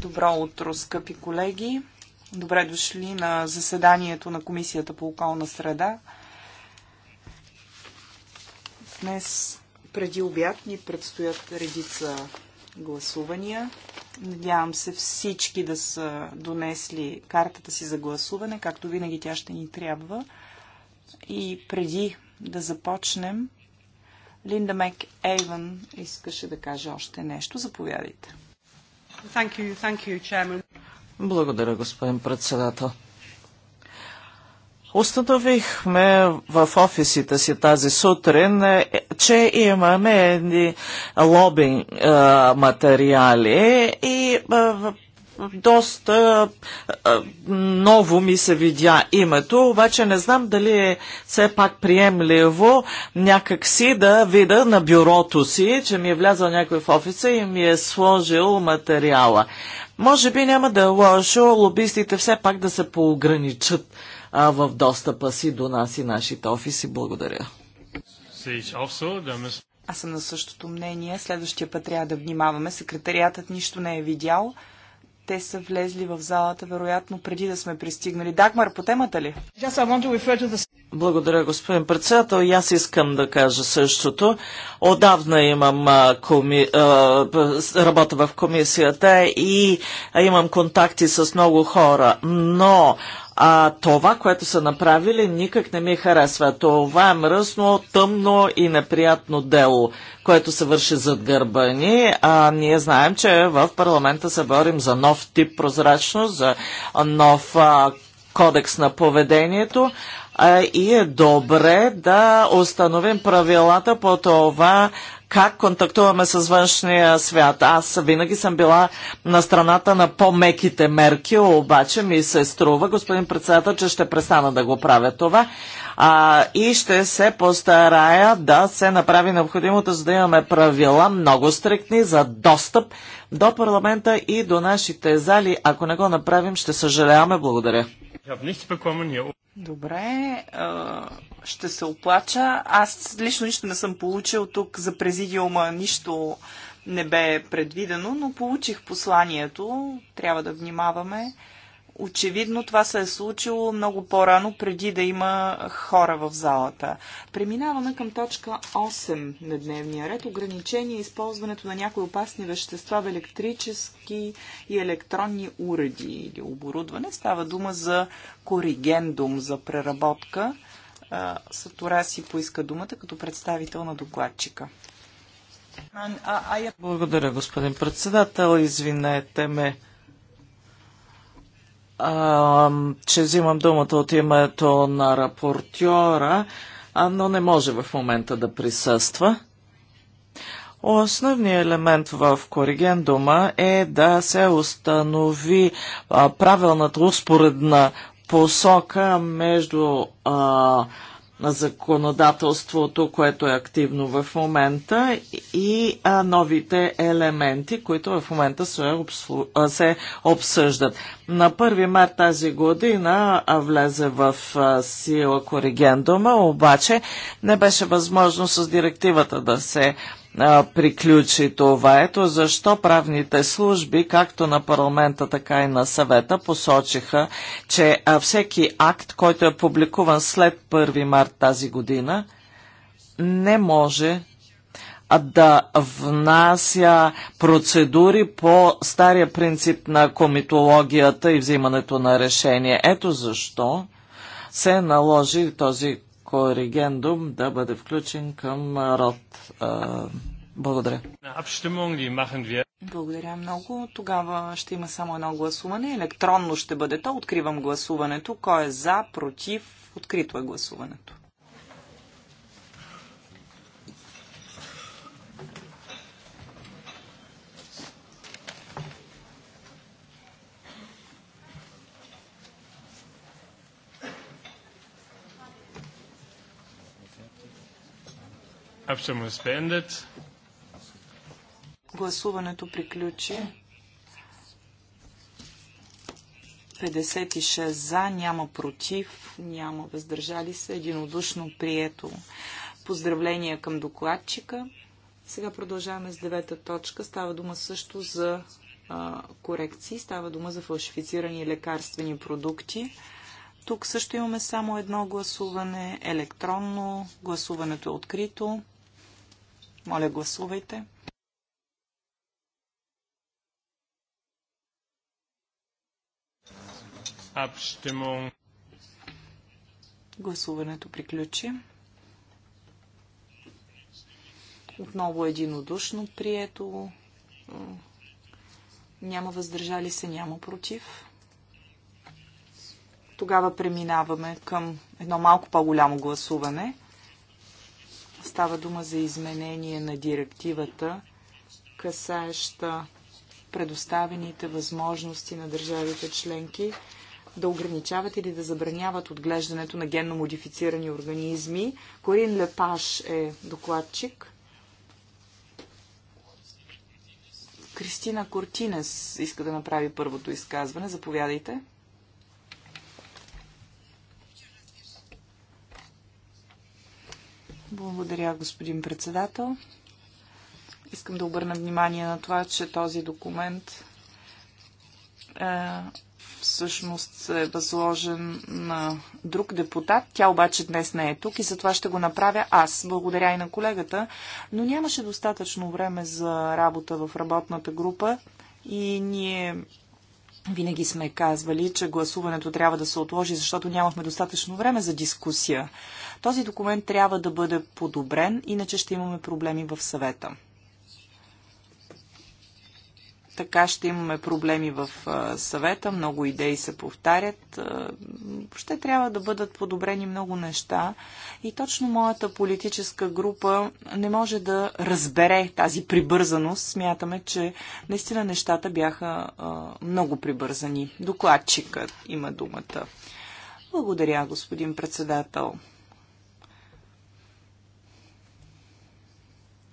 Добро утро, скъпи колеги! Добре дошли на заседанието на Комисията по околна среда. Днес преди обяд ни предстоят редица гласувания. Надявам се всички да са донесли картата си за гласуване, както винаги тя ще ни трябва. И преди да започнем, Линда Мек Ейвен искаше да каже още нещо. Заповядайте. Thank you, thank you, Благодаря, господин председател. Установихме в офисите си тази сутрин, е, че имаме едни лобинг е, материали и е, доста а, ново ми се видя името, обаче не знам дали е все пак приемливо някакси да вида на бюрото си, че ми е влязъл някой в офиса и ми е сложил материала. Може би няма да е лошо лобистите все пак да се поограничат а, в достъпа си до нас и нашите офиси. Благодаря. Аз съм на същото мнение. Следващия път трябва да внимаваме. Секретариатът нищо не е видял. Те са влезли в залата, вероятно, преди да сме пристигнали. Дагмар, по темата ли? Благодаря, господин председател. И аз искам да кажа същото. Отдавна имам коми... работа в комисията и имам контакти с много хора, но а, това, което са направили, никак не ми харесва. Това е мръсно, тъмно и неприятно дело, което се върши зад гърба ни. А, ние знаем, че в парламента се борим за нов тип прозрачност, за нов а, кодекс на поведението а, и е добре да установим правилата по това как контактуваме с външния свят. Аз винаги съм била на страната на по-меките мерки, обаче ми се струва, господин председател, че ще престана да го правя това а, и ще се постарая да се направи необходимото, за да имаме правила много стриктни за достъп до парламента и до нашите зали. Ако не го направим, ще съжаляваме. Благодаря. Добре, ще се оплача. Аз лично нищо не съм получил тук за президиума, нищо не бе предвидено, но получих посланието. Трябва да внимаваме. Очевидно това се е случило много по-рано, преди да има хора в залата. Преминаваме към точка 8 на дневния ред. Ограничение използването на някои опасни вещества в електрически и електронни уреди или оборудване. Става дума за коригендум, за преработка. Сатора си поиска думата като представител на докладчика. Благодаря, господин председател. Извинете ме а, че взимам думата от името на рапортьора, а, но не може в момента да присъства. Основният елемент в коригендума е да се установи а, правилната успоредна посока между а, на законодателството, което е активно в момента и а, новите елементи, които в момента се, обслу... се обсъждат. На 1 март тази година влезе в сила коригендума, обаче не беше възможно с директивата да се а, приключи това. Ето защо правните служби, както на парламента, така и на съвета, посочиха, че всеки акт, който е публикуван след 1 март тази година, не може да внася процедури по стария принцип на комитологията и взимането на решение. Ето защо се наложи този коригендум да бъде включен към род. Благодаря. Благодаря много. Тогава ще има само едно гласуване. Електронно ще бъде то. Откривам гласуването. Кой е за, против? Открито е гласуването. Гласуването приключи. 56 за, няма против, няма въздържали се, единодушно прието. Поздравления към докладчика. Сега продължаваме с девета точка. Става дума също за а, корекции, става дума за фалшифицирани лекарствени продукти. Тук също имаме само едно гласуване, електронно, гласуването е открито. Моля, гласувайте. Abstimmung. Гласуването приключи. Отново единодушно прието. Няма въздържали се, няма против. Тогава преминаваме към едно малко по-голямо гласуване. Става дума за изменение на директивата, касаеща предоставените възможности на държавите членки да ограничават или да забраняват отглеждането на генно модифицирани организми. Корин Лепаш е докладчик. Кристина Кортинес иска да направи първото изказване. Заповядайте. Благодаря, господин председател. Искам да обърна внимание на това, че този документ е, всъщност е възложен на друг депутат. Тя обаче днес не е тук и затова ще го направя аз. Благодаря и на колегата, но нямаше достатъчно време за работа в работната група и ние винаги сме казвали, че гласуването трябва да се отложи, защото нямахме достатъчно време за дискусия. Този документ трябва да бъде подобрен, иначе ще имаме проблеми в съвета. Така ще имаме проблеми в съвета, много идеи се повтарят. Ще трябва да бъдат подобрени много неща и точно моята политическа група не може да разбере тази прибързаност. Смятаме, че наистина нещата бяха много прибързани. Докладчикът има думата. Благодаря, господин председател.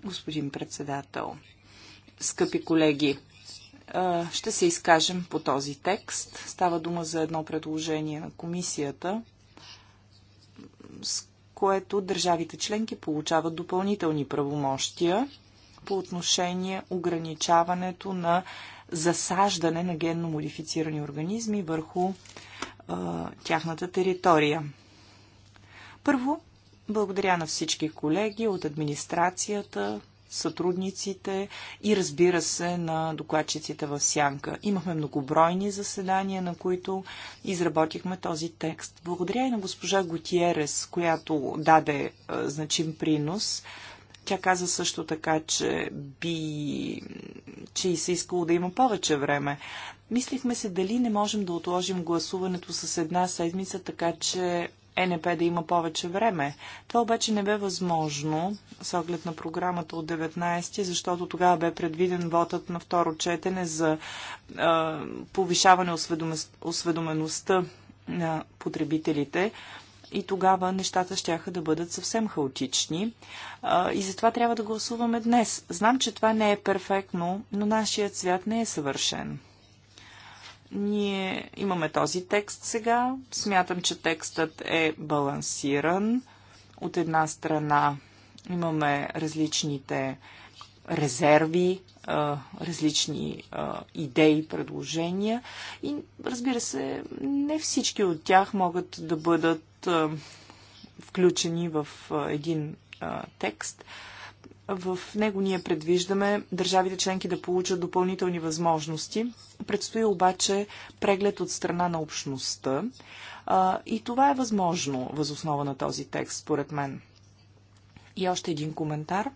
господин председател. Скъпи колеги, ще се изкажем по този текст. Става дума за едно предложение на комисията, с което държавите членки получават допълнителни правомощия по отношение ограничаването на засаждане на генно модифицирани организми върху тяхната територия. Първо, благодаря на всички колеги от администрацията, сътрудниците и разбира се на докладчиците в Сянка. Имахме многобройни заседания, на които изработихме този текст. Благодаря и на госпожа Готиерес, която даде а, е, значим принос. Тя каза също така, че би че и се искало да има повече време. Мислихме се дали не можем да отложим гласуването с една седмица, така че ЕНП да има повече време. Това обаче не бе възможно с оглед на програмата от 19, защото тогава бе предвиден вотът на второ четене за а, повишаване осведомеността на потребителите и тогава нещата ще да бъдат съвсем хаотични. А, и затова трябва да гласуваме днес. Знам, че това не е перфектно, но нашият свят не е съвършен. Ние имаме този текст сега. Смятам, че текстът е балансиран. От една страна имаме различните резерви, различни идеи, предложения. И разбира се, не всички от тях могат да бъдат включени в един текст. В него ние предвиждаме държавите членки да получат допълнителни възможности. Предстои обаче преглед от страна на общността. и това е възможно възоснова на този текст, според мен. И още един коментар.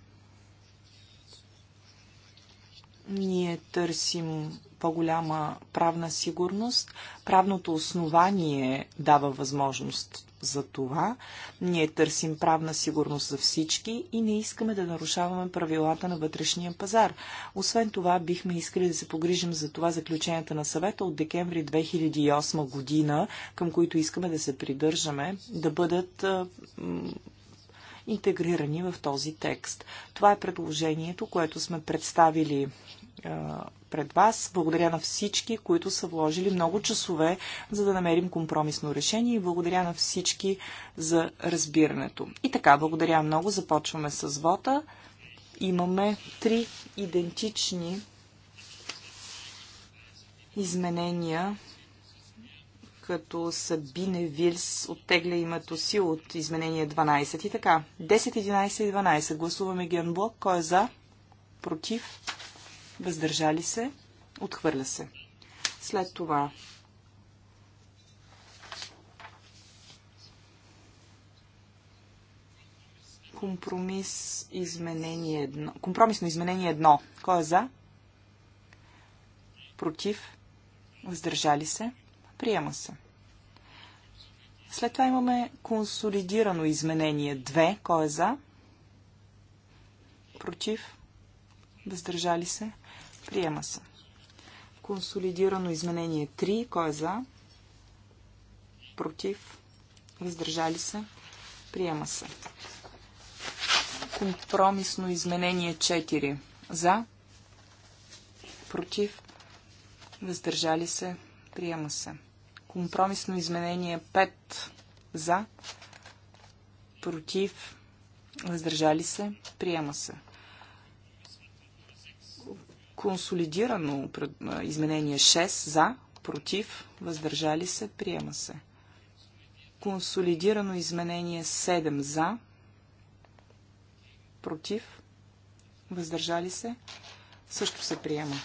Ние търсим по-голяма правна сигурност. Правното основание дава възможност за това ние търсим правна сигурност за всички и не искаме да нарушаваме правилата на вътрешния пазар. Освен това, бихме искали да се погрижим за това заключенията на съвета от декември 2008 година, към които искаме да се придържаме, да бъдат интегрирани в този текст. Това е предложението, което сме представили пред вас. Благодаря на всички, които са вложили много часове, за да намерим компромисно решение и благодаря на всички за разбирането. И така, благодаря много. Започваме с вота. Имаме три идентични изменения, като Сабине Вилс оттегля името си от изменение 12 и така. 10, 11 и 12. Гласуваме генблок. Кой е за? Против? Въздържали се. Отхвърля се. След това компромис изменение едно. Компромисно изменение едно. Кой е за? Против? Въздържали се? Приема се. След това имаме консолидирано изменение 2. Кой е за? Против? Въздържали се? Приема се. Консолидирано изменение 3. Кой е за? Против? Въздържали се? Приема се. Компромисно изменение 4. За? Против? Въздържали се? Приема се. Компромисно изменение 5. За? Против? Въздържали се? Приема се. Консолидирано изменение 6 за, против, въздържали се, приема се. Консолидирано изменение 7 за, против, въздържали се, също се приема.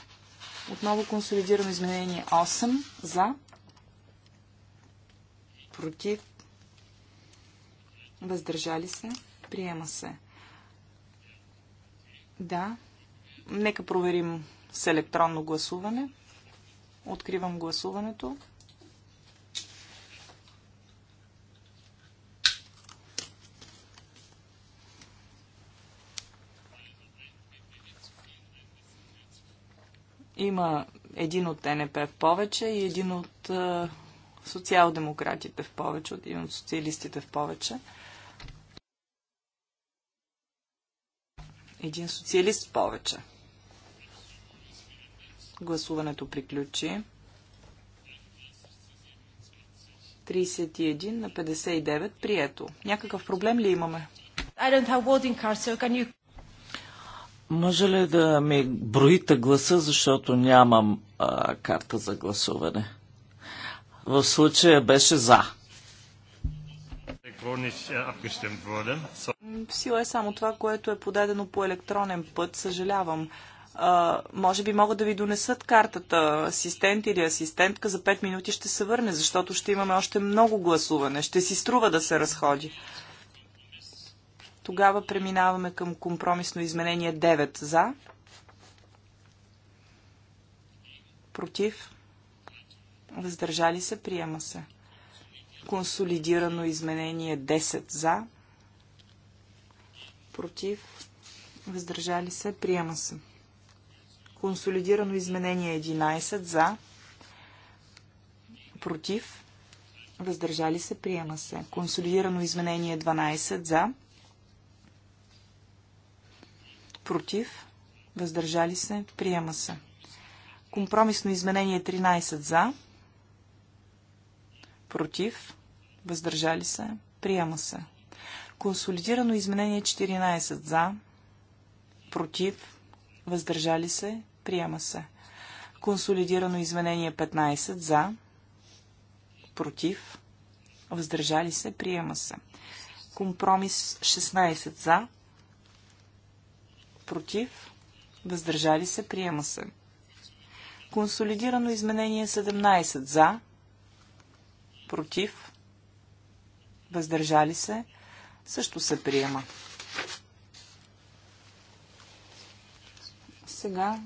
Отново консолидирано изменение 8 за, против, въздържали се, приема се. Да, Нека проверим с електронно гласуване. Откривам гласуването. Има един от НП в повече и един от социал-демократите в повече, от един от социалистите в повече. Един социалист в повече. Гласуването приключи. 31 на 59 прието. Някакъв проблем ли имаме? I don't have voting card, so can you... Може ли да ми броите гласа, защото нямам а, карта за гласуване? В случая беше за. В äh, сила е само това, което е подадено по електронен път. Съжалявам а, може би могат да ви донесат картата. Асистент или асистентка за 5 минути ще се върне, защото ще имаме още много гласуване. Ще си струва да се разходи. Тогава преминаваме към компромисно изменение 9 за. Против. Въздържали се. Приема се. Консолидирано изменение 10 за. Против. Въздържали се. Приема се. Консолидирано изменение 11 за, против, въздържали се, приема се. Консолидирано изменение 12 за, против, въздържали се, приема се. Компромисно изменение 13 за, против, въздържали се, приема се. Консолидирано изменение 14 за, против, въздържали се, приема се. Консолидирано изменение 15 за, против, въздържали се, приема се. Компромис 16 за, против, въздържали се, приема се. Консолидирано изменение 17 за, против, въздържали се, също се приема. сега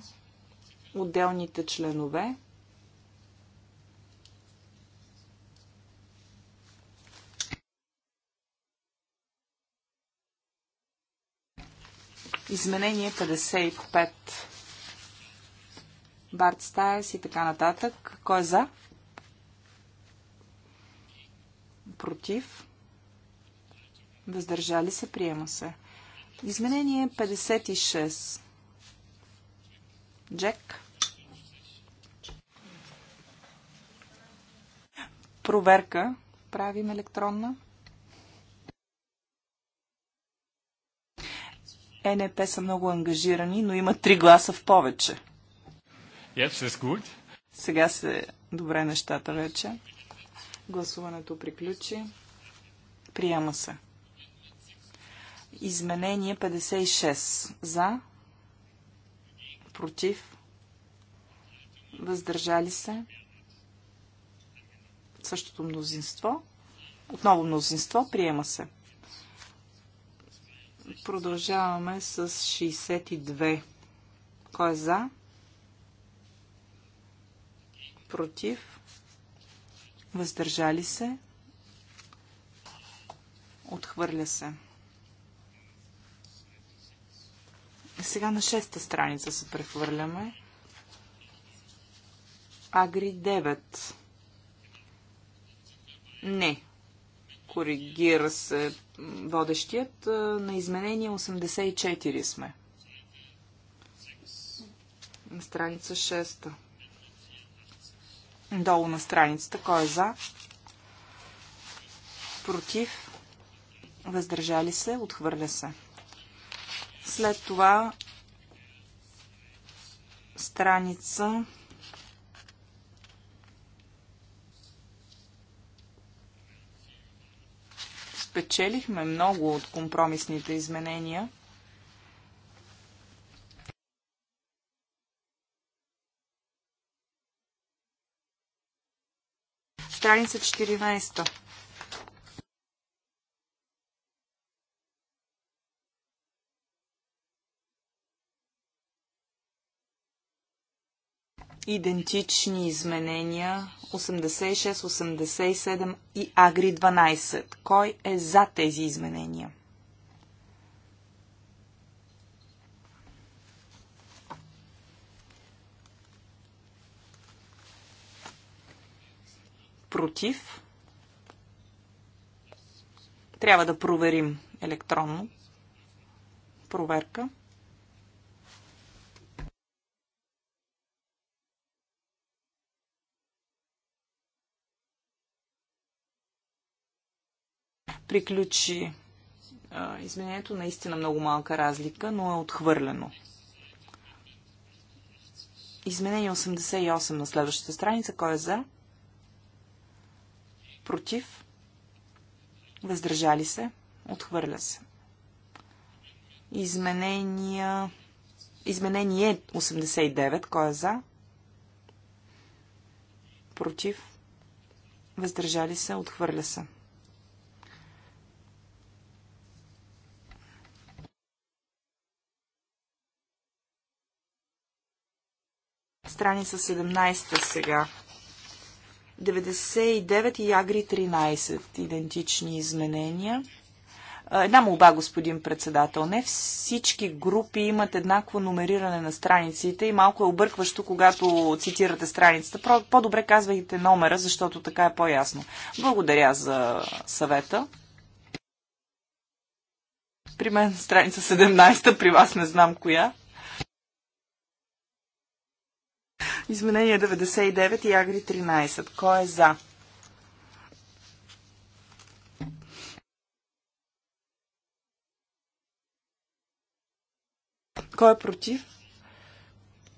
отделните членове. Изменение 55. Барт Стайс и така нататък. Кой е за? Против? Въздържали се? Приема се. Изменение 56. Джек. Проверка правим електронна. НП са много ангажирани, но има три гласа в повече. Yes, Сега се добре нещата вече. Гласуването приключи. Приема се. Изменение 56. За против, въздържали се, същото мнозинство, отново мнозинство, приема се. Продължаваме с 62. Кой е за? Против? Въздържали се? Отхвърля се. Сега на шеста страница се прехвърляме. Агри 9. Не. Коригира се водещият. На изменение 84 сме. На страница 6. Долу на страницата. Кой е за? Против? Въздържали се? Отхвърля се. След това страница спечелихме много от компромисните изменения. Страница 14. идентични изменения 86, 87 и Агри 12. Кой е за тези изменения? Против. Трябва да проверим електронно. Проверка. 86. приключи изменението. Наистина много малка разлика, но е отхвърлено. Изменение 88 на следващата страница. Кой е за? Против? Въздържали се? Отхвърля се. Изменения... Изменение 89. Кой е за? Против? Въздържали се? Отхвърля се. страница 17 сега. 99 и Агри 13. Идентични изменения. Една молба, господин председател. Не всички групи имат еднакво номериране на страниците и малко е объркващо, когато цитирате страницата. По-добре казвайте номера, защото така е по-ясно. Благодаря за съвета. При мен страница 17, при вас не знам коя. Изменение 99 и Агри 13. Кой е за? Кой е против?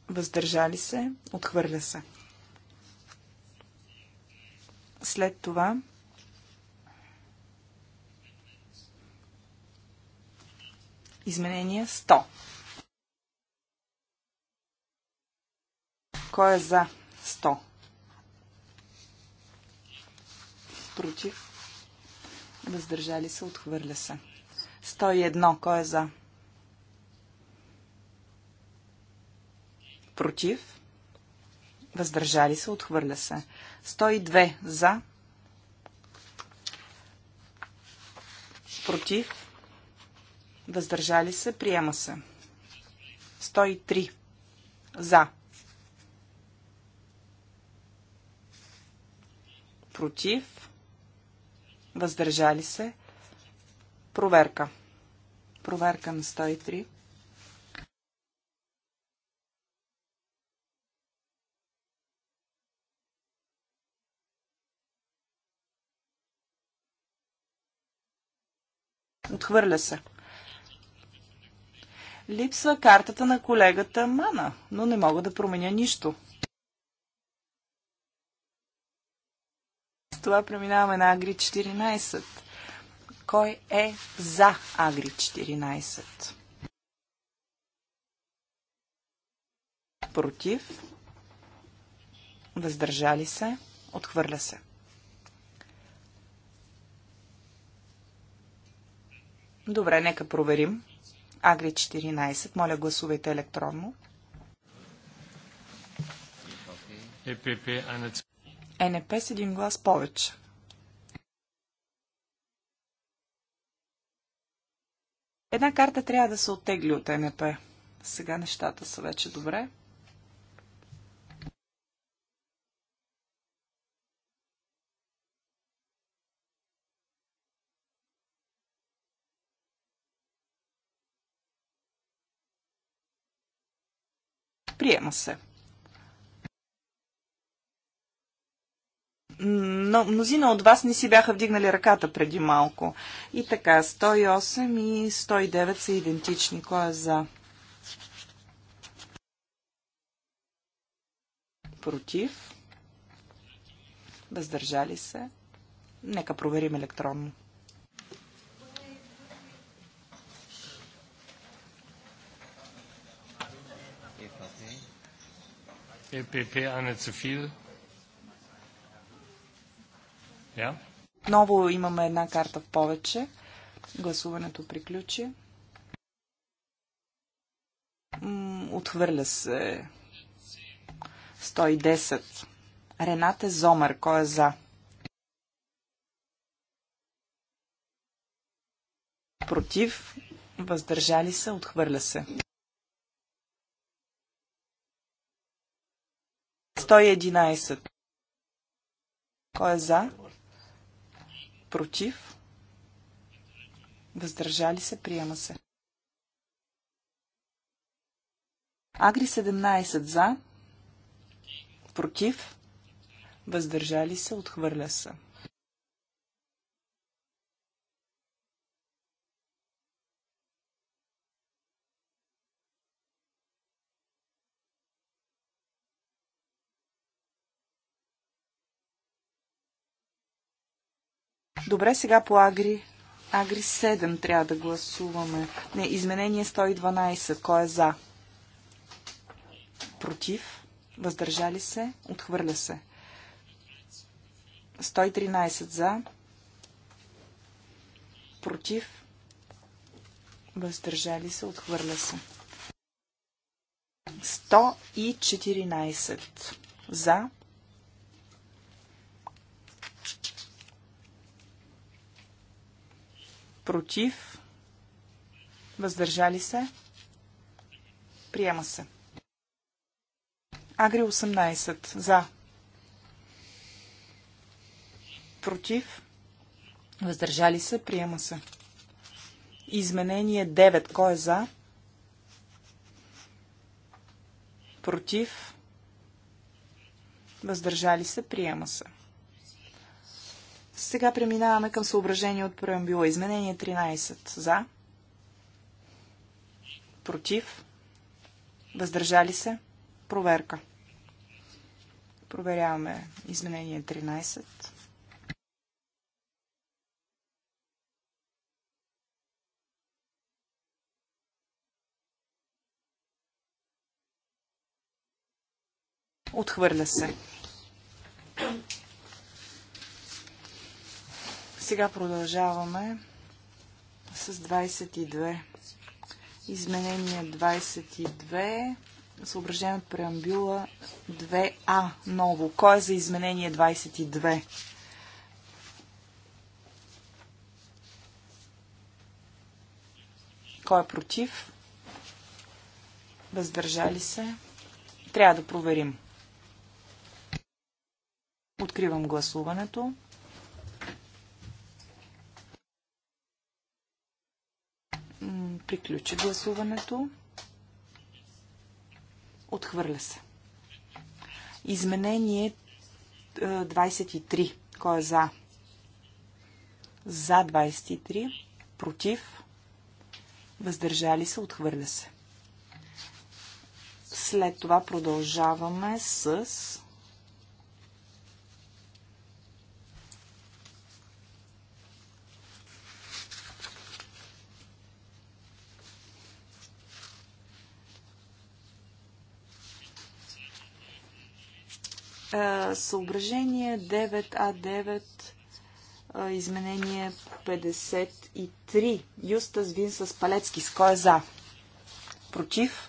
Въздържали се? Отхвърля се. След това изменение 100. Кой е за 100? Против? Въздържали се, отхвърля се. 101. Кой е за? Против? Въздържали се, отхвърля се. 102. За? Против? Въздържали се, приема се. 103. За. против, въздържали се, проверка. Проверка на 103. Отхвърля се. Липсва картата на колегата Мана, но не мога да променя нищо. това преминаваме на Агри 14. Кой е за Агри 14? Против? Въздържали се? Отхвърля се. Добре, нека проверим. Агри 14. Моля, гласувайте електронно. ЕПП НП с един глас повече. Една карта трябва да се оттегли от НП. Сега нещата са вече добре. Приема се. но мнозина от вас не си бяха вдигнали ръката преди малко. И така, 108 и 109 са идентични. Кой е за? Против? Въздържали се? Нека проверим електронно. ЕПП, а не Yeah. Отново имаме една карта в повече. Гласуването приключи. Отхвърля се 110. Ренате Зомер, кой е за? Против, въздържали се, отхвърля се. 111. Кой е за? Против. Въздържали се. Приема се. Агри 17 за. Против. Въздържали се. Отхвърля се. Добре, сега по Агри. Агри 7 трябва да гласуваме. Не, изменение 112. Кой е за? Против? Въздържали се? Отхвърля се. 113 за. Против? Въздържали се? Отхвърля се. 114 за против, въздържали се, приема се. Агри 18 за, против, въздържали се, приема се. Изменение 9. Кой е за? Против. Въздържали се, приема се. Сега преминаваме към съображение от преамбюла. Изменение 13. За. Против. Въздържали се. Проверка. Проверяваме изменение 13. Отхвърля се. Сега продължаваме с 22. Изменение 22. Съображение от преамбюла 2А. Ново. Кой е за изменение 22? Кой е против? Въздържали се? Трябва да проверим. Откривам гласуването. Приключи гласуването. Отхвърля се. Изменение 23. Е, Кой е за? За 23. Против. Въздържали се. Отхвърля се. След това продължаваме с Е, съображение 9А9 е, изменение 53. Юстас Вин с Палецки. С кой е за? Против?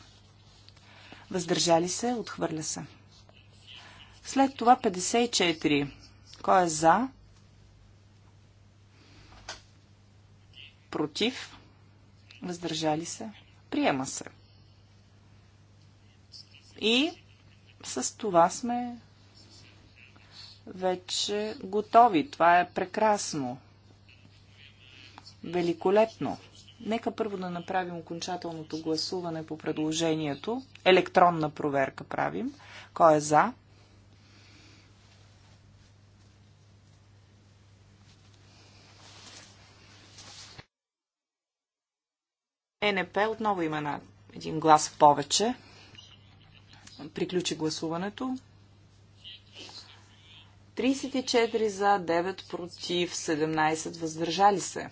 Въздържали се? Отхвърля се. След това 54. Кой е за? Против? Въздържали се? Приема се. И с това сме вече готови. Това е прекрасно. Великолепно. Нека първо да направим окончателното гласуване по предложението. Електронна проверка правим. Кой е за? Е, НП отново има на един глас повече. Приключи гласуването. 34 за, 9 против, 17 въздържали се.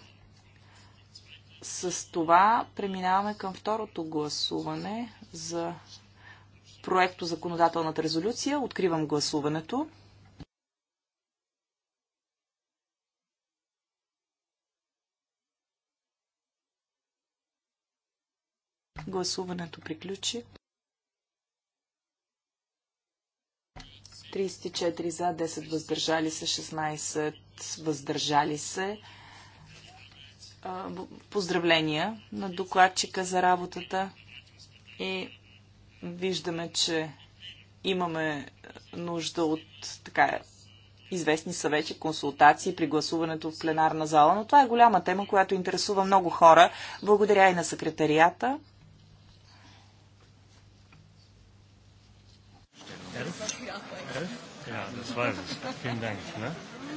С това преминаваме към второто гласуване за проекто законодателната резолюция. Откривам гласуването. Гласуването приключи. 34 за, 10 въздържали се, 16 въздържали се. Поздравления на докладчика за работата и виждаме, че имаме нужда от така известни съвети, консултации при гласуването в пленарна зала, но това е голяма тема, която интересува много хора. Благодаря и на секретарията. es. Vielen Dank. Ne?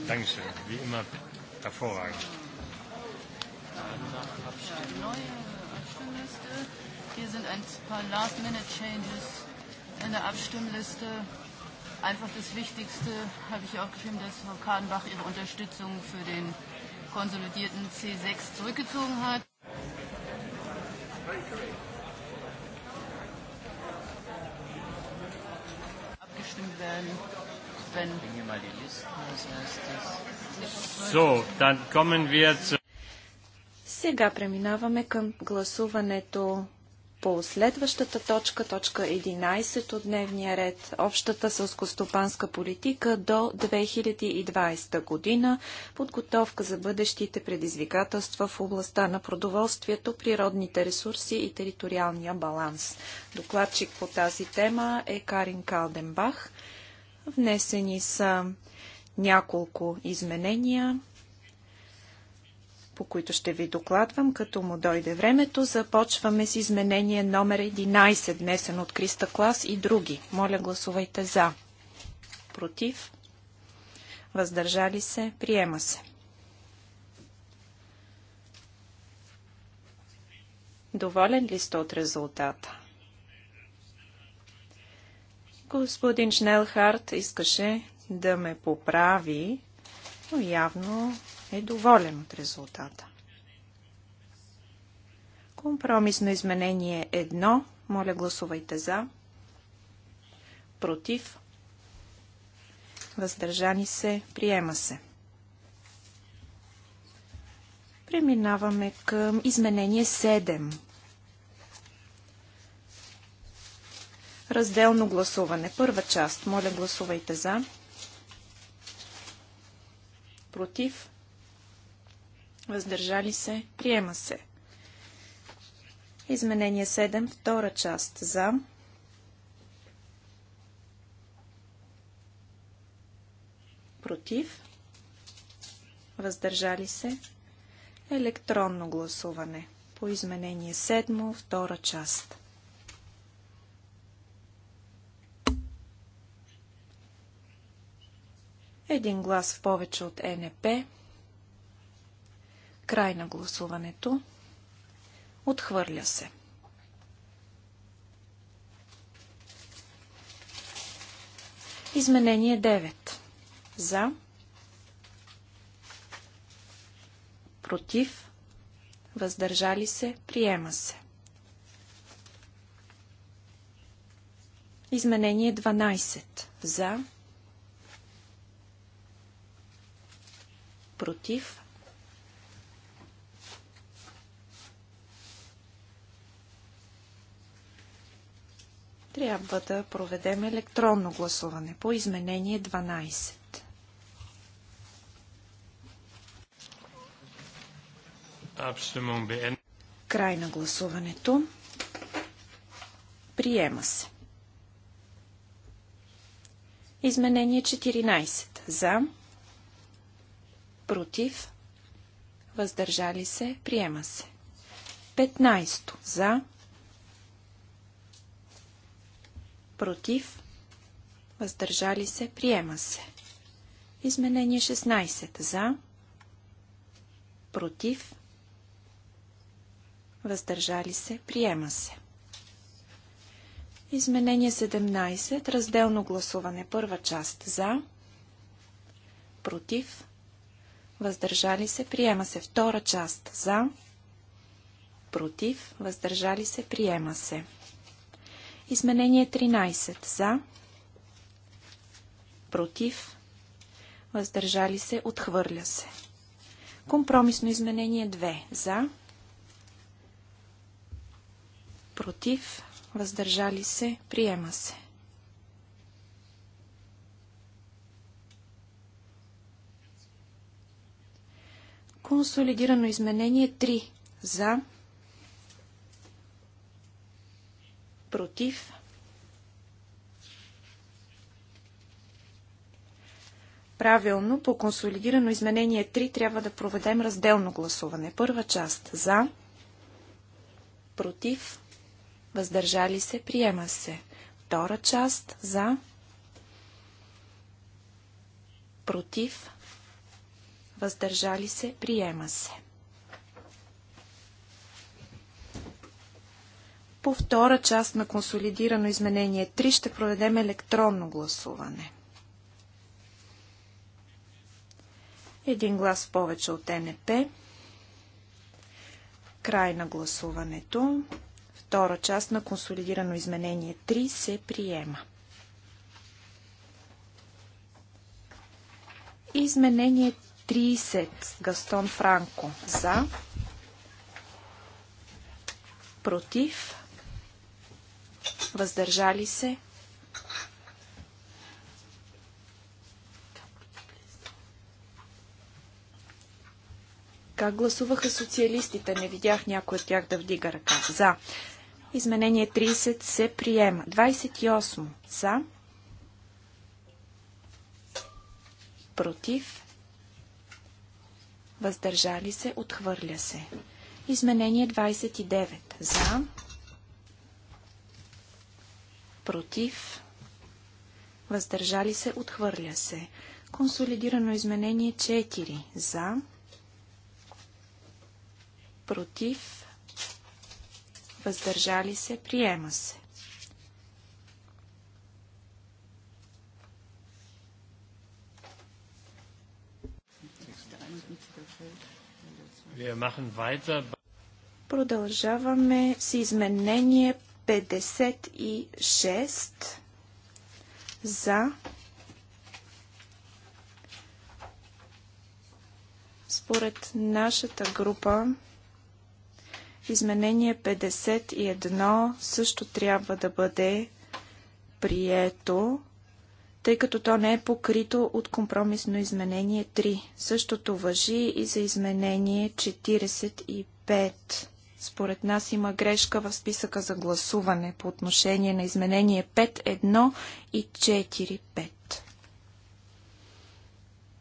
Dankeschön. Wie immer hervorragend. Hier sind ein paar Last-Minute-Changes in der Abstimmliste. Einfach das Wichtigste habe ich auch geschrieben, dass Frau Kadenbach ihre Unterstützung für den konsolidierten C6 zurückgezogen hat. Abgestimmt werden. Сега преминаваме към гласуването по следващата точка, точка 11 от дневния ред, общата сълскостопанска политика до 2020 година, подготовка за бъдещите предизвикателства в областта на продоволствието, природните ресурси и териториалния баланс. Докладчик по тази тема е Карин Калденбах. Внесени са няколко изменения, по които ще ви докладвам, като му дойде времето. Започваме с изменение номер 11, внесен от Криста Клас и други. Моля, гласувайте за. Против. Въздържали се. Приема се. Доволен ли сте от резултата? Господин Шнелхарт искаше да ме поправи, но явно е доволен от резултата. Компромисно изменение 1. Моля гласувайте за. Против. Въздържани се. Приема се. Преминаваме към изменение 7. Разделно гласуване. Първа част. Моля, гласувайте за. Против. Въздържали се. Приема се. Изменение 7. Втора част. За. Против. Въздържали се. Електронно гласуване. По изменение 7. Втора част. Един глас в повече от НП. Край на гласуването. Отхвърля се. Изменение 9. За. Против. Въздържали се. Приема се. Изменение 12. За. против, трябва да проведем електронно гласуване по изменение 12. Край на гласуването. Приема се. Изменение 14. За против, въздържали се, приема се. 15 за, против, въздържали се, приема се. Изменение 16 за, против, въздържали се, приема се. Изменение 17, разделно гласуване, първа част за, против, въздържали се, приема се. Втора част за, против, въздържали се, приема се. Изменение 13 за, против, въздържали се, отхвърля се. Компромисно изменение 2 за, против, въздържали се, приема се. Консолидирано изменение 3. За. Против. Правилно, по консолидирано изменение 3 трябва да проведем разделно гласуване. Първа част. За. Против. Въздържали се. Приема се. Втора част. За. Против въздържали се, приема се. По втора част на консолидирано изменение 3 ще проведем електронно гласуване. Един глас повече от НП. Край на гласуването. Втора част на консолидирано изменение 3 се приема. Изменение 30. Гастон Франко. За. Против. Въздържали се. Как гласуваха социалистите? Не видях някой от тях да вдига ръка. За. Изменение 30 се приема. 28. За. Против въздържали се, отхвърля се. Изменение 29. За, против, въздържали се, отхвърля се. Консолидирано изменение 4. За, против, въздържали се, приема се. Продължаваме с изменение 56 за според нашата група изменение 51 също трябва да бъде прието тъй като то не е покрито от компромисно изменение 3. Същото въжи и за изменение 45. Според нас има грешка в списъка за гласуване по отношение на изменение 5.1 и 4.5.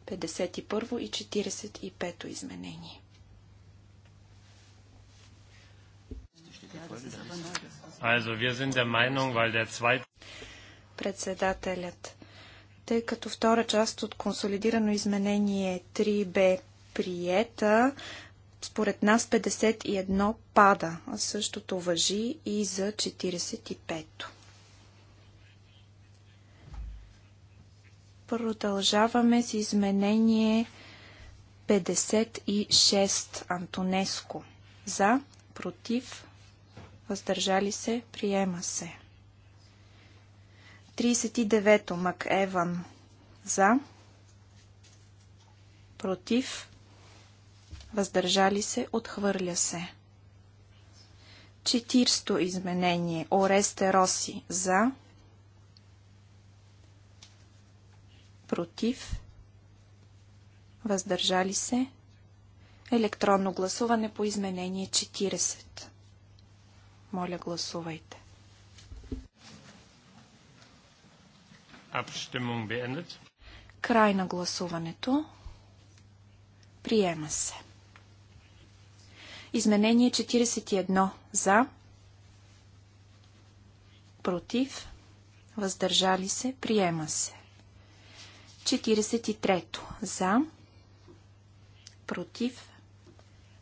51 и 45 то изменение. Also, wir sind der Meinung, weil der zweite Председателят. Тъй като втора част от консолидирано изменение 3 бе приета, според нас 51 пада, а същото въжи и за 45-то. Продължаваме с изменение 56 Антонеско. За, против, въздържали се, приема се. 39-то Макеван за, против, въздържали се, отхвърля се. 40-то изменение Оресте Роси за, против, въздържали се, електронно гласуване по изменение 40. Моля, гласувайте. Край на гласуването. Приема се. Изменение 41 за, против, въздържали се, приема се. 43 за, против,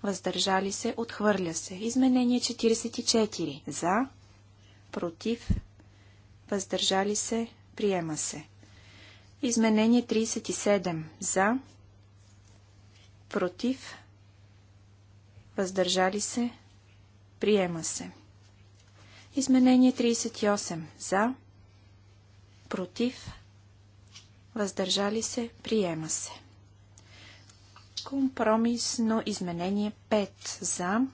въздържали се, отхвърля се. Изменение 44 за, против, въздържали се, Приема се. Изменение 37. За. Против. Въздържали се. Приема се. Изменение 38. За. Против. Въздържали се. Приема се. Компромисно изменение 5. За.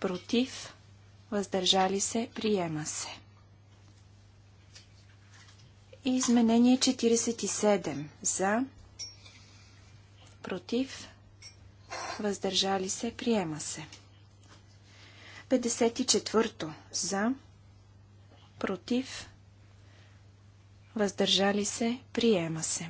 Против. Въздържали се. Приема се. И изменение 47. За. Против. Въздържали се. Приема се. 54. За. Против. Въздържали се. Приема се.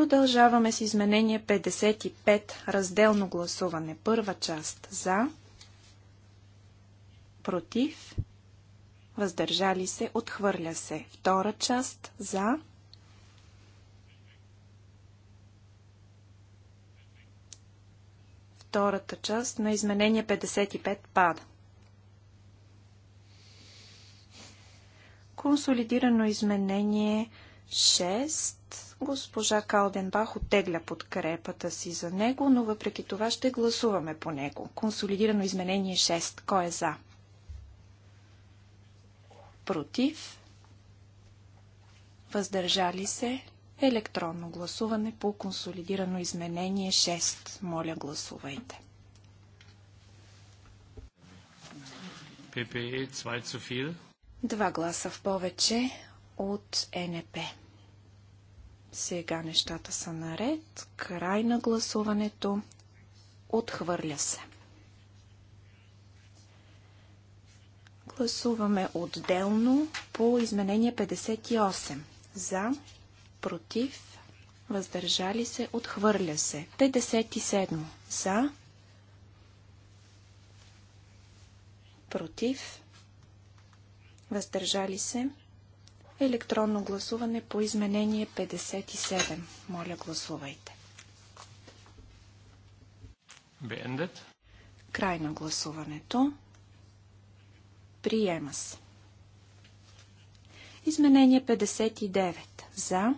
Продължаваме с изменение 55, разделно гласуване. Първа част за, против, въздържали се, отхвърля се. Втора част за, втората част на изменение 55 пада. Консолидирано изменение 6 Госпожа Калденбах оттегля подкрепата си за него, но въпреки това ще гласуваме по него. Консолидирано изменение 6. Кой е за? Против? Въздържали се? Електронно гласуване по консолидирано изменение 6. Моля, гласувайте. ППЕ 2 е, е Два гласа в повече от НП. Сега нещата са наред. Край на гласуването. Отхвърля се. Гласуваме отделно по изменение 58. За, против, въздържали се, отхвърля се. 57. За, против, въздържали се, Електронно гласуване по изменение 57. Моля, гласувайте. Beendet. Край на гласуването. Приема се. Изменение 59. За.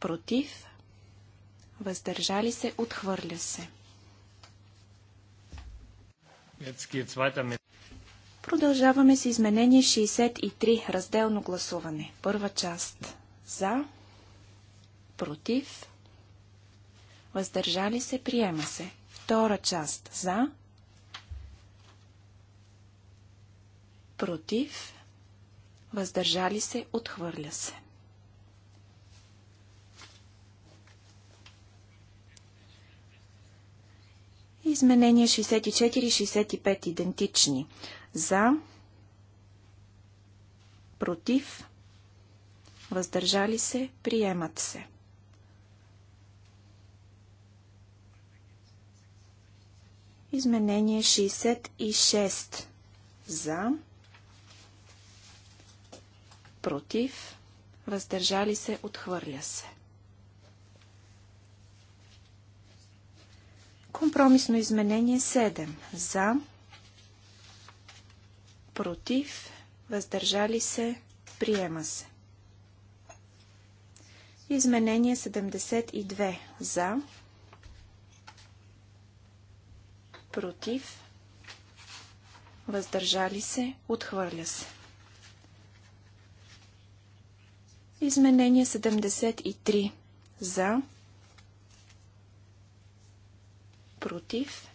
Против. Въздържали се. Отхвърля се. Продължаваме с изменение 63, разделно гласуване. Първа част за, против, въздържали се, приема се. Втора част за, против, въздържали се, отхвърля се. Изменения 64 и 65 идентични. За, против, въздържали се, приемат се. Изменение 66. За, против, въздържали се, отхвърля се. Компромисно изменение 7. За. Против. Въздържали се. Приема се. Изменение 72. За. Против. Въздържали се. Отхвърля се. Изменение 73. За. Против против,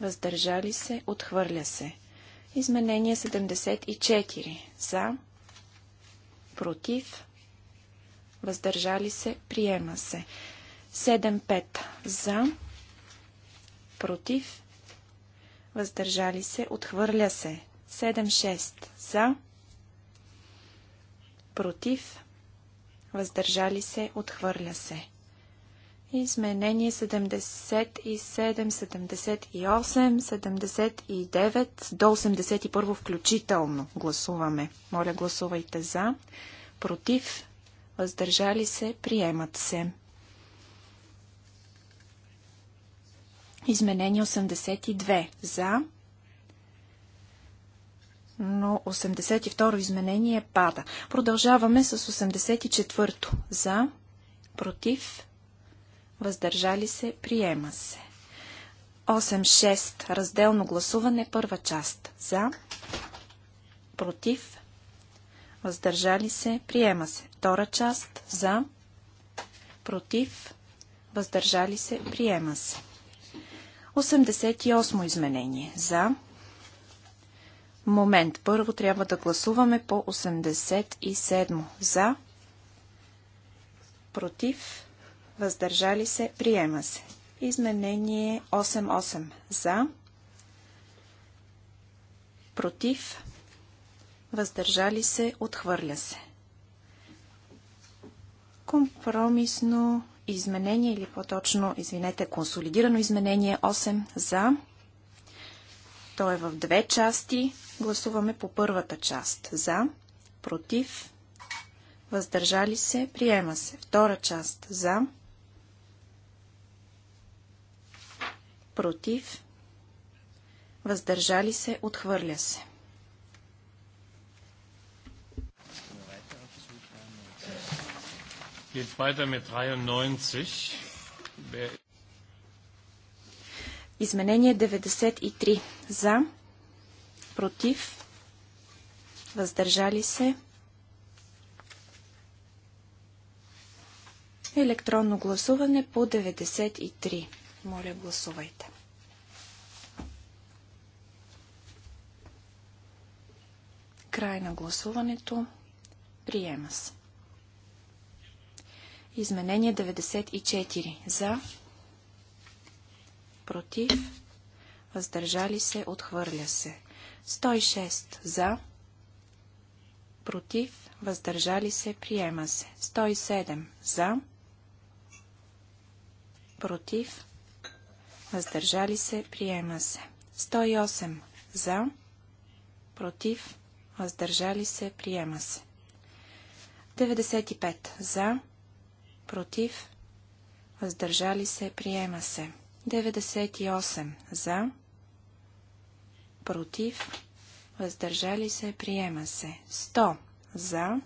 въздържали се, отхвърля се. Изменение 74. За, против, въздържали се, приема се. 7-5. За, против, въздържали се, отхвърля се. 7-6. За, против, въздържали се, отхвърля се. Изменение 77, 78, 79 до 81 включително гласуваме. Моля, гласувайте за. Против. Въздържали се. Приемат се. Изменение 82 за. Но 82 изменение пада. Продължаваме с 84 то за. Против въздържали се, приема се. 86. Разделно гласуване. Първа част. За. Против. Въздържали се. Приема се. Втора част. За. Против. Въздържали се. Приема се. 88 изменение. За. Момент. Първо трябва да гласуваме по 87. За. Против въздържали се, приема се. Изменение 8.8 за, против, въздържали се, отхвърля се. Компромисно изменение или по-точно, извинете, консолидирано изменение 8 за. То е в две части. Гласуваме по първата част. За, против, въздържали се, приема се. Втора част за, против, против, въздържали се, отхвърля се. Изменение 93. За, против, въздържали се. Електронно гласуване по 93. Моля, гласувайте. Край на гласуването. Приема се. Изменение 94. За. Против. Въздържали се. Отхвърля се. 106. За. Против. Въздържали се. Приема се. 107. За. Против въздържали се, приема се. 108 за, против, въздържали се, приема се. 95 за, против, въздържали се, приема се. 98 за, против, въздържали се, приема се. 100 за,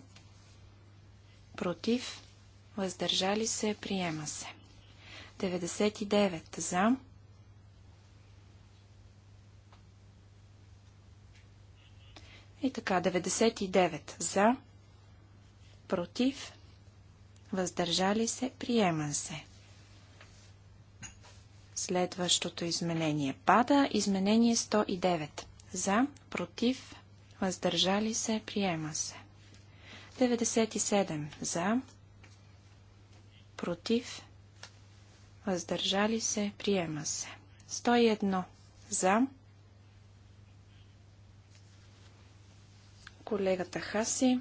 против, въздържали се, приема се. 99 за, против, И така, 99 за, против, въздържали се, приема се. Следващото изменение пада. Изменение 109. За, против, въздържали се, приема се. 97. За, против, въздържали се, приема се. 101. За, против, колегата Хаси.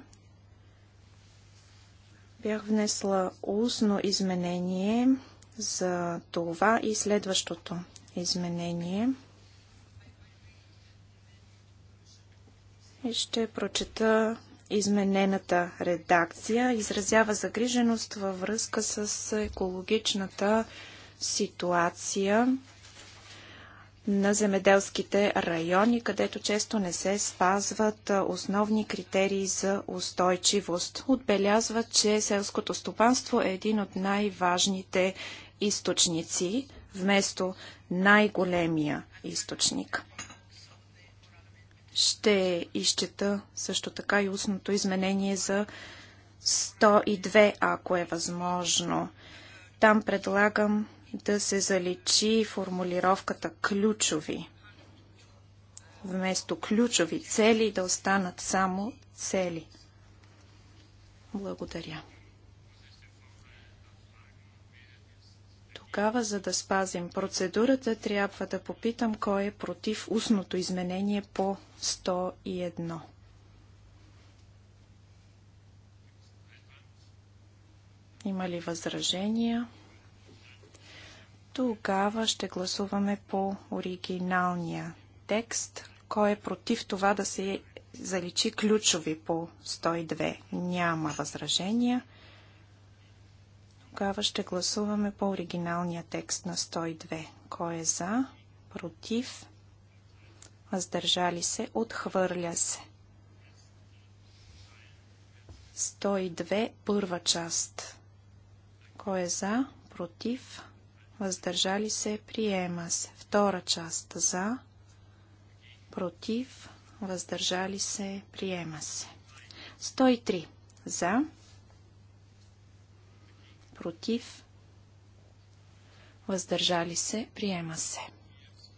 Бях внесла устно изменение за това и следващото изменение. И ще прочета изменената редакция. Изразява загриженост във връзка с екологичната ситуация на земеделските райони, където често не се спазват основни критерии за устойчивост. Отбелязва, че селското стопанство е един от най-важните източници, вместо най-големия източник. Ще изчета също така и устното изменение за 102, ако е възможно. Там предлагам да се заличи формулировката ключови. Вместо ключови цели да останат само цели. Благодаря. Тогава, за да спазим процедурата, трябва да попитам кой е против устното изменение по 101. Има ли възражения? Тогава ще гласуваме по оригиналния текст. Кой е против това да се заличи ключови по 102? Няма възражения. Тогава ще гласуваме по оригиналния текст на 102. Кой е за? Против? Въздържали се? Отхвърля се. 102. Първа част. Кой е за? Против? въздържали се, приема се. Втора част за, против, въздържали се, приема се. 103 за, против, въздържали се, приема се.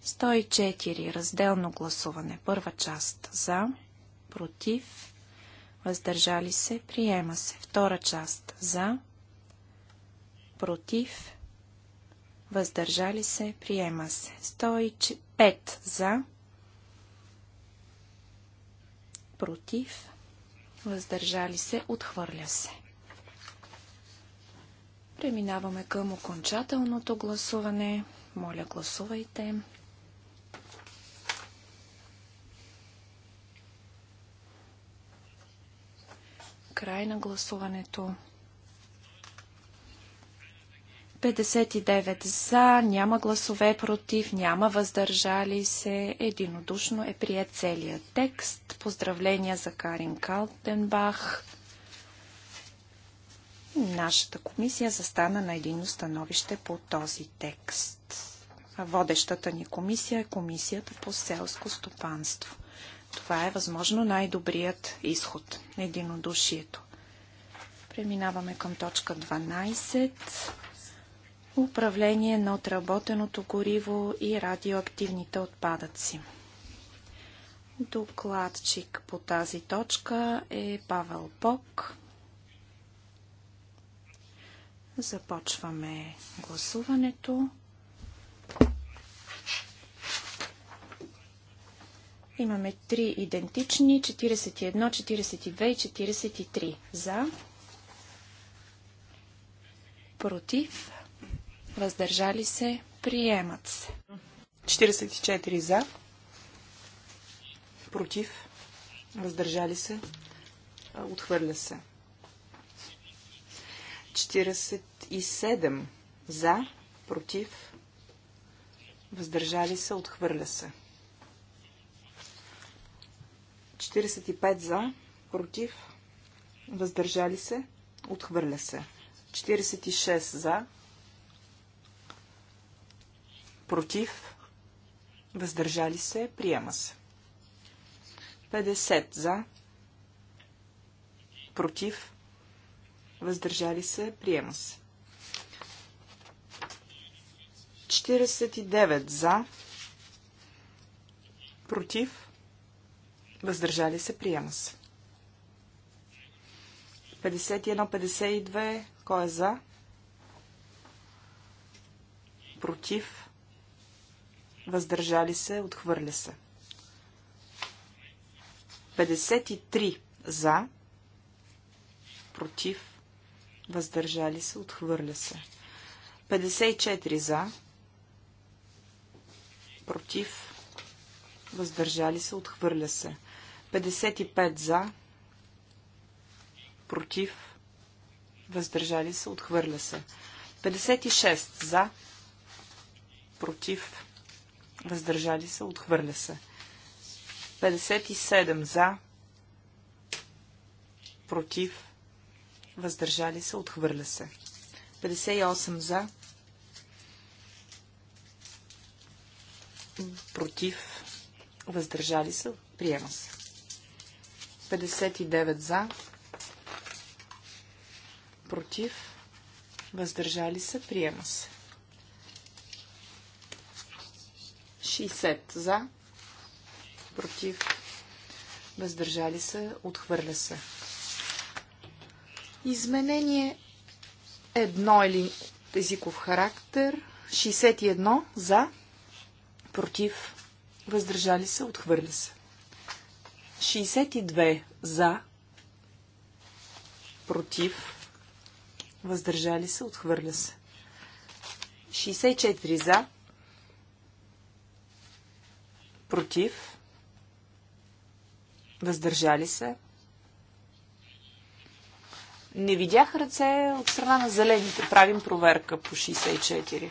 104. Разделно гласуване. Първа част за, против, въздържали се, приема се. Втора част за, против, въздържали се, приема се. 105 за, против, въздържали се, отхвърля се. Преминаваме към окончателното гласуване. Моля, гласувайте. Край на гласуването. 59 за, няма гласове против, няма въздържали се. Единодушно е прият целият текст. Поздравления за Карин Калтенбах. Нашата комисия застана на едино становище по този текст. А водещата ни комисия е комисията по селско стопанство. Това е възможно най-добрият изход на единодушието. Преминаваме към точка 12 управление на отработеното гориво и радиоактивните отпадъци. Докладчик по тази точка е Павел Пок. Започваме гласуването. Имаме три идентични 41, 42 и 43 за, против въздържали се, приемат се. 44 за, против, въздържали се, отхвърля се. 47 за, против, въздържали се, отхвърля се. 45 за, против, въздържали се, отхвърля се. 46 за, против, въздържали се, приема се. 50 за, против, въздържали се, приема се. 49 за, против, въздържали се, приема се. 51-52, кой е за? Против, въздържали се, отхвърля се. 53 за, против, въздържали се, отхвърля се. 54 за, против, въздържали се, отхвърля се. 55 за, против, въздържали се, отхвърля се. 56 за, против, въздържали се, отхвърля се. 57 за, против, въздържали се, отхвърля се. 58 за, против, въздържали се, приема се. 59 за, против, въздържали се, приема се. 60 за, против, въздържали се, отхвърля се. Изменение едно или езиков характер. 61 за, против, въздържали се, отхвърля се. 62 за, против, въздържали се, отхвърля се. 64 за, против, въздържали се. Не видях ръце от страна на зелените. Правим проверка по 64.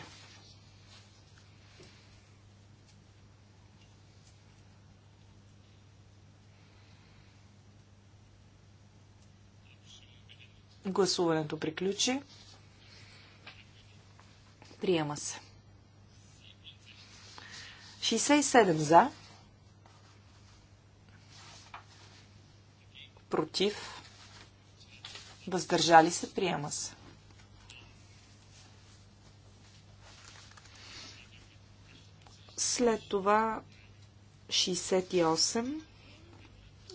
Гласуването приключи. Приема се. 67 за. Против. Въздържали се. Приема се. След това 68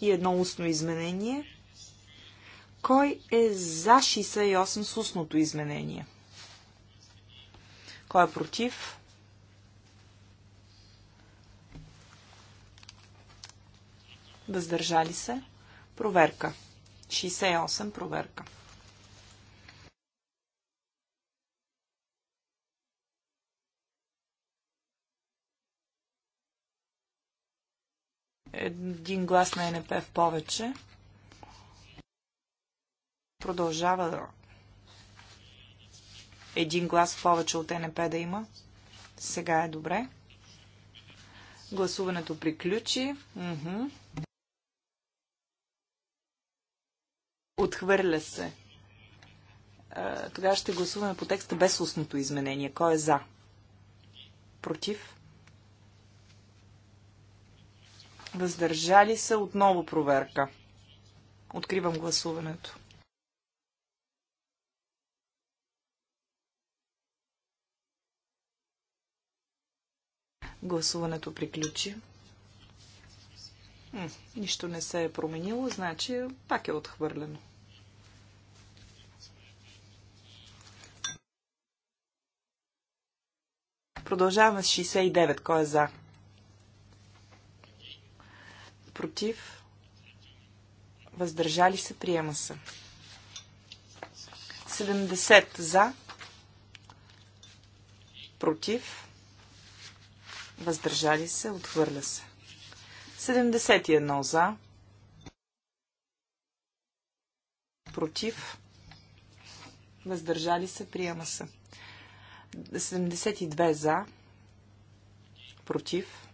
и едно устно изменение. Кой е за 68 с устното изменение? Кой е против? въздържали се, проверка. 68 проверка. Един глас на НП в повече. Продължава един глас в повече от НП да има. Сега е добре. Гласуването приключи. Уху. Отхвърля се. Тогава ще гласуваме по текста без устното изменение. Кой е за? Против? Въздържали се отново проверка. Откривам гласуването. Гласуването приключи. М- нищо не се е променило, значи пак е отхвърлено. Продължаваме с 69. Кой е за? Против? Въздържали се? Приема се. 70 за. Против? Въздържали се? Отхвърля се. 71 за. Против? Въздържали се? Приема се. 72 за, против,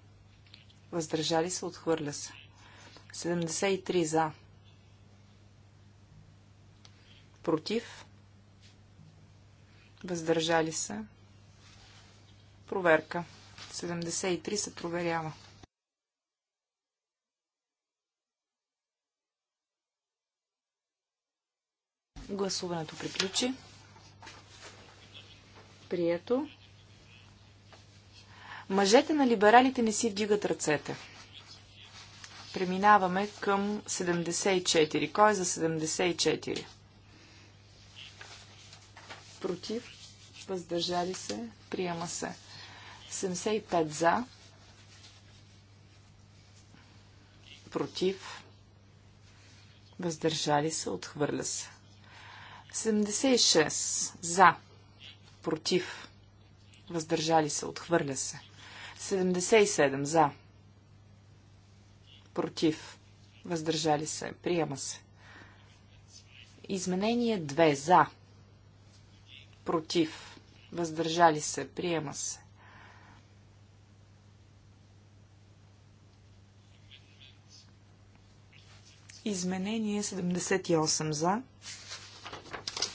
въздържали се, отхвърля се. 73 за, против, въздържали се. Проверка. 73 се проверява. Гласуването приключи. Прието. Мъжете на либералите не си вдигат ръцете. Преминаваме към 74. Кой е за 74? Против. Въздържали се. Приема се. 75 за. Против. Въздържали се. Отхвърля се. 76 за против, въздържали се, отхвърля се. 77 за, против, въздържали се, приема се. Изменение 2 за, против, въздържали се, приема се. Изменение 78 за,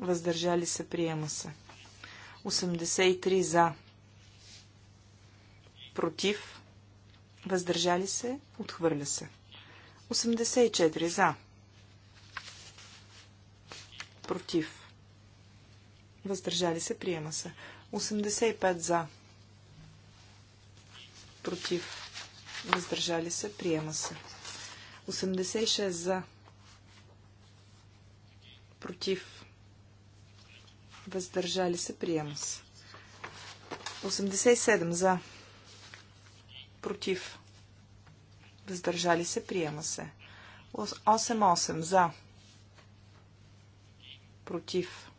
въздържали се, приема се. 83 за, против, въздържали се, отхвърля се. 84 за, против, въздържали се, приема се. 85 за, против, въздържали се, приема се. 86 за, против, въздържали се, приема се. 87 за, против, въздържали се, приема се. 88 за, против,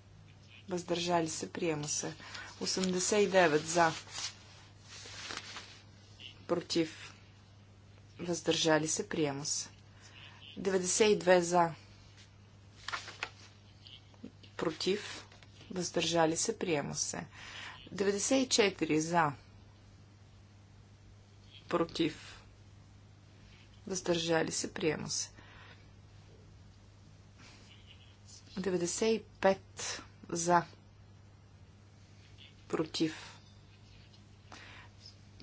въздържали се, приема се. 89 за, против, въздържали се, приема се. 92 за, против, въздържали се, приема се. 94 за, против, въздържали се, приема се. 95 за, против,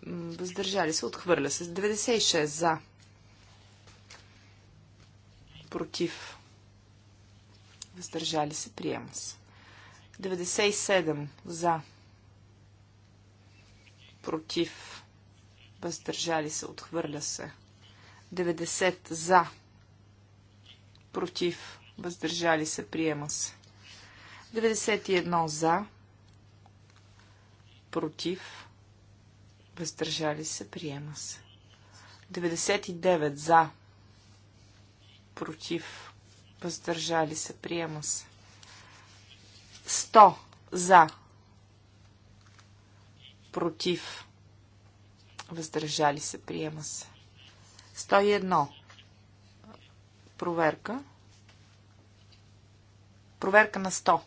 въздържали се, отхвърля се. 96 за, против, въздържали се, приема се. 97 за. Против. Въздържали се. Отхвърля се. 90 за. Против. Въздържали се. Приема се. 91 за. Против. Въздържали се. Приема се. 99 за. Против. Въздържали се. Приема се. 100 за, против, въздържали се, приема се. 101. Проверка. Проверка на 100.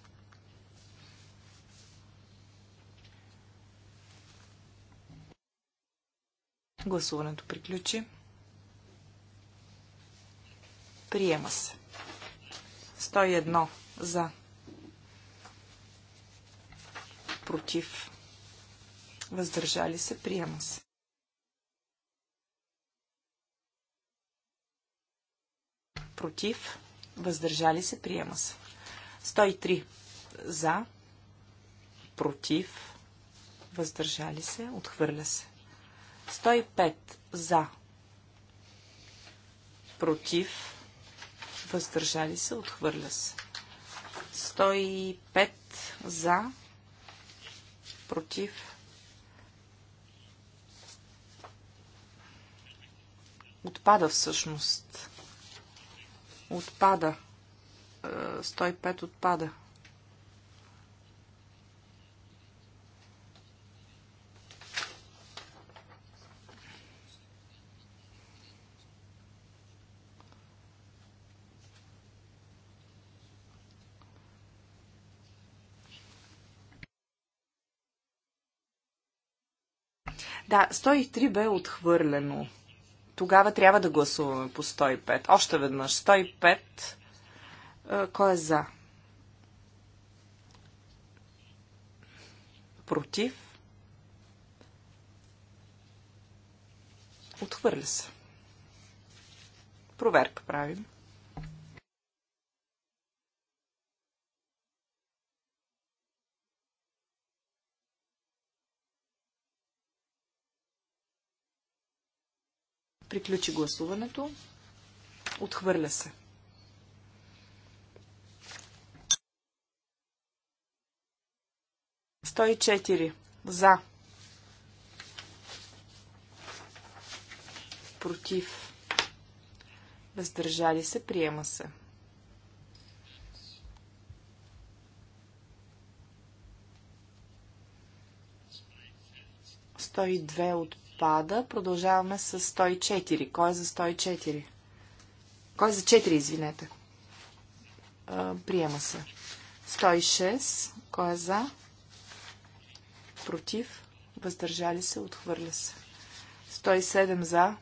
Гласуването приключи. Приема се. 101 за. против, въздържали се, приема се. Против, въздържали се, приема се. 103 за, против, въздържали се, отхвърля се. 105 за, против, въздържали се, отхвърля се. 105 за, против. Отпада всъщност. Отпада. 105 е, отпада. Да, 103 бе отхвърлено. Тогава трябва да гласуваме по 105. Още веднъж. 105. Е, кой е за? Против? Отхвърля се. Проверка правим. Приключи гласуването. Отхвърля се. Стои четири. За. Против. Въздържали се. Приема се. 102 от отпада. Продължаваме с 104. Кой е за 104? Кой е за 4, извинете? А, приема се. 106. Кой е за? Против. Въздържали се. Отхвърля се. 107 за.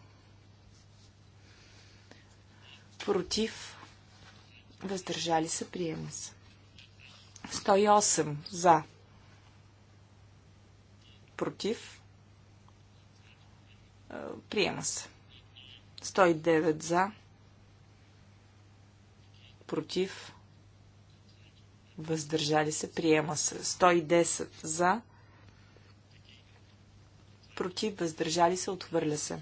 Против. Въздържали се. Приема се. 108 за. Против е, приема се. 109 за. Против. Въздържали се. Приема се. 110 за. Против. Въздържали се. Отхвърля се.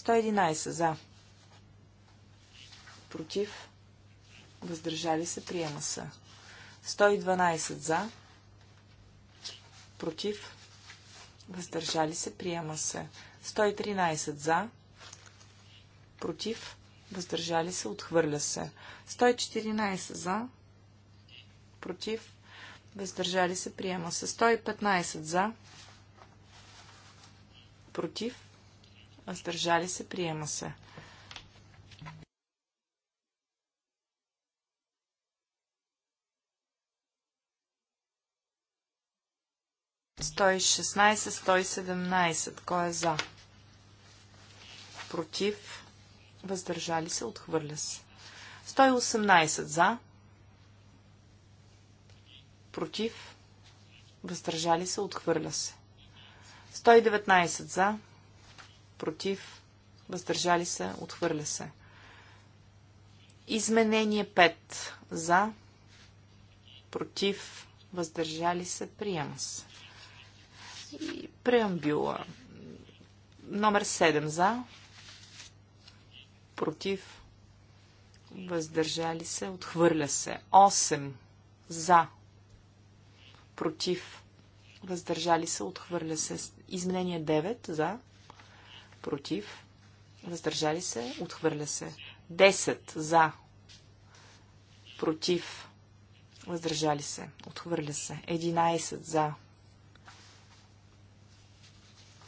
111 за. Против. Въздържали се. Приема се. 112 за. Против. Въздържали се. Приема се. 113 за, против, въздържали се, отхвърля се. 114 за, против, въздържали се, приема се. 115 за, против, въздържали се, приема се. 116, 117. Кой е за? Против. Въздържали се. Отхвърля се. 118 за. Против. Въздържали се. Отхвърля се. 119 за. Против. Въздържали се. Отхвърля се. Изменение 5 за. Против. Въздържали се. Приема се. И преамбюла. Номер 7 за. Против. Въздържали се. Отхвърля се. 8 за. Против. Въздържали се. Отхвърля се. Изменение 9 за. Против. Въздържали се. Отхвърля се. 10 за. Против. Въздържали се. Отхвърля се. 11 за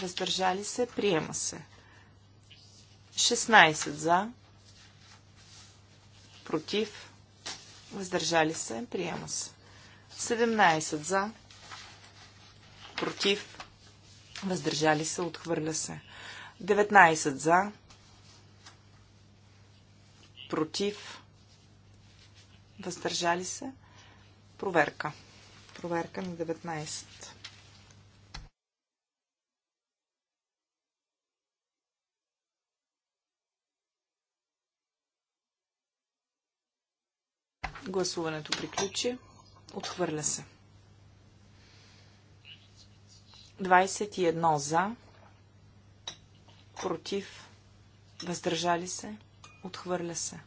въздържали се, приема се. 16 за, против, въздържали се, приема се. 17 за, против, въздържали се, отхвърля се. 19 за, против, въздържали се, проверка. Проверка на 19. Гласуването приключи. Отхвърля се. 21 за, против, въздържали се, отхвърля се.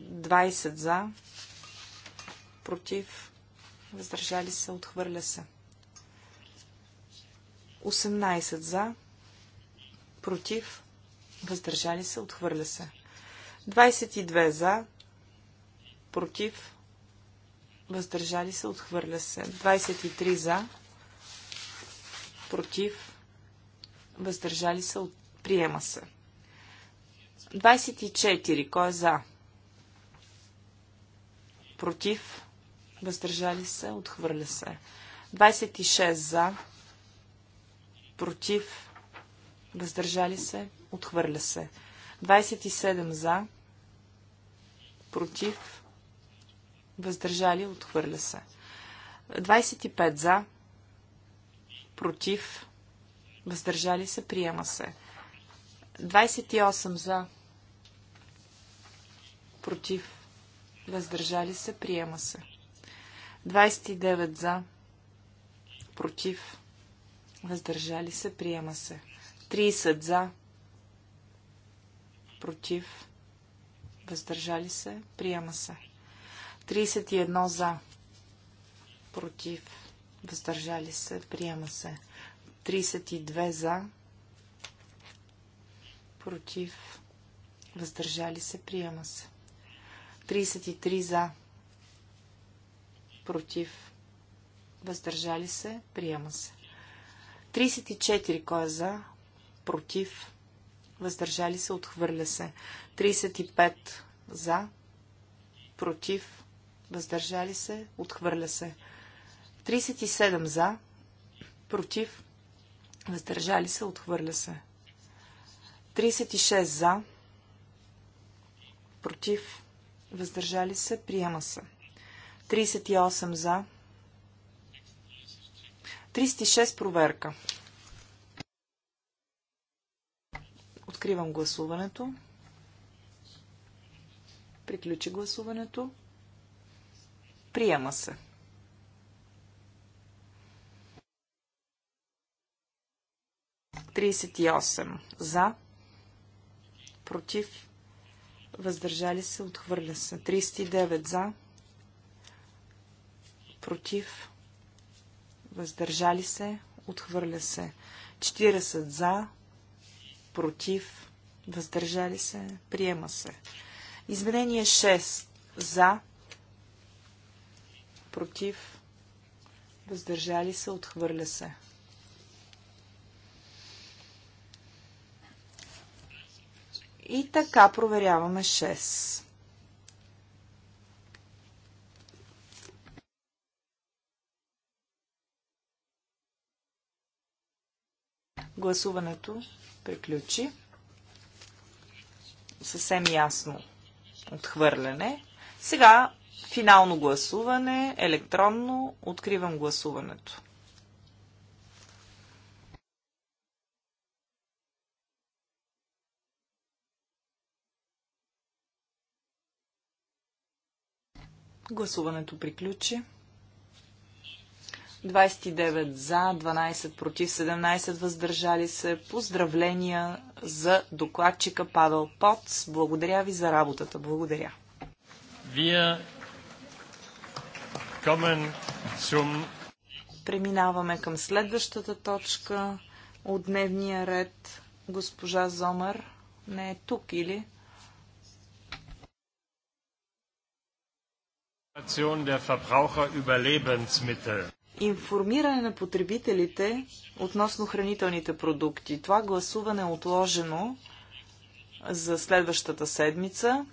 20 за, против, въздържали се, отхвърля се. 18 за, против, въздържали се, отхвърля се. 22 за, против, въздържали се, отхвърля се. 23 за, против, въздържали се, приема се. 24. Кой е за? Против, въздържали се, отхвърля се. 26 за, против, въздържали се, отхвърля се. 27 за, против, въздържали, отхвърля се. 25 за, против, въздържали се, приема се. 28 за, против, въздържали се, приема се. 29 за, против, въздържали се, приема се. 30 за, против, въздържали се, приема се. 31 за. Против. Въздържали се. Приема се. 32 за. Против. Въздържали се. Приема се. 33 за. Против. Въздържали се. Приема се. 34 кой е за. Против. Въздържали се. Отхвърля се. 35 за. Против въздържали се, отхвърля се. 37 за, против, въздържали се, отхвърля се. 36 за, против, въздържали се, приема се. 38 за, 36 проверка. Откривам гласуването. Приключи гласуването. Приема се. Тридесет и осем. За. Против. Въздържали се. Отхвърля се. 39 за. Против. Въздържали се. Отхвърля се. 40 за. Против. Въздържали се. Приема се. Изменение 6 за против, въздържали се, отхвърля се. И така проверяваме 6. Гласуването приключи. Съвсем ясно отхвърляне. Сега Финално гласуване, електронно, откривам гласуването. Гласуването приключи. 29 за, 12 против, 17 въздържали се. Поздравления за докладчика Павел Поц. Благодаря ви за работата. Благодаря. Вие Преминаваме към следващата точка от дневния ред. Госпожа Зомър не е тук или? Информиране на потребителите относно хранителните продукти. Това гласуване е отложено за следващата седмица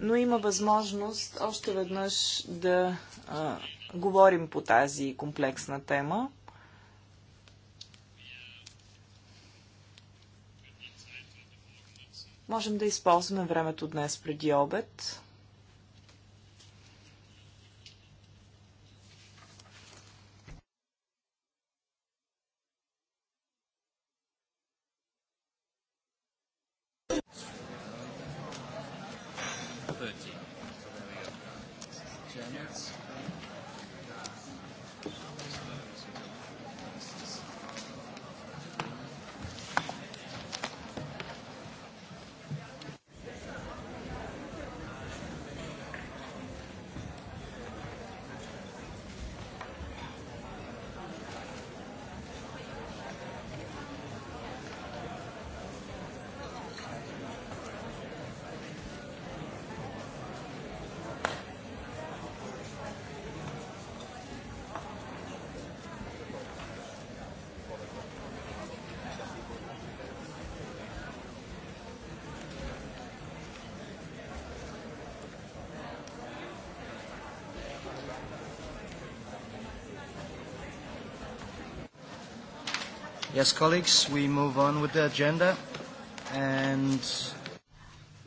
но има възможност още веднъж да а, говорим по тази комплексна тема. Можем да използваме времето днес преди обед. Yes, colleagues, we move on with the agenda and...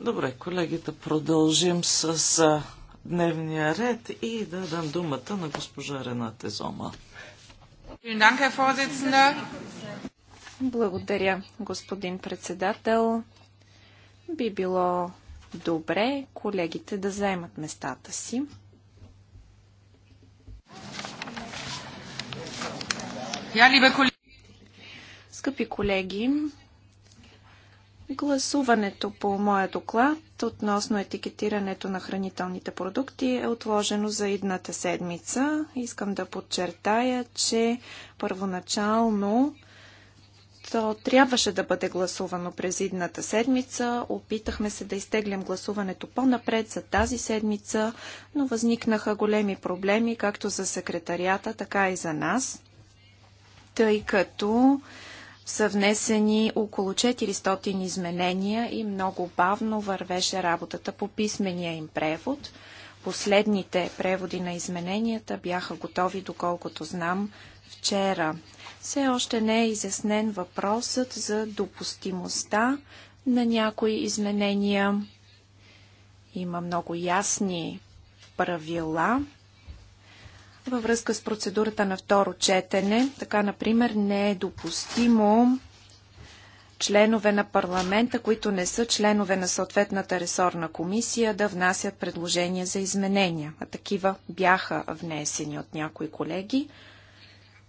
Добре, колеги, да продължим с дневния ред и да дам думата на госпожа Рената Зома. Благодаря, господин председател. Би било добре колегите да заемат местата си. Я, либе колеги, Скъпи колеги, гласуването по моя доклад относно етикетирането на хранителните продукти е отложено за идната седмица. Искам да подчертая, че първоначално то трябваше да бъде гласувано през идната седмица. Опитахме се да изтеглям гласуването по-напред за тази седмица, но възникнаха големи проблеми както за секретарията, така и за нас, тъй като са внесени около 400 изменения и много бавно вървеше работата по писмения им превод. Последните преводи на измененията бяха готови, доколкото знам, вчера. Все още не е изяснен въпросът за допустимостта на някои изменения. Има много ясни правила във връзка с процедурата на второ четене. Така, например, не е допустимо членове на парламента, които не са членове на съответната ресорна комисия, да внасят предложения за изменения. А такива бяха внесени от някои колеги.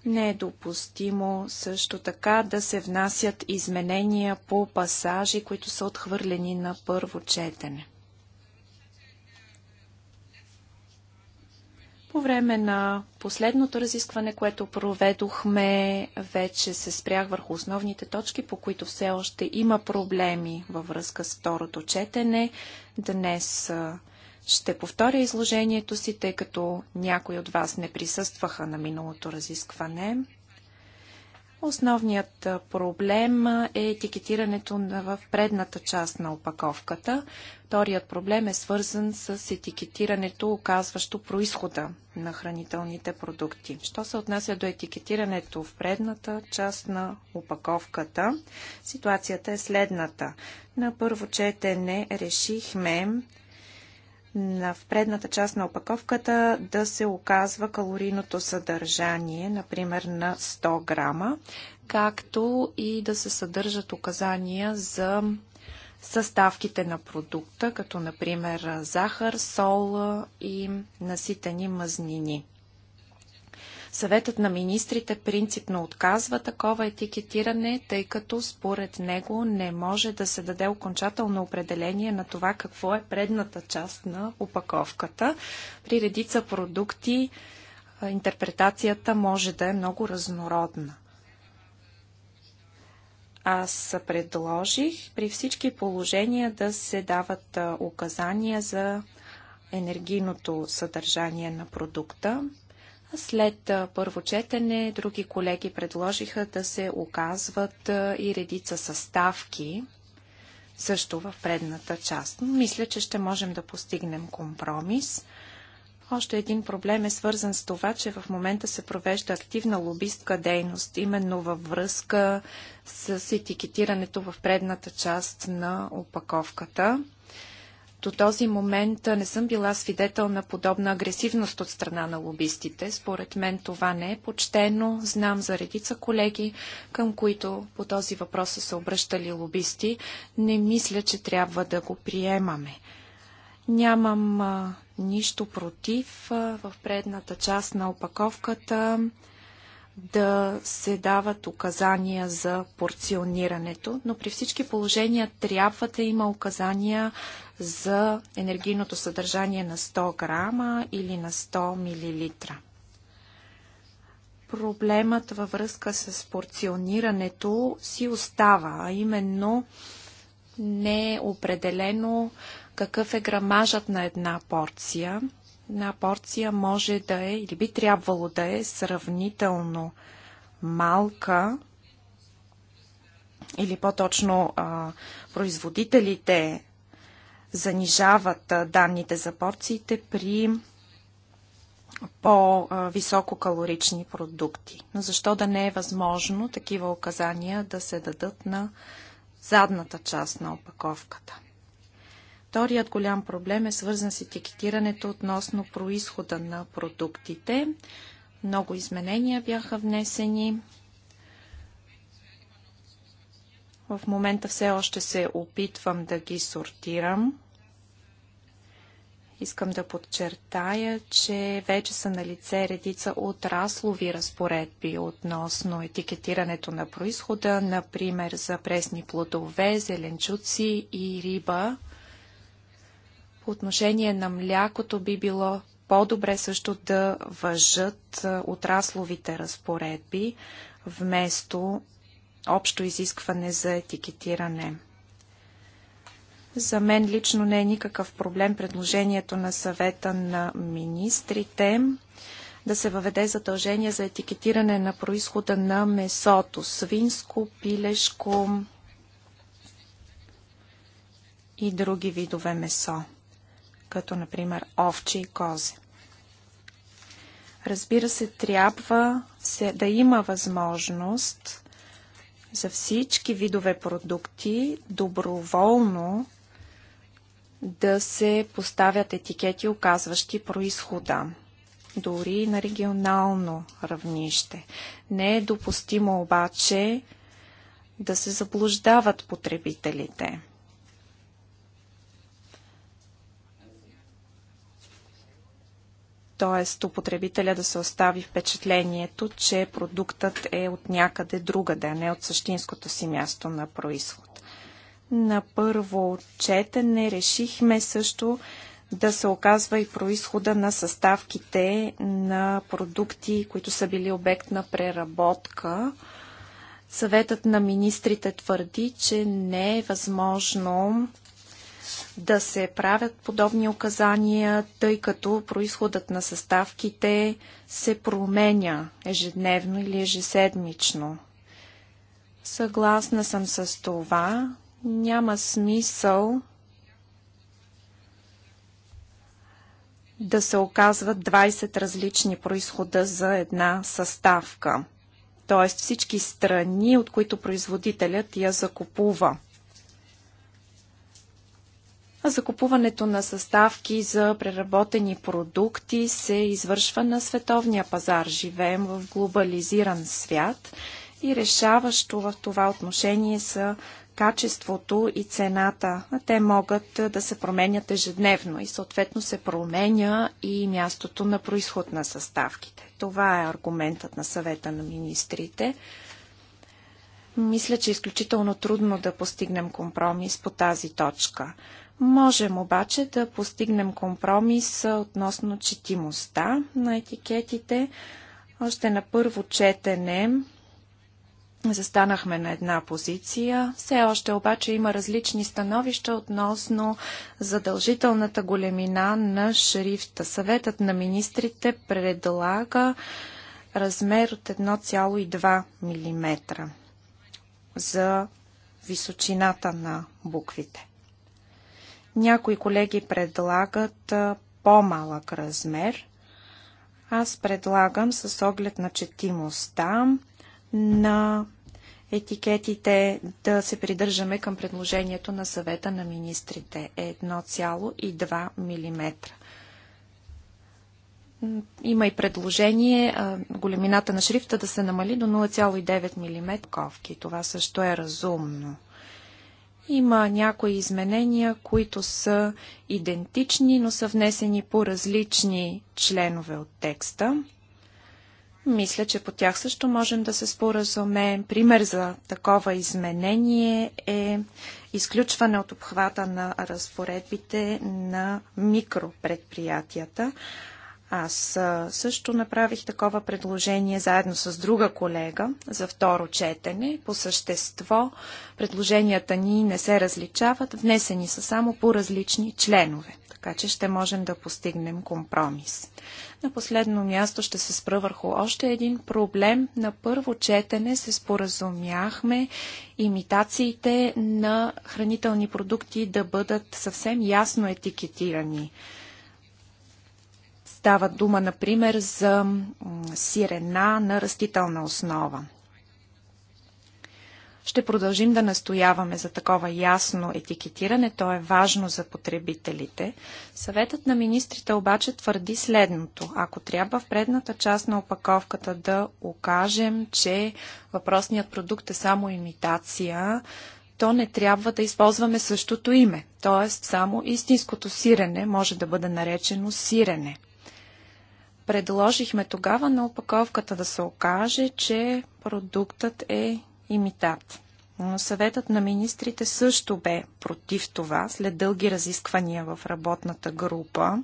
Не е допустимо също така да се внасят изменения по пасажи, които са отхвърлени на първо четене. По време на последното разискване, което проведохме, вече се спрях върху основните точки, по които все още има проблеми във връзка с второто четене. Днес ще повторя изложението си, тъй като някои от вас не присъстваха на миналото разискване. Основният проблем е етикетирането в предната част на опаковката. Вторият проблем е свързан с етикетирането, оказващо происхода на хранителните продукти. Що се отнася до етикетирането в предната част на опаковката, ситуацията е следната. На първо четене решихме на в предната част на опаковката да се оказва калорийното съдържание, например на 100 грама, както и да се съдържат указания за съставките на продукта, като например захар, сол и наситени мазнини. Съветът на министрите принципно отказва такова етикетиране, тъй като според него не може да се даде окончателно определение на това какво е предната част на упаковката. При редица продукти интерпретацията може да е много разнородна. Аз предложих при всички положения да се дават указания за енергийното съдържание на продукта, след първо четене други колеги предложиха да се оказват и редица съставки, също в предната част. Мисля, че ще можем да постигнем компромис. Още един проблем е свързан с това, че в момента се провежда активна лобистка дейност, именно във връзка с етикетирането в предната част на опаковката. До този момент не съм била свидетел на подобна агресивност от страна на лобистите. Според мен това не е почтено. Знам за редица колеги, към които по този въпрос са се обръщали лобисти. Не мисля, че трябва да го приемаме. Нямам а, нищо против а, в предната част на опаковката да се дават указания за порционирането, но при всички положения трябва да има указания за енергийното съдържание на 100 грама или на 100 милилитра. Проблемът във връзка с порционирането си остава, а именно не е определено какъв е грамажът на една порция. Една порция може да е или би трябвало да е сравнително малка или по-точно производителите занижават данните за порциите при по-висококалорични продукти. Но защо да не е възможно такива указания да се дадат на задната част на опаковката? Вторият голям проблем е свързан с етикетирането относно происхода на продуктите. Много изменения бяха внесени. В момента все още се опитвам да ги сортирам. Искам да подчертая, че вече са на лице редица отраслови разпоредби относно етикетирането на происхода, например за пресни плодове, зеленчуци и риба. По отношение на млякото би било по-добре също да въжат отрасловите разпоредби вместо общо изискване за етикетиране. За мен лично не е никакъв проблем предложението на съвета на министрите да се въведе задължение за етикетиране на происхода на месото. Свинско, пилешко и други видове месо, като например овче и козе. Разбира се, трябва да има възможност за всички видове продукти доброволно да се поставят етикети, оказващи происхода, дори на регионално равнище. Не е допустимо обаче да се заблуждават потребителите. т.е. употребителя да се остави впечатлението, че продуктът е от някъде другаде, а не от същинското си място на происход. На първо четене решихме също да се оказва и происхода на съставките на продукти, които са били обект на преработка. Съветът на министрите твърди, че не е възможно да се правят подобни указания, тъй като происходът на съставките се променя ежедневно или ежеседмично. Съгласна съм с това, няма смисъл да се оказват 20 различни происхода за една съставка. Тоест всички страни, от които производителят я закупува. закупуването на съставки за преработени продукти се извършва на световния пазар. Живеем в глобализиран свят и решаващо в това отношение са качеството и цената. Те могат да се променят ежедневно и съответно се променя и мястото на происход на съставките. Това е аргументът на съвета на министрите. Мисля, че е изключително трудно да постигнем компромис по тази точка. Можем обаче да постигнем компромис относно четимостта на етикетите. Още на първо четене застанахме на една позиция. Все още обаче има различни становища относно задължителната големина на шрифта. Съветът на министрите предлага размер от 1,2 мм за височината на буквите. Някои колеги предлагат по-малък размер. Аз предлагам с оглед на четимостта на етикетите да се придържаме към предложението на съвета на министрите е 1,2 мм. Има и предложение големината на шрифта да се намали до 0,9 мм ковки. Това също е разумно. Има някои изменения, които са идентични, но са внесени по различни членове от текста. Мисля, че по тях също можем да се споразумеем. Пример за такова изменение е изключване от обхвата на разпоредбите на микропредприятията. Аз също направих такова предложение заедно с друга колега за второ четене. По същество предложенията ни не се различават, внесени са само по различни членове така че ще можем да постигнем компромис. На последно място ще се спра върху още един проблем. На първо четене се споразумяхме имитациите на хранителни продукти да бъдат съвсем ясно етикетирани. Става дума, например, за сирена на растителна основа. Ще продължим да настояваме за такова ясно етикетиране. То е важно за потребителите. Съветът на министрите обаче твърди следното. Ако трябва в предната част на опаковката да окажем, че въпросният продукт е само имитация, то не трябва да използваме същото име. Тоест, само истинското сирене може да бъде наречено сирене. Предложихме тогава на опаковката да се окаже, че продуктът е Имитат. Но съветът на министрите също бе против това, след дълги разисквания в работната група.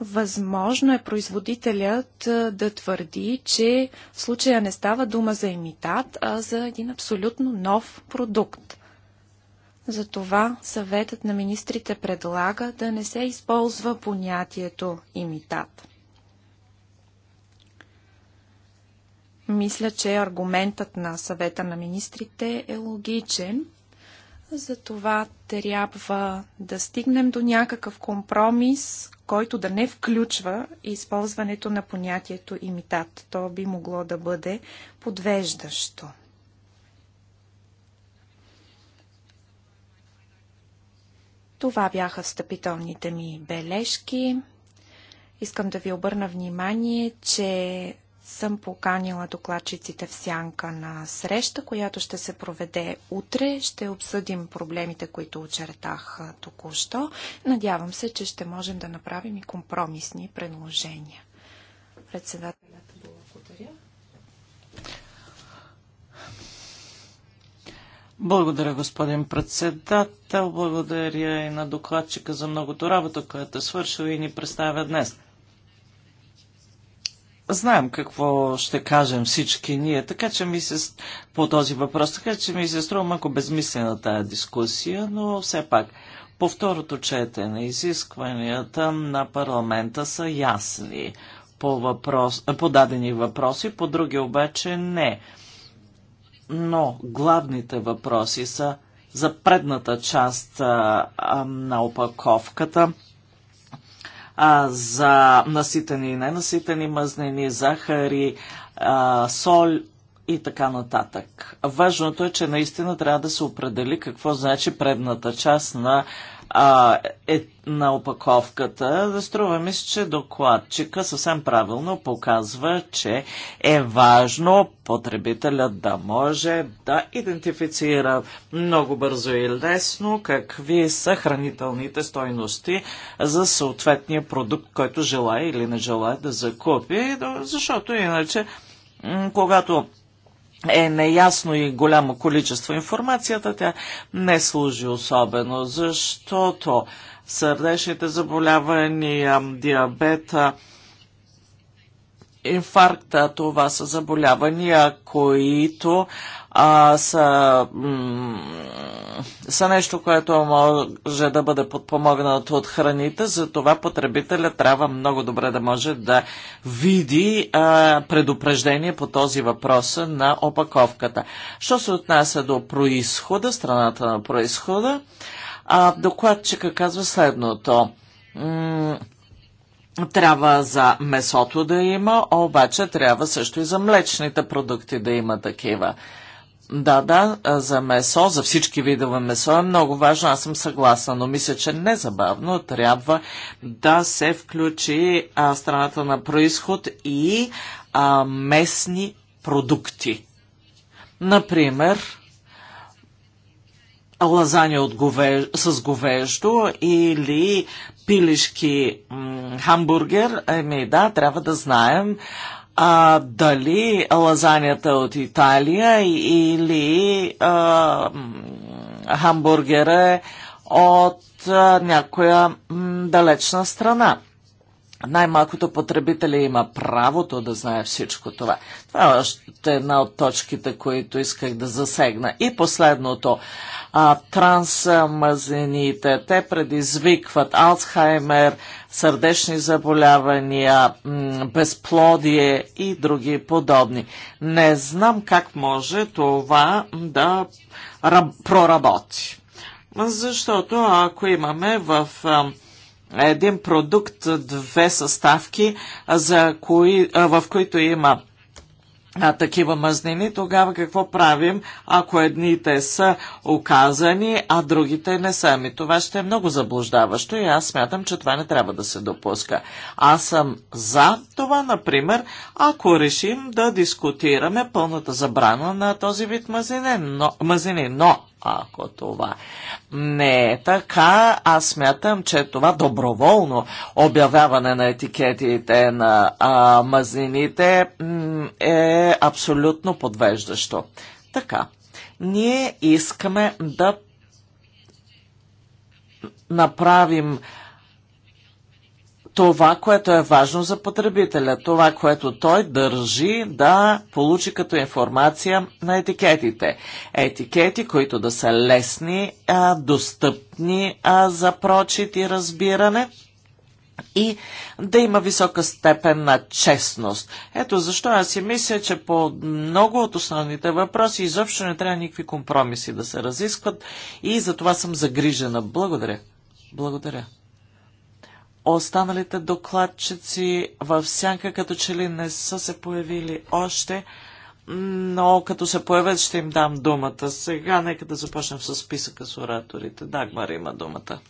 Възможно е производителят да твърди, че в случая не става дума за имитат, а за един абсолютно нов продукт. Затова съветът на министрите предлага да не се използва понятието имитат. Мисля, че аргументът на съвета на министрите е логичен. Затова трябва да стигнем до някакъв компромис, който да не включва използването на понятието имитат. То би могло да бъде подвеждащо. Това бяха встъпителните ми бележки. Искам да ви обърна внимание, че съм поканила докладчиците в сянка на среща, която ще се проведе утре. Ще обсъдим проблемите, които очертах току-що. Надявам се, че ще можем да направим и компромисни предложения. Председателят, благодаря. Благодаря, господин председател. Благодаря и на докладчика за многото работа, която е свършил и ни представя днес знаем какво ще кажем всички ние, така че ми се по този въпрос, така че ми се струва малко безмислена тази дискусия, но все пак по второто четене изискванията на парламента са ясни по, въпрос, по дадени въпроси, по други обаче не. Но главните въпроси са за предната част а, а, на опаковката – а, за наситени и ненаситени мазнини, захари, а, соль и така нататък. Важното е, че наистина трябва да се определи какво значи предната част на а, е, на опаковката, да струва ми се, че докладчика съвсем правилно показва, че е важно потребителят да може да идентифицира много бързо и лесно какви са хранителните стойности за съответния продукт, който желая или не желая да закупи, защото иначе когато е неясно и голямо количество информацията, тя не служи особено, защото сърдечните заболявания, диабета, инфаркта, това са заболявания, които а, са, са нещо, което може да бъде подпомогнато от храните, затова потребителя трябва много добре да може да види а, предупреждение по този въпрос на опаковката. Що се отнася до происхода, страната на происхода, а, докладчика казва следното трябва за месото да има, обаче трябва също и за млечните продукти да има такива. Да, да, за месо, за всички видове месо е много важно, аз съм съгласна, но мисля, че незабавно трябва да се включи а, страната на происход и а, местни продукти. Например, лазаня от говеж... с говеждо или пилешки хамбургер, еми да, трябва да знаем а, дали лазанята от Италия или а, хамбургера е от а, някоя м, далечна страна най-малкото потребители има правото да знае всичко това. Това е още една от точките, които исках да засегна. И последното. А, трансмазените, те предизвикват Алцхаймер, сърдечни заболявания, безплодие и други подобни. Не знам как може това да проработи. Защото ако имаме в а, един продукт, две съставки, за кои, в които има а, такива мазнини, тогава какво правим, ако едните са оказани, а другите не са? Ми това ще е много заблуждаващо и аз смятам, че това не трябва да се допуска. Аз съм за това, например, ако решим да дискутираме пълната забрана на този вид мазнини, но, мазнини, но ако това не е така, аз смятам, че това доброволно обявяване на етикетите на а, мазнините е абсолютно подвеждащо. Така, ние искаме да направим това, което е важно за потребителя, това, което той държи да получи като информация на етикетите. Етикети, които да са лесни, а, достъпни а, за прочит и разбиране и да има висока степен на честност. Ето защо аз си мисля, че по много от основните въпроси изобщо не трябва никакви компромиси да се разискват и за това съм загрижена. Благодаря. Благодаря. Останалите докладчици във сянка като че ли не са се появили още, но като се появят ще им дам думата. Сега нека да започнем с списъка с ораторите. Дагмар има думата.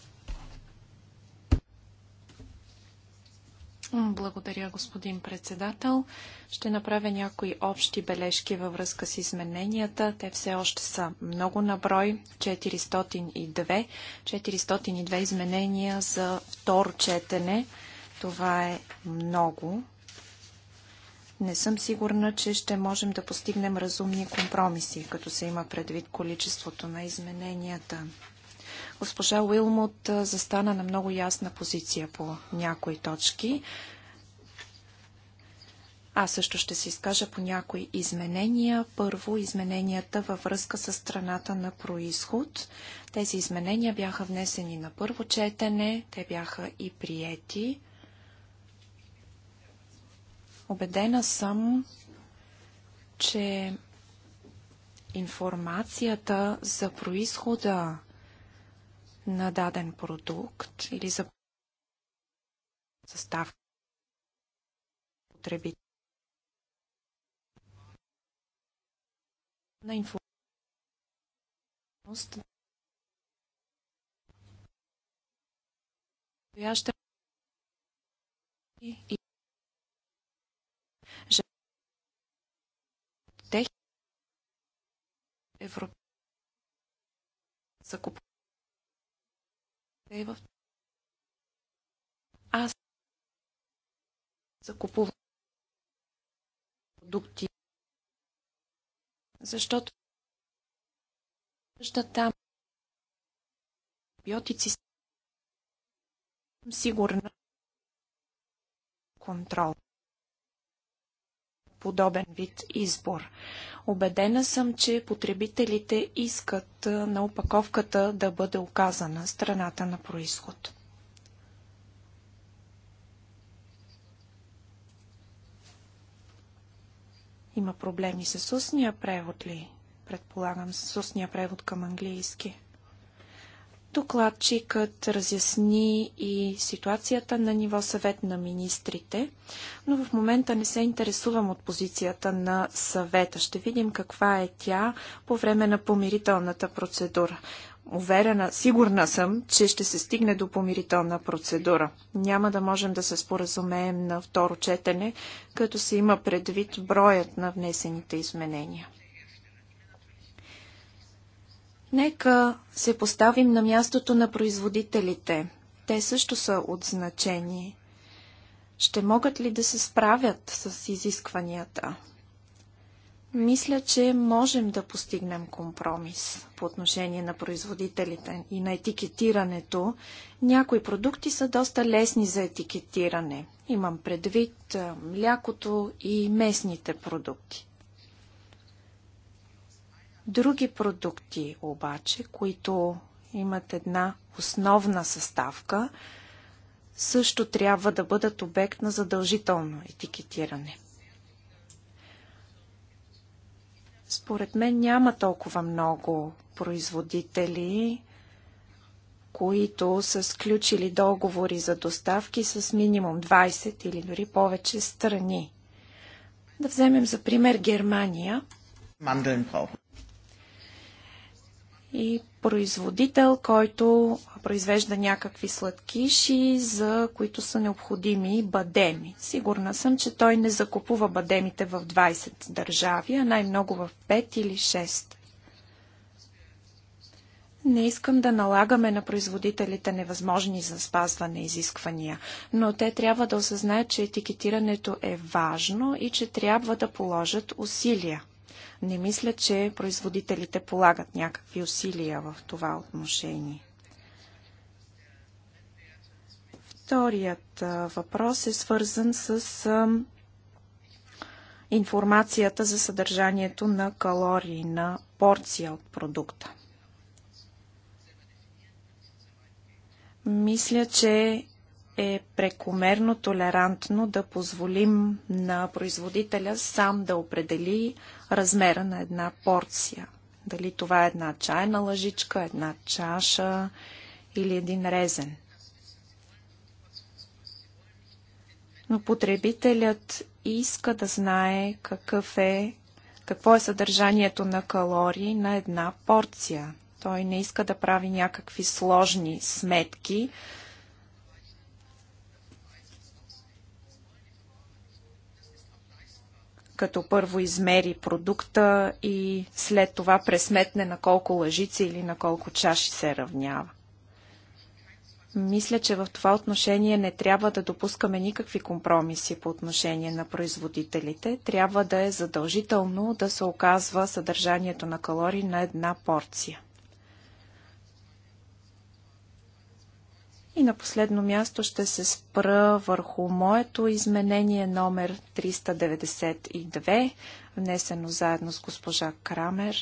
Благодаря, господин председател. Ще направя някои общи бележки във връзка с измененията. Те все още са много на брой. 402. 402 изменения за второ четене. Това е много. Не съм сигурна, че ще можем да постигнем разумни компромиси, като се има предвид количеството на измененията. Госпожа Уилмут застана на много ясна позиция по някои точки. Аз също ще се изкажа по някои изменения. Първо, измененията във връзка с страната на происход. Тези изменения бяха внесени на първо четене, те бяха и приети. Обедена съм, че информацията за происхода на даден продукт или за съставка потреби На информираност настояща и Европа закупува те в... Аз закупувам продукти, защото там биотици съм сигурна контрол подобен вид избор. Обедена съм, че потребителите искат на опаковката да бъде оказана страната на происход. Има проблеми с устния превод ли? Предполагам, с устния превод към английски. Докладчикът разясни и ситуацията на ниво съвет на министрите, но в момента не се интересувам от позицията на съвета. Ще видим каква е тя по време на помирителната процедура. Уверена, сигурна съм, че ще се стигне до помирителна процедура. Няма да можем да се споразумеем на второ четене, като се има предвид броят на внесените изменения. Нека се поставим на мястото на производителите. Те също са от значение. Ще могат ли да се справят с изискванията? Мисля, че можем да постигнем компромис по отношение на производителите и на етикетирането. Някои продукти са доста лесни за етикетиране. Имам предвид млякото и местните продукти. Други продукти обаче, които имат една основна съставка, също трябва да бъдат обект на задължително етикетиране. Според мен няма толкова много производители, които са сключили договори за доставки с минимум 20 или дори повече страни. Да вземем за пример Германия и производител, който произвежда някакви сладкиши, за които са необходими бадеми. Сигурна съм, че той не закупува бадемите в 20 държави, а най-много в 5 или 6. Не искам да налагаме на производителите невъзможни за спазване изисквания, но те трябва да осъзнаят, че етикетирането е важно и че трябва да положат усилия. Не мисля, че производителите полагат някакви усилия в това отношение. Вторият въпрос е свързан с информацията за съдържанието на калории на порция от продукта. Мисля, че е прекомерно толерантно да позволим на производителя сам да определи размера на една порция. Дали това е една чайна лъжичка, една чаша или един резен. Но потребителят иска да знае какъв е, какво е съдържанието на калории на една порция. Той не иска да прави някакви сложни сметки, като първо измери продукта и след това пресметне на колко лъжици или на колко чаши се равнява. Мисля, че в това отношение не трябва да допускаме никакви компромиси по отношение на производителите. Трябва да е задължително да се оказва съдържанието на калории на една порция. И на последно място ще се спра върху моето изменение номер 392, внесено заедно с госпожа Крамер.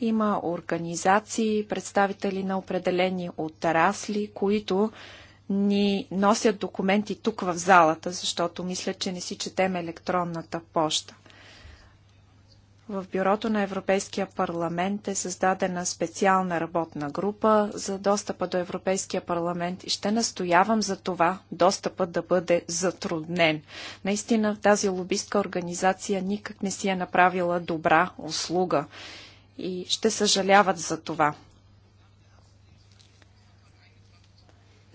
Има организации, представители на определени отрасли, които ни носят документи тук в залата, защото мисля, че не си четем електронната поща. В бюрото на Европейския парламент е създадена специална работна група за достъпа до Европейския парламент и ще настоявам за това достъпът да бъде затруднен. Наистина тази лобистка организация никак не си е направила добра услуга и ще съжаляват за това.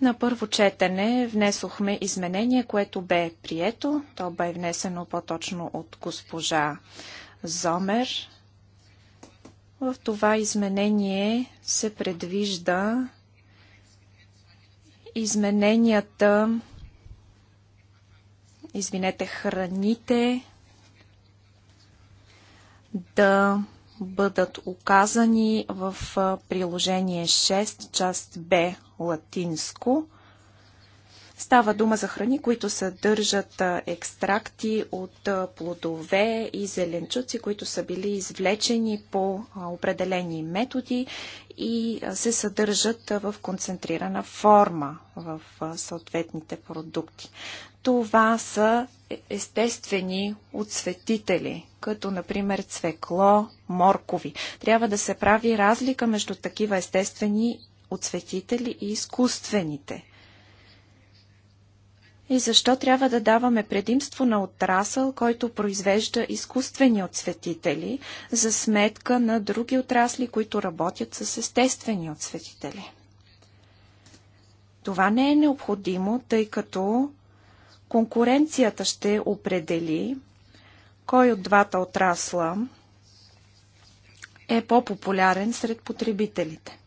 На първо четене внесохме изменение, което бе прието. То бе внесено по-точно от госпожа Зомер. В това изменение се предвижда измененията, извинете, храните да бъдат указани в приложение 6, част Б, латинско. Става дума за храни, които съдържат екстракти от плодове и зеленчуци, които са били извлечени по определени методи и се съдържат в концентрирана форма в съответните продукти. Това са е, естествени отцветители, като например цвекло, моркови. Трябва да се прави разлика между такива естествени отцветители и изкуствените. И защо трябва да даваме предимство на отрасъл, който произвежда изкуствени отсветители, за сметка на други отрасли, които работят с естествени отсветители? Това не е необходимо, тъй като конкуренцията ще определи кой от двата отрасла е по-популярен сред потребителите.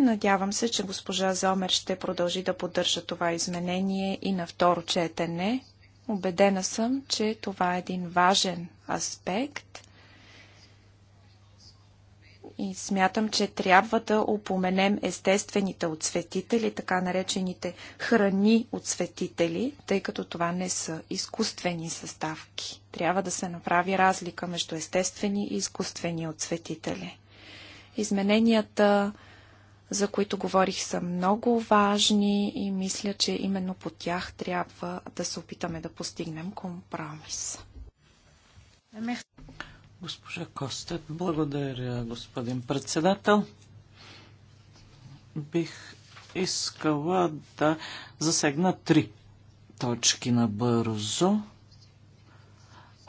Надявам се, че госпожа Зомер ще продължи да поддържа това изменение и на второ четене. Обедена съм, че това е един важен аспект и смятам, че трябва да упоменем естествените отцветители, така наречените храни отцветители, тъй като това не са изкуствени съставки. Трябва да се направи разлика между естествени и изкуствени отцветители. Измененията за които говорих, са много важни и мисля, че именно по тях трябва да се опитаме да постигнем компромис. Госпожа Костет, благодаря, господин председател. Бих искала да засегна три точки на бързо.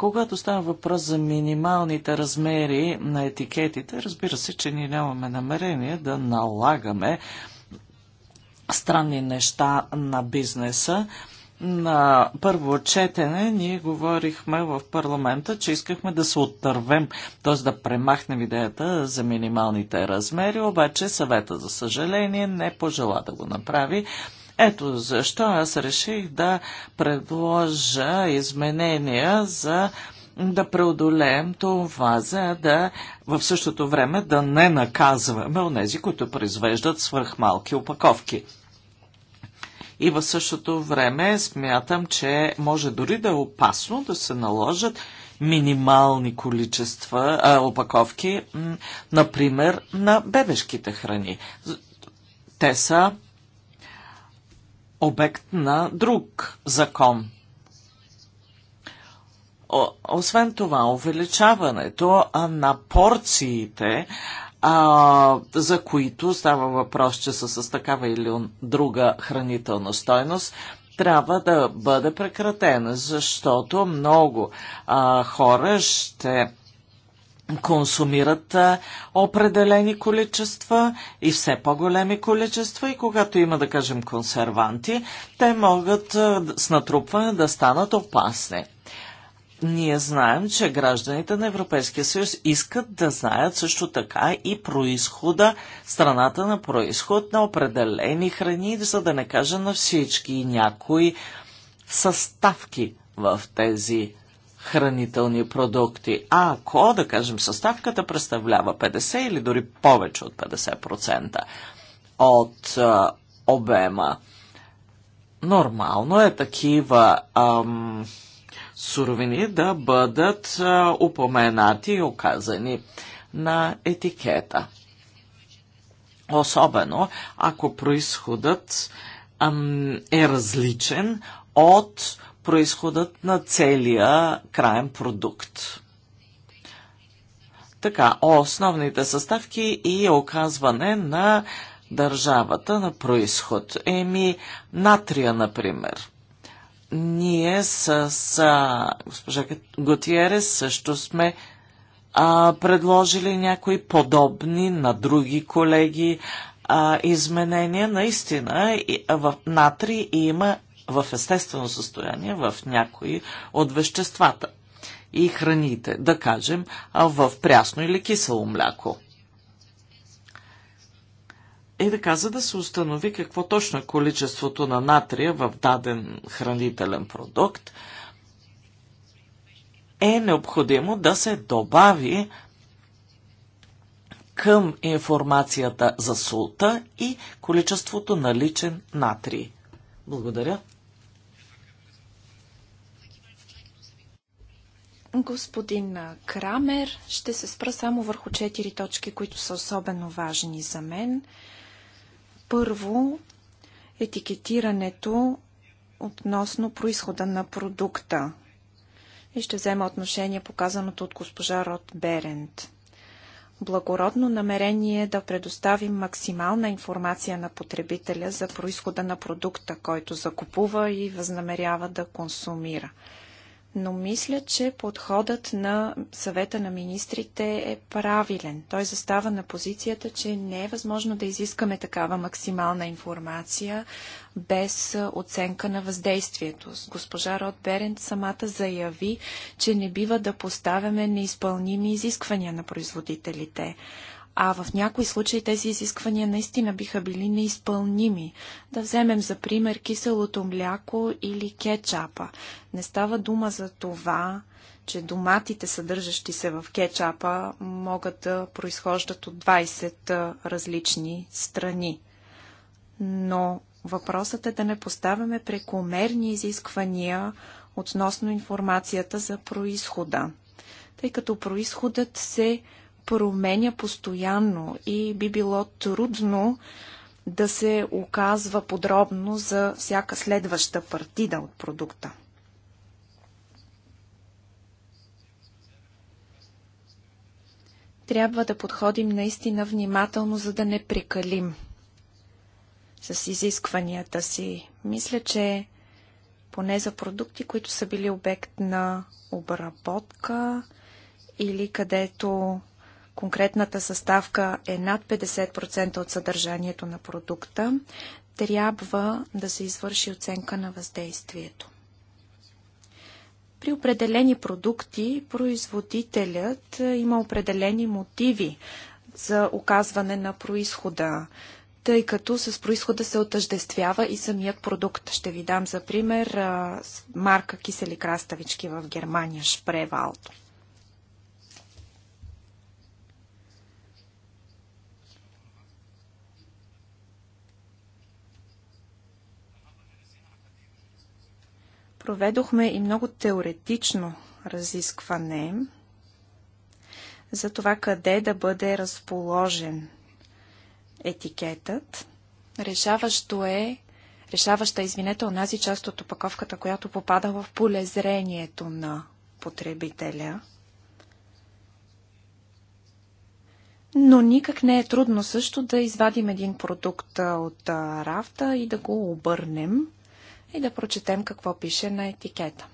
Когато става въпрос за минималните размери на етикетите, разбира се, че ние нямаме намерение да налагаме странни неща на бизнеса. На първо четене ние говорихме в парламента, че искахме да се оттървем, т.е. да премахнем идеята за минималните размери, обаче съвета, за съжаление, не пожела да го направи. Ето защо аз реших да предложа изменения за да преодолеем това, за да в същото време да не наказваме онези, които произвеждат свърхмалки опаковки. И в същото време смятам, че може дори да е опасно да се наложат минимални количества а, опаковки, например, на бебешките храни. Те са обект на друг закон. Освен това, увеличаването на порциите, за които става въпрос, че са с такава или друга хранителна стойност, трябва да бъде прекратена, защото много хора ще консумират определени количества и все по-големи количества и когато има, да кажем, консерванти, те могат с натрупване да станат опасни. Ние знаем, че гражданите на Европейския съюз искат да знаят също така и происхода, страната на происход на определени храни, за да не кажа на всички и някои съставки в тези хранителни продукти. А ако, да кажем, съставката представлява 50 или дори повече от 50% от а, обема, нормално е такива ам, суровини да бъдат а, упоменати и оказани на етикета. Особено ако происходът ам, е различен от происходът на целия краен продукт. Така, основните съставки и оказване на държавата на происход. Еми, натрия, например. Ние с, а, госпожа Готиерес също сме а, предложили някои подобни на други колеги а, изменения. Наистина, и, в натрий има в естествено състояние в някои от веществата и храните, да кажем, в прясно или кисело мляко. И да каза да се установи какво точно е количеството на натрия в даден хранителен продукт, е необходимо да се добави към информацията за султа и количеството на личен натрий. Благодаря. Господин Крамер, ще се спра само върху четири точки, които са особено важни за мен. Първо, етикетирането относно происхода на продукта. И ще взема отношение показаното от госпожа Рот Берент благородно намерение да предоставим максимална информация на потребителя за происхода на продукта, който закупува и възнамерява да консумира но мисля, че подходът на съвета на министрите е правилен. Той застава на позицията, че не е възможно да изискаме такава максимална информация без оценка на въздействието. Госпожа Род Берент самата заяви, че не бива да поставяме неизпълними изисквания на производителите а в някои случаи тези изисквания наистина биха били неизпълними. Да вземем за пример киселото мляко или кетчапа. Не става дума за това, че доматите, съдържащи се в кетчапа, могат да произхождат от 20 различни страни. Но въпросът е да не поставяме прекомерни изисквания относно информацията за происхода, тъй като происходът се променя постоянно и би било трудно да се оказва подробно за всяка следваща партида от продукта. Трябва да подходим наистина внимателно, за да не прекалим с изискванията си. Мисля, че поне за продукти, които са били обект на обработка или където конкретната съставка е над 50% от съдържанието на продукта, трябва да се извърши оценка на въздействието. При определени продукти производителят е, има определени мотиви за оказване на происхода, тъй като с происхода се отъждествява и самият продукт. Ще ви дам за пример е, марка кисели краставички в Германия, Шпревалто. Проведохме и много теоретично разискване за това къде да бъде разположен етикетът. Решаващо е, решаваща, извинете, онази част от опаковката, която попада в полезрението на потребителя. Но никак не е трудно също да извадим един продукт от рафта и да го обърнем – и да прочетем какво пише на етикета.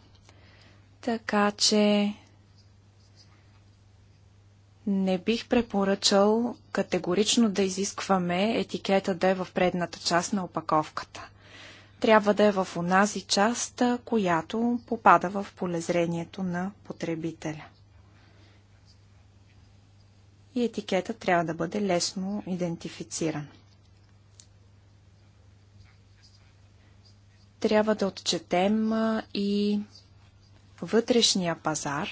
Така че не бих препоръчал категорично да изискваме етикета да е в предната част на опаковката. Трябва да е в онази част, която попада в полезрението на потребителя. И етикета трябва да бъде лесно идентифициран. Трябва да отчетем и вътрешния пазар.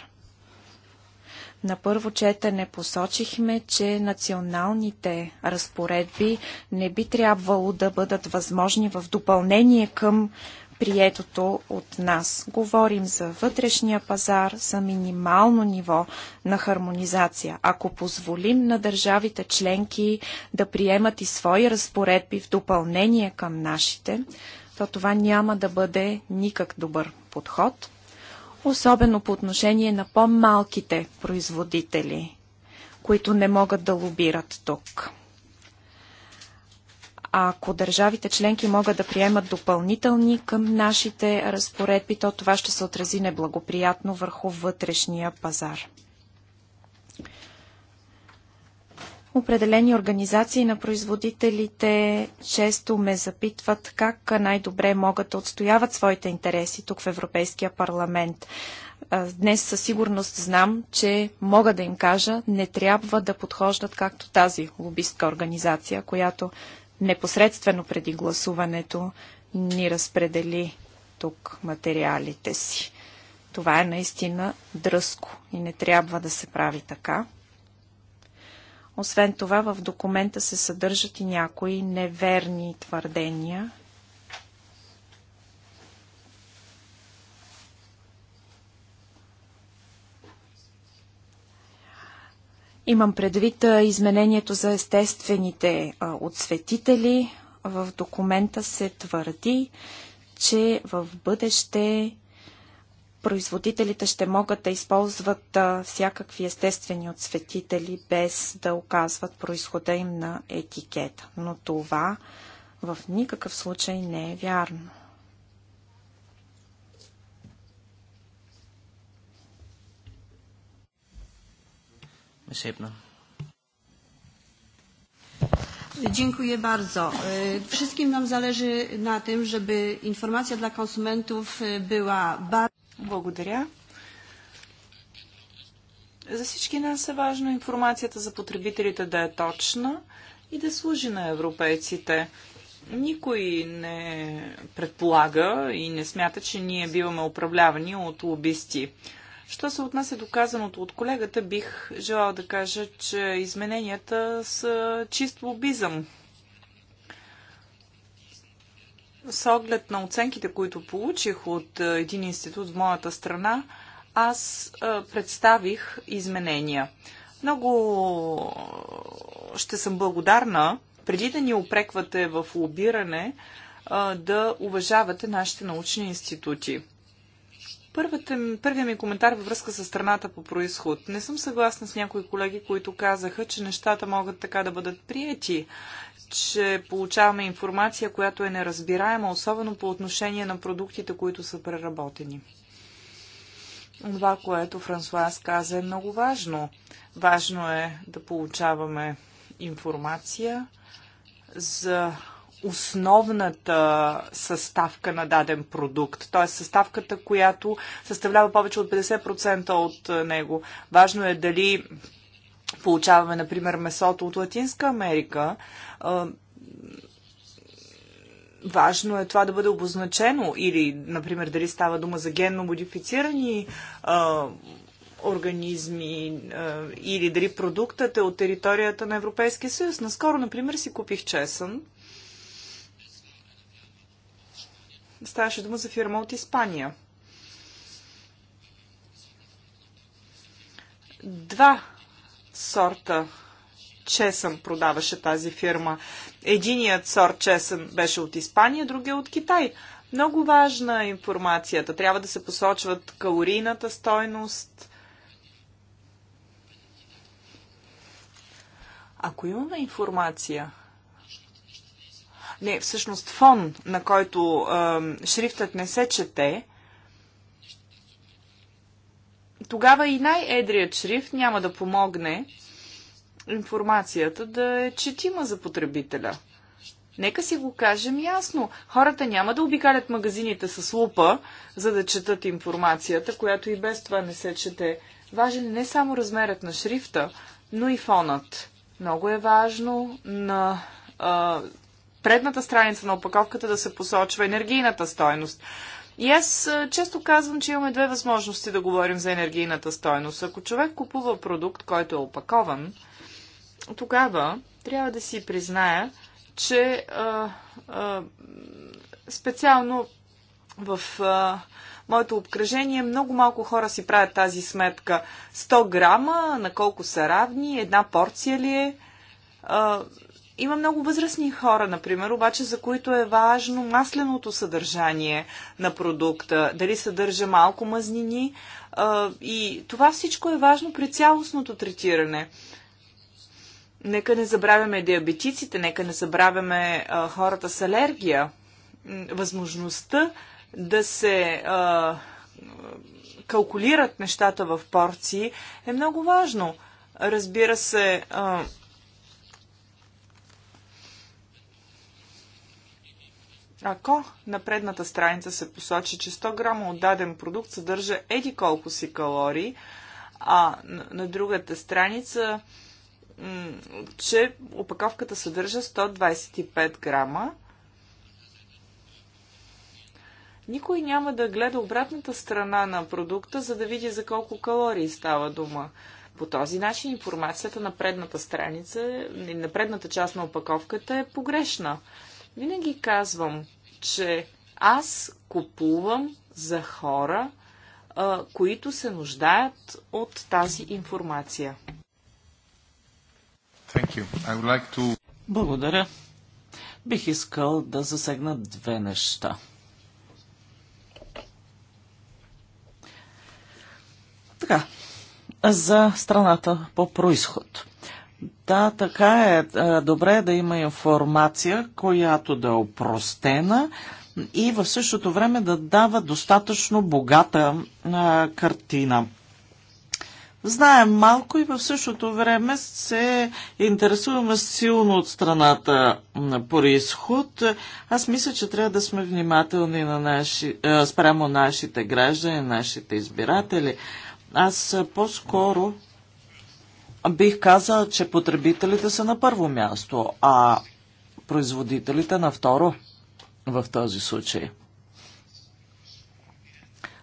На първо четене посочихме, че националните разпоредби не би трябвало да бъдат възможни в допълнение към приетото от нас. Говорим за вътрешния пазар, за минимално ниво на хармонизация. Ако позволим на държавите членки да приемат и свои разпоредби в допълнение към нашите, то това няма да бъде никак добър подход, особено по отношение на по-малките производители, които не могат да лобират тук. Ако държавите членки могат да приемат допълнителни към нашите разпоредби, то това ще се отрази неблагоприятно върху вътрешния пазар. Определени организации на производителите често ме запитват как най-добре могат да отстояват своите интереси тук в Европейския парламент. Днес със сигурност знам, че мога да им кажа, не трябва да подхождат както тази лобистка организация, която непосредствено преди гласуването ни разпредели тук материалите си. Това е наистина дръско и не трябва да се прави така. Освен това, в документа се съдържат и някои неверни твърдения. Имам предвид изменението за естествените отсветители. В документа се твърди, че в бъдеще производителите ще могат да използват всякакви естествени отцветители, без да оказват происхода им на етикета. Но това в никакъв случай не е вярно. Dziękuję bardzo. Wszystkim nam zależy na tym, żeby informacja dla konsumentów była bardzo благодаря. За всички нас е важно информацията за потребителите да е точна и да служи на европейците. Никой не предполага и не смята, че ние биваме управлявани от лобисти. Що се отнася до казаното от колегата, бих желал да кажа, че измененията са чист лобизъм. С оглед на оценките, които получих от е, един институт в моята страна, аз е, представих изменения. Много е, ще съм благодарна, преди да ни опреквате в лобиране, да уважавате нашите научни институти. първият ми коментар във връзка с страната по происход. Не съм съгласна с някои колеги, които казаха, че нещата могат така да бъдат прияти, че получаваме информация, която е неразбираема, особено по отношение на продуктите, които са преработени. Това, което Франсуаз каза, е много важно. Важно е да получаваме информация за основната съставка на даден продукт, т.е. съставката, която съставлява повече от 50% от него. Важно е дали Получаваме, например, месото от Латинска Америка. Важно е това да бъде обозначено или, например, дали става дума за генно модифицирани организми или дали продуктът е от територията на Европейския съюз. Наскоро, например, си купих чесън. Ставаше дума за фирма от Испания. Два сорта чесън продаваше тази фирма. Единият сорт чесън беше от Испания, другия от Китай. Много важна е информацията. Трябва да се посочват калорийната стойност. Ако имаме информация, не, всъщност фон, на който е, шрифтът не се чете, тогава и най-едрият шрифт няма да помогне информацията да е четима за потребителя. Нека си го кажем ясно. Хората няма да обикалят магазините с лупа, за да четат информацията, която и без това не се чете. Важен е не само размерът на шрифта, но и фонът. Много е важно на а, предната страница на опаковката да се посочва енергийната стойност. И аз често казвам, че имаме две възможности да говорим за енергийната стойност. Ако човек купува продукт, който е опакован, тогава трябва да си призная, че а, а, специално в а, моето обкръжение много малко хора си правят тази сметка. 100 грама, на колко са равни, една порция ли е? А, има много възрастни хора, например, обаче за които е важно масленото съдържание на продукта, дали съдържа малко мазнини. И това всичко е важно при цялостното третиране. Нека не забравяме диабетиците, нека не забравяме хората с алергия. Възможността да се калкулират нещата в порции е много важно. Разбира се, Ако на предната страница се посочи, че 100 грама от даден продукт съдържа еди колко си калории, а на другата страница, че опаковката съдържа 125 грама, никой няма да гледа обратната страна на продукта, за да види за колко калории става дума. По този начин информацията на предната страница, на предната част на опаковката е погрешна. Винаги казвам, че аз купувам за хора, а, които се нуждаят от тази информация. Like to... Благодаря. Бих искал да засегна две неща. Така, за страната по происход. Да, така е. Добре е да има информация, която да е опростена и в същото време да дава достатъчно богата а, картина. Знаем малко и в същото време се интересуваме силно от страната на происход. Аз мисля, че трябва да сме внимателни на наши, спрямо нашите граждани, нашите избиратели. Аз по-скоро бих казал, че потребителите са на първо място, а производителите на второ в този случай.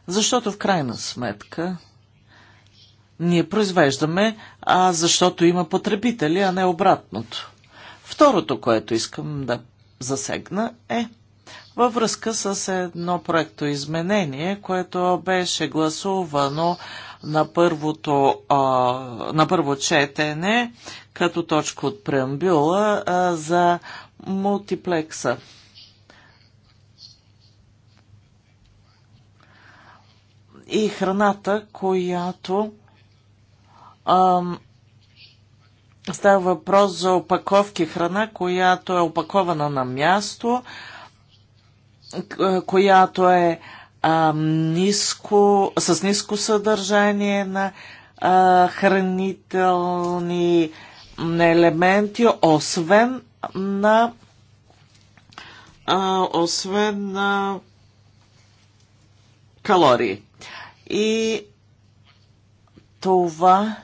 Защото в крайна сметка ние произвеждаме, а защото има потребители, а не обратното. Второто, което искам да засегна е във връзка с едно проекто изменение, което беше гласувано на, първото, а, на първо четене като точка от преамбюла а, за мултиплекса. И храната, която а, става въпрос за опаковки храна, която е опакована на място, която е а, а, ниско, с ниско съдържание на а, хранителни елементи, освен на а, освен на калории. И това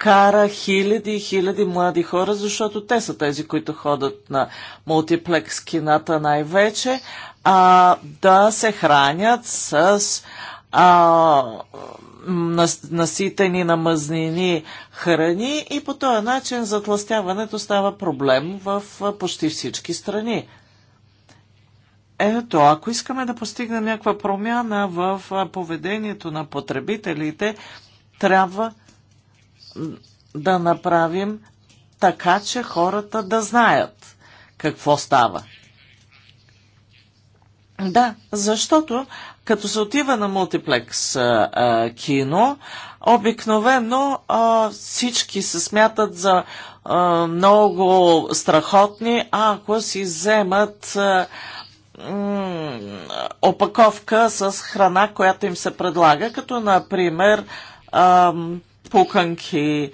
кара хиляди и хиляди млади хора, защото те са тези, които ходят на мултиплекс кината най-вече, а, да се хранят с а, наситени на мъзнини храни и по този начин затластяването става проблем в почти всички страни. Ето, ако искаме да постигнем някаква промяна в поведението на потребителите, трябва да направим така, че хората да знаят какво става. Да, защото като се отива на мултиплекс а, а, кино, обикновено а, всички се смятат за а, много страхотни, ако си вземат а, опаковка с храна, която им се предлага, като например а, пуканки,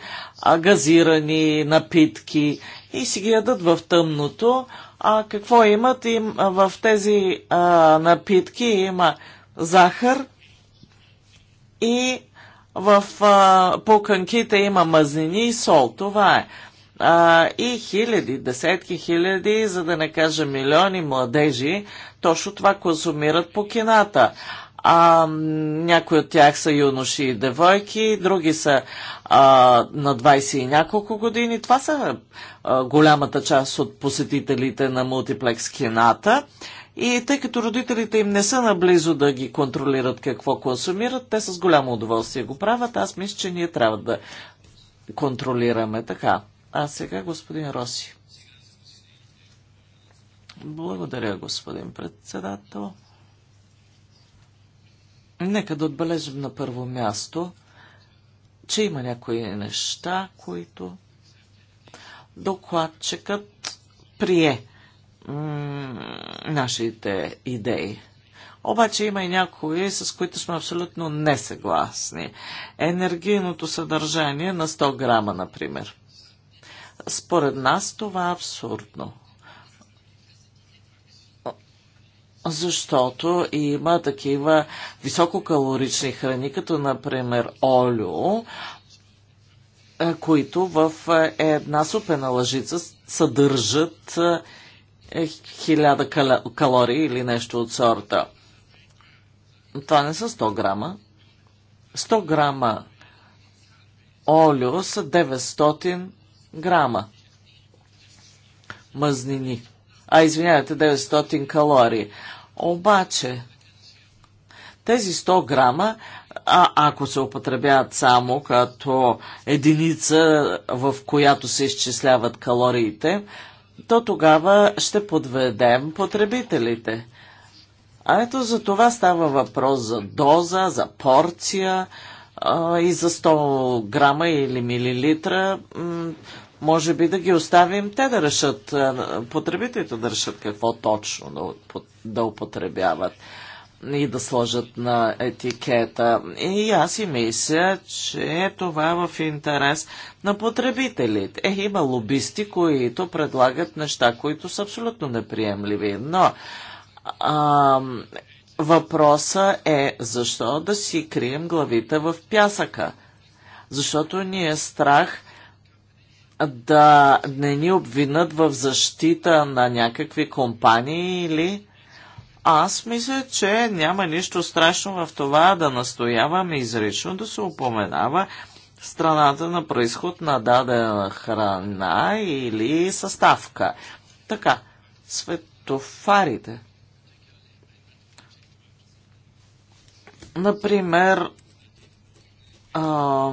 газирани напитки и си ги ядат в тъмното. А какво имат им в тези а, напитки? Има захар и в а, пуканките има мазнини и сол. Това е. А, и хиляди, десетки хиляди, за да не кажа милиони младежи, точно това консумират по кината. А, някои от тях са юноши и девойки, други са а, на 20 и няколко години. Това са а, голямата част от посетителите на мултиплекс кината. И тъй като родителите им не са наблизо да ги контролират какво консумират, те с голямо удоволствие го правят. Аз мисля, че ние трябва да контролираме така. А сега господин Роси. Благодаря, господин председател. Нека да отбележим на първо място, че има някои неща, които докладчикът прие нашите идеи. Обаче има и някои, с които сме абсолютно несъгласни. Енергийното съдържание на 100 грама, например. Според нас това е абсурдно. защото има такива висококалорични храни, като например олио, е, които в е, една супена лъжица съдържат 1000 е, калории или нещо от сорта. Това не са 100 грама. 100 грама олио са 900 грама мъзнини. А, извинявайте, 900 калории. Обаче, тези 100 грама, а ако се употребяват само като единица, в която се изчисляват калориите, то тогава ще подведем потребителите. А ето за това става въпрос за доза, за порция а, и за 100 грама или милилитра. може би да ги оставим те да решат, потребителите да решат какво точно да да употребяват и да сложат на етикета. И аз и мисля, че това е в интерес на потребителите. Е, има лобисти, които предлагат неща, които са абсолютно неприемливи. Но а, въпроса е защо да си крием главите в пясъка. Защото ни е страх да не ни обвинат в защита на някакви компании или аз мисля, че няма нищо страшно в това да настояваме изрично да се упоменава страната на происход на дадена храна или съставка. Така, светофарите. Например, а,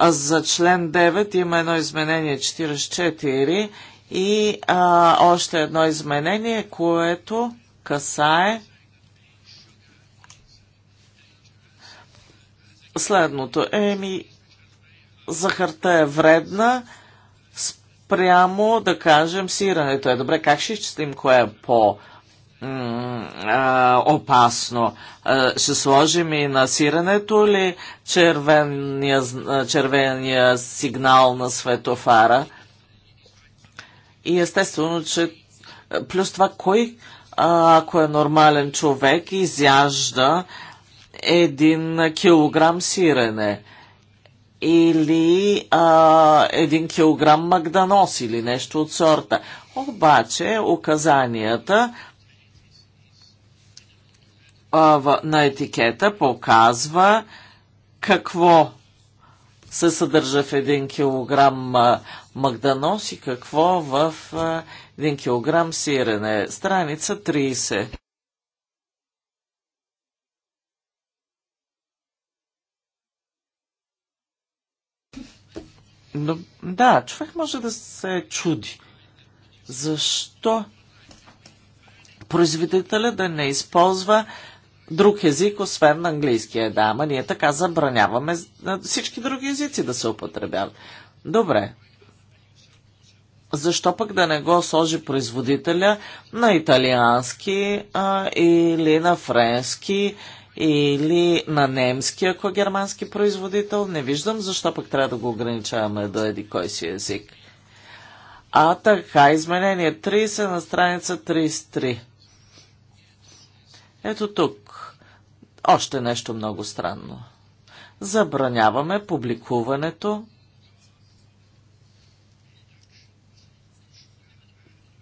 за член 9 има едно изменение 44 и а, още едно изменение, което касае следното. Еми, захарта е вредна спрямо, да кажем, сирането е. Добре, как ще изчислим кое е по- опасно. Ще сложим и на сирането ли червения, червения сигнал на светофара? И естествено, че плюс това, кой ако е нормален човек, изяжда един килограм сирене или а, един килограм магданос или нещо от сорта. Обаче указанията а, в, на етикета показва какво се съдържа в един килограм магданос и какво в а, 1 килограм сирене. Страница 30. Но, да, човек може да се чуди. Защо производителя да не използва друг език, освен на английския? Да, ама ние така забраняваме всички други езици да се употребяват. Добре, защо пък да не го сложи производителя на италиански а, или на френски или на немски, ако е германски производител. Не виждам защо пък трябва да го ограничаваме до еди кой си език. А така, изменение 30 на страница 33. Ето тук. Още нещо много странно. Забраняваме публикуването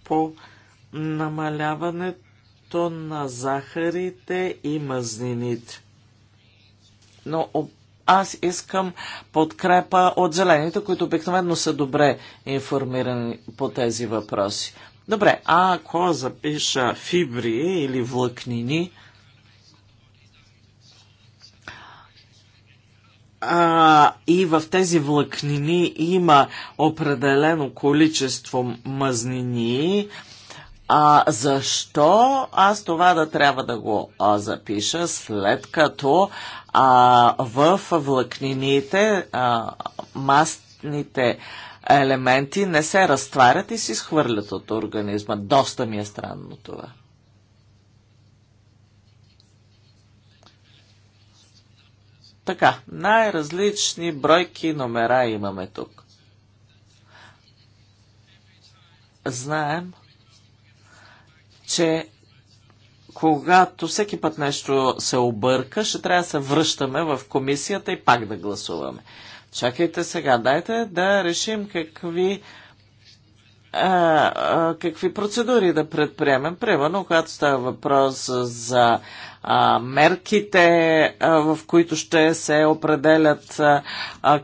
по намаляването на захарите и мазнините. Но аз искам подкрепа от зелените, които обикновено са добре информирани по тези въпроси. Добре, а ако запиша фибри или влакнини, а, и в тези влакнини има определено количество мъзнини. А защо аз това да трябва да го а, запиша, след като а, в влакнините а, мастните елементи не се разтварят и се изхвърлят от организма? Доста ми е странно това. Така, най-различни бройки номера имаме тук. Знаем, че когато всеки път нещо се обърка, ще трябва да се връщаме в комисията и пак да гласуваме. Чакайте сега, дайте да решим какви, а, а, какви процедури да предприемем. Примерно, когато става въпрос за мерките, в които ще се определят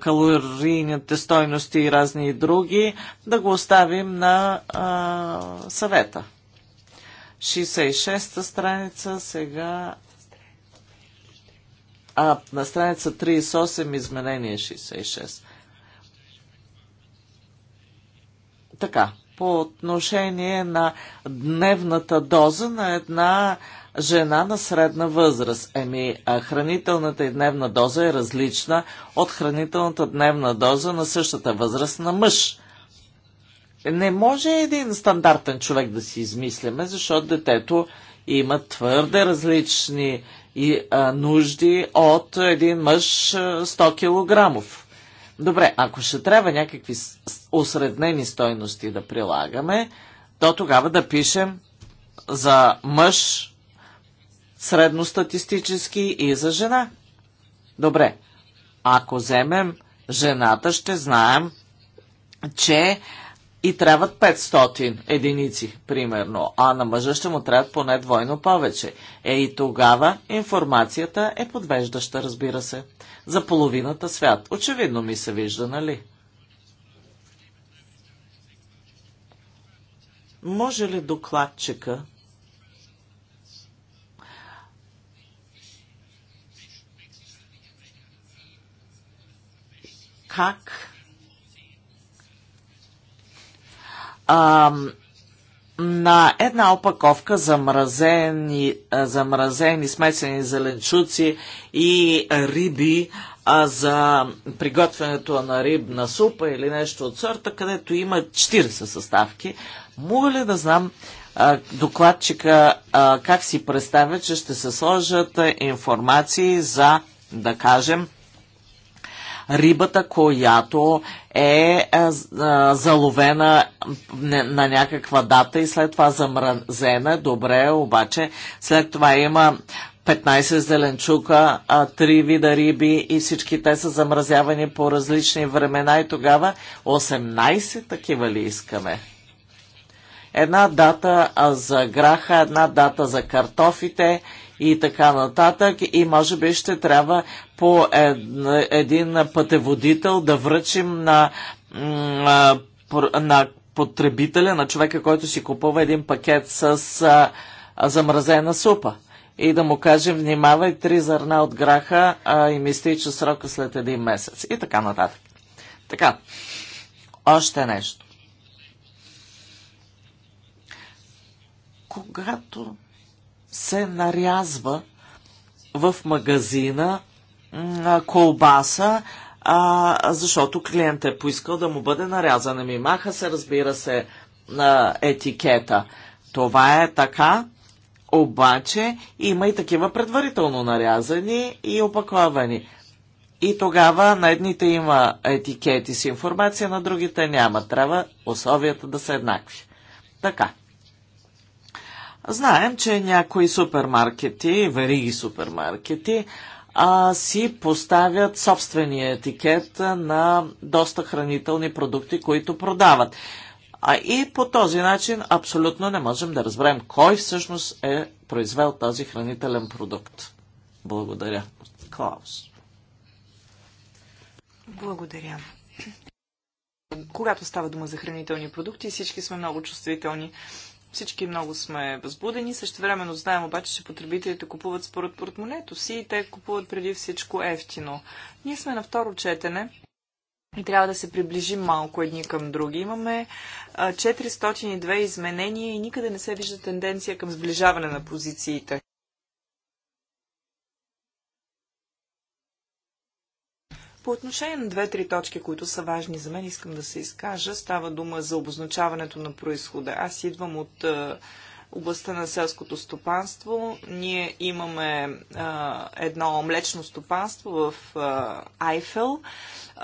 калорийните стойности и разни други, да го оставим на съвета. 66-та страница, сега а, на страница 38 изменение 66. Така по отношение на дневната доза на една жена на средна възраст. Еми, хранителната и дневна доза е различна от хранителната дневна доза на същата възраст на мъж. Не може един стандартен човек да си измисляме, защото детето има твърде различни и, а, нужди от един мъж а, 100 килограмов. Добре, ако ще трябва някакви осреднени стойности да прилагаме, то тогава да пишем за мъж средностатистически и за жена. Добре, ако вземем жената, ще знаем, че и трябват 500 единици, примерно, а на мъжа ще му трябват поне двойно повече. Е и тогава информацията е подвеждаща, разбира се, за половината свят. Очевидно ми се вижда, нали? Може ли докладчика как а, на една опаковка замразени, замразени смесени зеленчуци и риби а, за приготвянето на рибна супа или нещо от сорта, където има 40 съставки. Мога ли да знам а, докладчика а, как си представя, че ще се сложат информации за, да кажем, рибата, която е, е заловена на някаква дата и след това замразена. Добре, обаче след това има 15 зеленчука, 3 вида риби и всички те са замразявани по различни времена и тогава 18 такива ли искаме? Една дата за граха, една дата за картофите и така нататък и може би ще трябва по един пътеводител да връчим на, на потребителя, на човека, който си купува един пакет с замразена супа и да му кажем, внимавай, три зърна от граха а, и ми че срока след един месец. И така нататък. Така, още нещо. Когато се нарязва в магазина колбаса, а, защото клиент е поискал да му бъде нарязана. Ми маха се, разбира се, а, етикета. Това е така, обаче има и такива предварително нарязани и опаковани. И тогава на едните има етикети с информация, на другите няма. Трябва условията да са еднакви. Така. Знаем, че някои супермаркети, вериги супермаркети, а, си поставят собствения етикет на доста хранителни продукти, които продават. А и по този начин абсолютно не можем да разберем кой всъщност е произвел този хранителен продукт. Благодаря. Клаус. Благодаря. Когато става дума за хранителни продукти, всички сме много чувствителни. Всички много сме възбудени, също времено знаем обаче, че потребителите купуват според портмонето си и те купуват преди всичко ефтино. Ние сме на второ четене и трябва да се приближим малко едни към други. Имаме 402 изменения и никъде не се вижда тенденция към сближаване на позициите. По отношение на две-три точки, които са важни за мен, искам да се изкажа. Става дума за обозначаването на происхода. Аз идвам от е, областта на селското стопанство. Ние имаме е, едно млечно стопанство в е, Айфел. Е,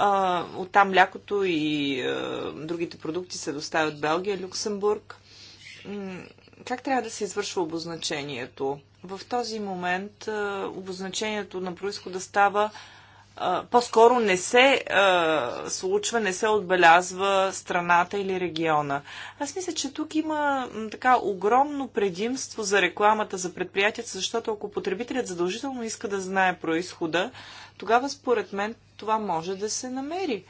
оттам млякото и е, другите продукти се доставят Белгия, Люксембург. Как трябва да се извършва обозначението? В този момент е, обозначението на происхода става по-скоро не се а, случва, не се отбелязва страната или региона. Аз мисля, че тук има така огромно предимство за рекламата за предприятията, защото ако потребителят задължително иска да знае происхода, тогава според мен това може да се намери.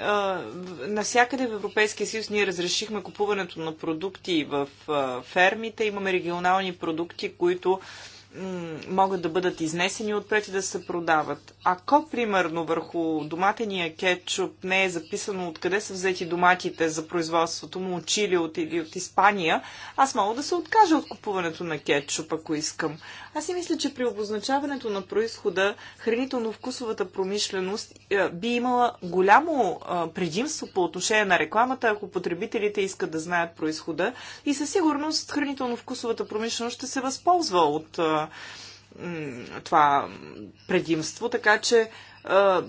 А, навсякъде в Европейския съюз ние разрешихме купуването на продукти в а, фермите. Имаме регионални продукти, които могат да бъдат изнесени отпред и да се продават. Ако, примерно, върху доматения кетчуп не е записано откъде са взети доматите за производството му от Чили или от Испания, аз мога да се откажа от купуването на кетчуп, ако искам. Аз си мисля, че при обозначаването на происхода хранително-вкусовата промишленост е, би имала голямо е, предимство по отношение на рекламата, ако потребителите искат да знаят происхода. И със сигурност хранително-вкусовата промишленост ще се възползва от е, това предимство, така че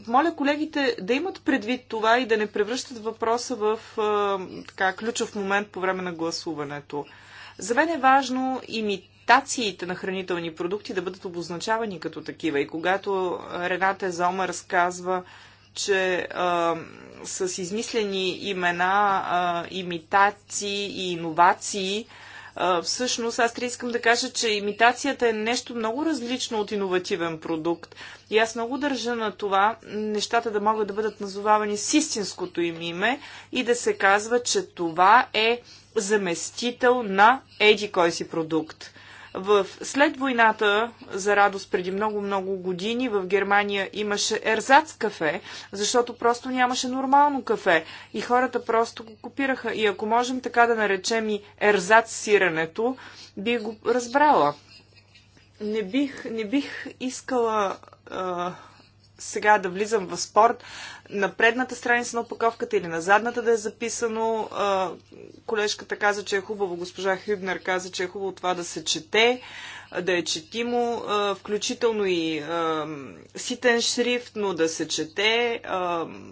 моля колегите да имат предвид това и да не превръщат въпроса в така, ключов момент по време на гласуването. За мен е важно и ми класификациите на хранителни продукти да бъдат обозначавани като такива. И когато Рената Зома разказва, че а, с измислени имена, а, имитации и иновации, а, всъщност аз трябва искам да кажа, че имитацията е нещо много различно от иновативен продукт. И аз много държа на това нещата да могат да бъдат назовавани с истинското им име и да се казва, че това е заместител на еди кой си продукт. В, след войната, за радост преди много-много години, в Германия имаше ерзац кафе, защото просто нямаше нормално кафе. И хората просто го копираха. И ако можем така да наречем и ерзац сирането, би го разбрала. Не бих, не бих искала а, сега да влизам в спорт, на предната страница на упаковката или на задната да е записано. Колежката каза, че е хубаво, госпожа Хюбнер каза, че е хубаво това да се чете да е четимо, включително и ситен шрифт, но да се чете.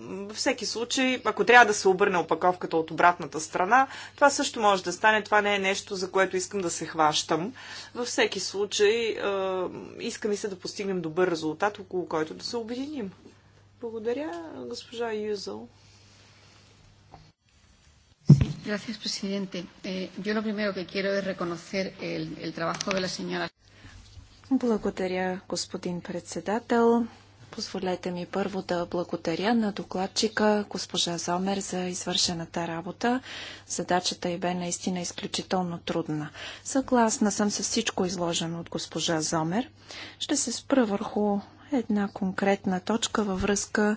Във всеки случай, ако трябва да се обърне опаковката от обратната страна, това също може да стане. Това не е нещо, за което искам да се хващам. Във всеки случай, искам и се да постигнем добър резултат, около който да се обединим. Благодаря, госпожа Юзъл. Gracias, presidente. Eh, yo lo primero que quiero es reconocer el, el trabajo de la señora. Благодаря, господин председател. Позволете ми първо да благодаря на докладчика госпожа Зомер за извършената работа. Задачата й бе наистина изключително трудна. Съгласна съм с всичко изложено от госпожа Зомер. Ще се спра върху една конкретна точка във връзка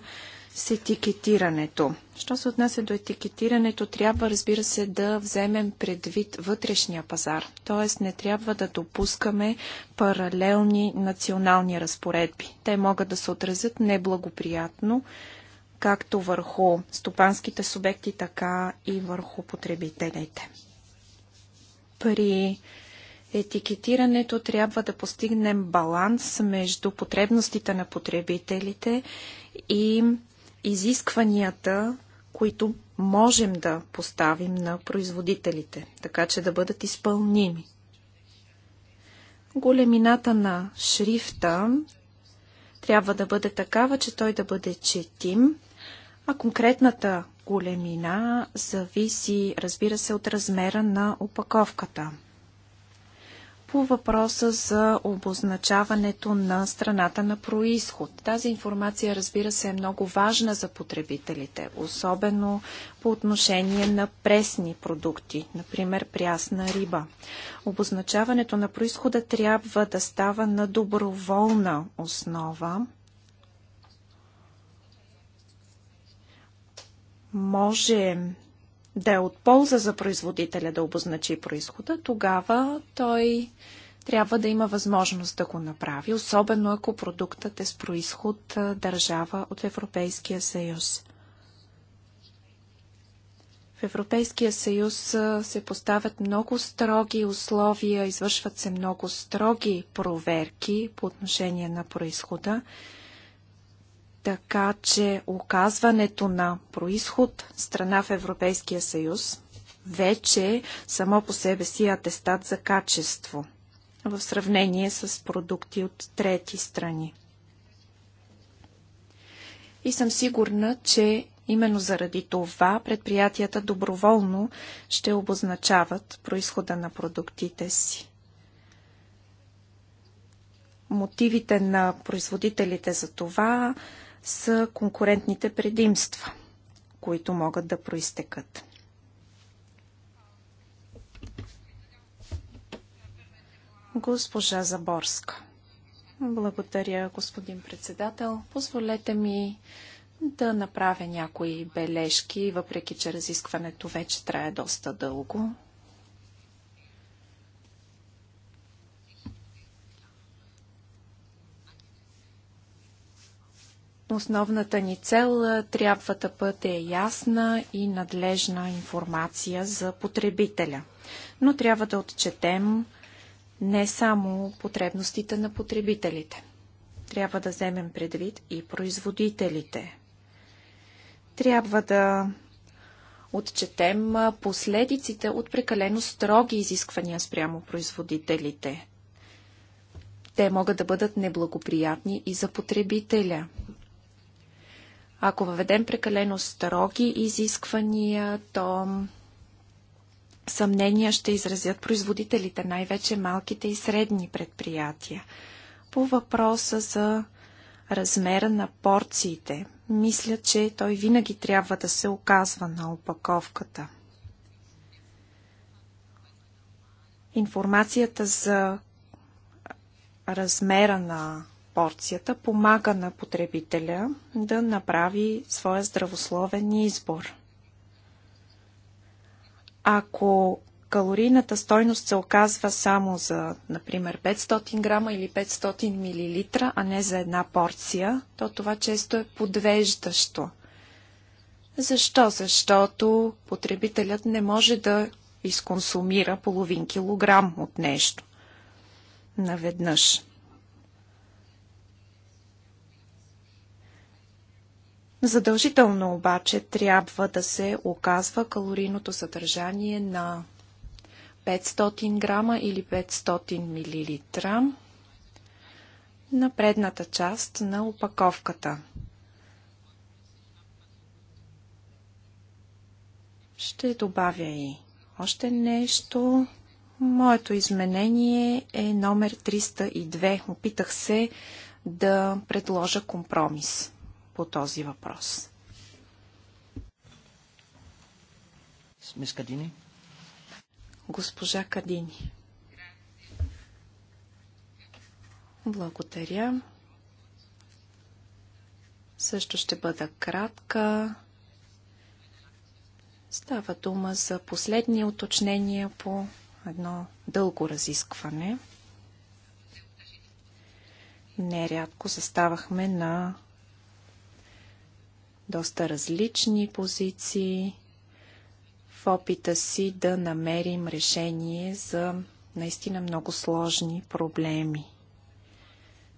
с етикетирането. Що се отнася до етикетирането, трябва, разбира се, да вземем предвид вътрешния пазар. Тоест не трябва да допускаме паралелни национални разпоредби. Те могат да се отразят неблагоприятно както върху стопанските субекти, така и върху потребителите. При етикетирането трябва да постигнем баланс между потребностите на потребителите и изискванията, които можем да поставим на производителите, така че да бъдат изпълними. Големината на шрифта трябва да бъде такава, че той да бъде четим, а конкретната големина зависи, разбира се, от размера на опаковката – по въпроса за обозначаването на страната на происход. Тази информация, разбира се, е много важна за потребителите, особено по отношение на пресни продукти, например прясна риба. Обозначаването на происхода трябва да става на доброволна основа. Може да е от полза за производителя да обозначи происхода, тогава той трябва да има възможност да го направи, особено ако продуктът е с происход държава от Европейския съюз. В Европейския съюз се поставят много строги условия, извършват се много строги проверки по отношение на происхода така че оказването на происход страна в Европейския съюз вече само по себе си е атестат за качество в сравнение с продукти от трети страни. И съм сигурна, че именно заради това предприятията доброволно ще обозначават происхода на продуктите си мотивите на производителите за това са конкурентните предимства, които могат да проистекат. Госпожа Заборска. Благодаря, господин председател. Позволете ми да направя някои бележки, въпреки че разискването вече трае доста дълго. Основната ни цел трябва да бъде ясна и надлежна информация за потребителя. Но трябва да отчетем не само потребностите на потребителите. Трябва да вземем предвид и производителите. Трябва да отчетем последиците от прекалено строги изисквания спрямо производителите. Те могат да бъдат неблагоприятни и за потребителя. Ако въведем прекалено строги изисквания, то съмнения ще изразят производителите, най-вече малките и средни предприятия. По въпроса за размера на порциите, мисля, че той винаги трябва да се оказва на опаковката. Информацията за размера на порцията помага на потребителя да направи своя здравословен избор. Ако калорийната стойност се оказва само за, например, 500 грама или 500 мл, а не за една порция, то това често е подвеждащо. Защо? Защото потребителят не може да изконсумира половин килограм от нещо наведнъж. Задължително обаче трябва да се оказва калорийното съдържание на 500 грама или 500 милилитра на предната част на опаковката. Ще добавя и още нещо. Моето изменение е номер 302. Опитах се да предложа компромис по този въпрос. Кадини. Госпожа Кадини. Благодаря. Също ще бъда кратка. Става дума за последни уточнения по едно дълго разискване. Нерядко заставахме на доста различни позиции в опита си да намерим решение за наистина много сложни проблеми.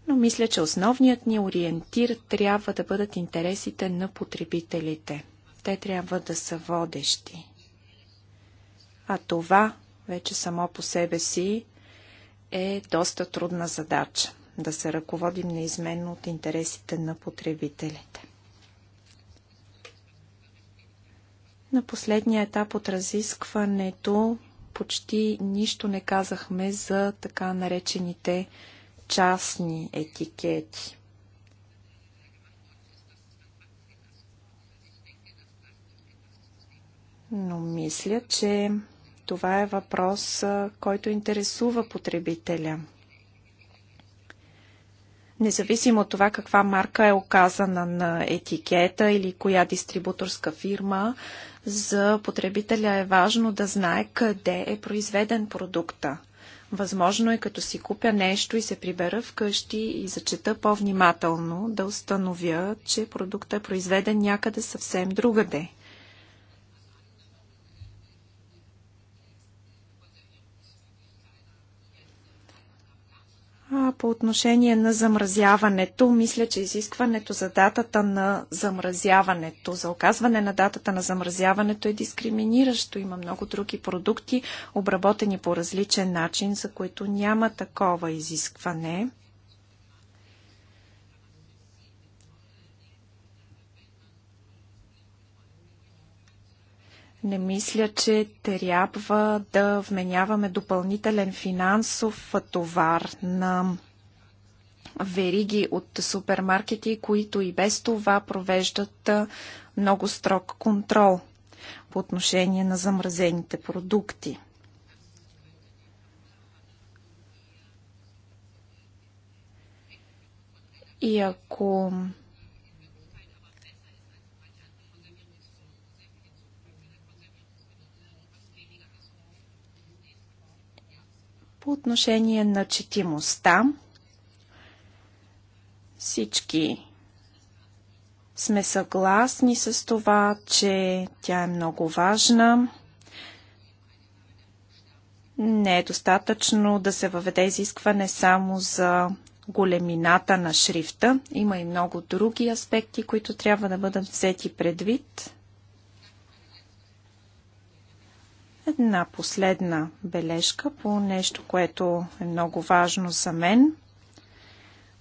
Но мисля, че основният ни ориентир трябва да бъдат интересите на потребителите. Те трябва да са водещи. А това вече само по себе си е доста трудна задача да се ръководим неизменно от интересите на потребителите. На последния етап от разискването почти нищо не казахме за така наречените частни етикети. Но мисля, че това е въпрос, който интересува потребителя. Независимо от това каква марка е оказана на етикета или коя дистрибуторска фирма, за потребителя е важно да знае къде е произведен продукта. Възможно е като си купя нещо и се прибера вкъщи и зачета по-внимателно да установя, че продукта е произведен някъде съвсем другаде – А по отношение на замразяването, мисля, че изискването за датата на замразяването, за оказване на датата на замразяването е дискриминиращо. Има много други продукти, обработени по различен начин, за които няма такова изискване. Не мисля, че трябва да вменяваме допълнителен финансов товар на вериги от супермаркети, които и без това провеждат много строг контрол по отношение на замразените продукти. И ако По отношение на четимостта, всички сме съгласни с това, че тя е много важна. Не е достатъчно да се въведе изискване само за големината на шрифта. Има и много други аспекти, които трябва да бъдат взети предвид. Една последна бележка по нещо, което е много важно за мен.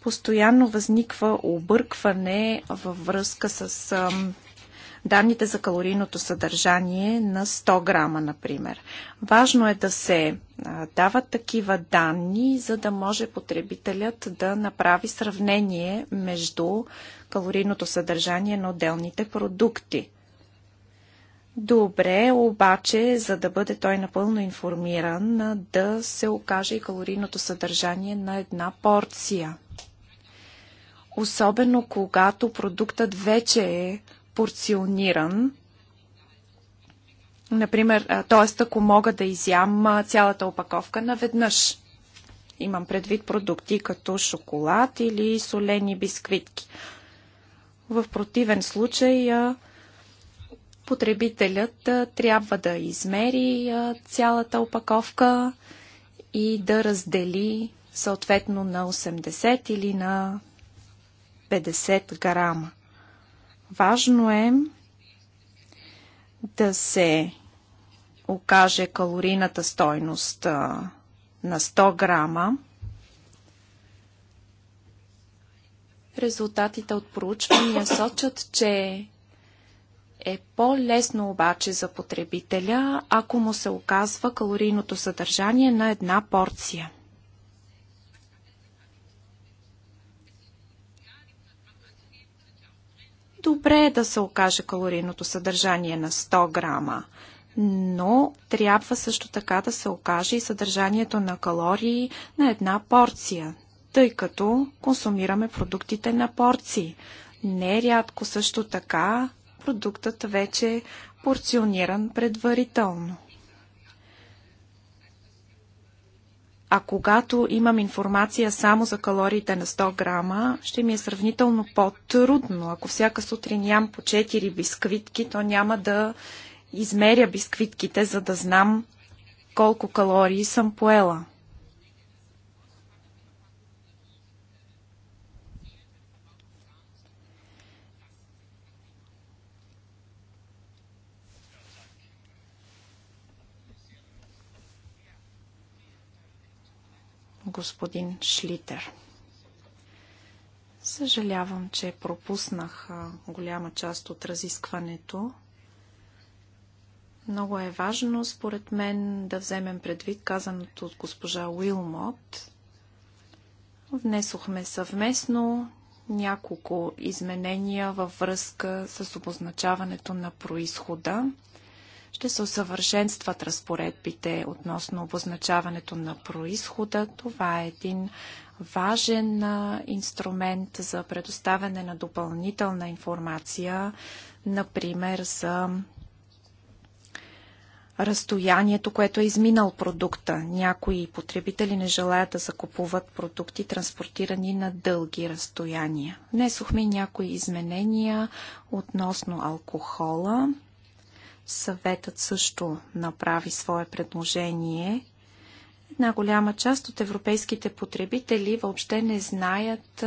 Постоянно възниква объркване във връзка с данните за калорийното съдържание на 100 грама, например. Важно е да се дават такива данни, за да може потребителят да направи сравнение между калорийното съдържание на отделните продукти. Добре, обаче, за да бъде той напълно информиран, да се окаже и калорийното съдържание на една порция. Особено когато продуктът вече е порциониран, например, т.е. ако мога да изям цялата опаковка наведнъж. Имам предвид продукти като шоколад или солени бисквитки. В противен случай потребителят трябва да измери цялата опаковка и да раздели съответно на 80 или на 50 грама. Важно е да се окаже калорийната стойност на 100 грама. Резултатите от проучвания сочат, че е по-лесно обаче за потребителя, ако му се оказва калорийното съдържание на една порция. Добре е да се окаже калорийното съдържание на 100 грама, но трябва също така да се окаже и съдържанието на калории на една порция, тъй като консумираме продуктите на порции. Нерядко също така продуктът вече е порциониран предварително. А когато имам информация само за калориите на 100 грама, ще ми е сравнително по-трудно. Ако всяка сутрин ям по 4 бисквитки, то няма да измеря бисквитките, за да знам колко калории съм поела. господин Шлитер. Съжалявам, че пропуснах голяма част от разискването. Много е важно, според мен, да вземем предвид казаното от госпожа Уилмот. Внесохме съвместно няколко изменения във връзка с обозначаването на происхода. Ще се усъвършенстват разпоредбите относно обозначаването на происхода. Това е един важен инструмент за предоставяне на допълнителна информация, например за разстоянието, което е изминал продукта. Някои потребители не желаят да закупуват продукти, транспортирани на дълги разстояния. Внесохме някои изменения относно алкохола. Съветът също направи свое предложение. Една голяма част от европейските потребители въобще не знаят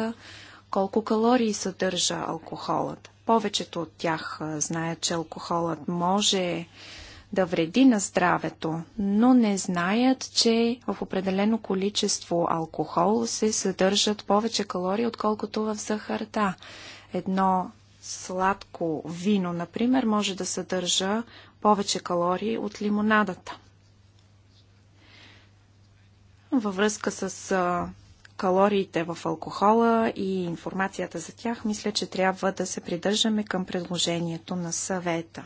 колко калории съдържа алкохолът. Повечето от тях знаят, че алкохолът може да вреди на здравето, но не знаят, че в определено количество алкохол се съдържат повече калории, отколкото в захарта. Едно Сладко вино, например, може да съдържа повече калории от лимонадата. Във връзка с калориите в алкохола и информацията за тях, мисля, че трябва да се придържаме към предложението на съвета.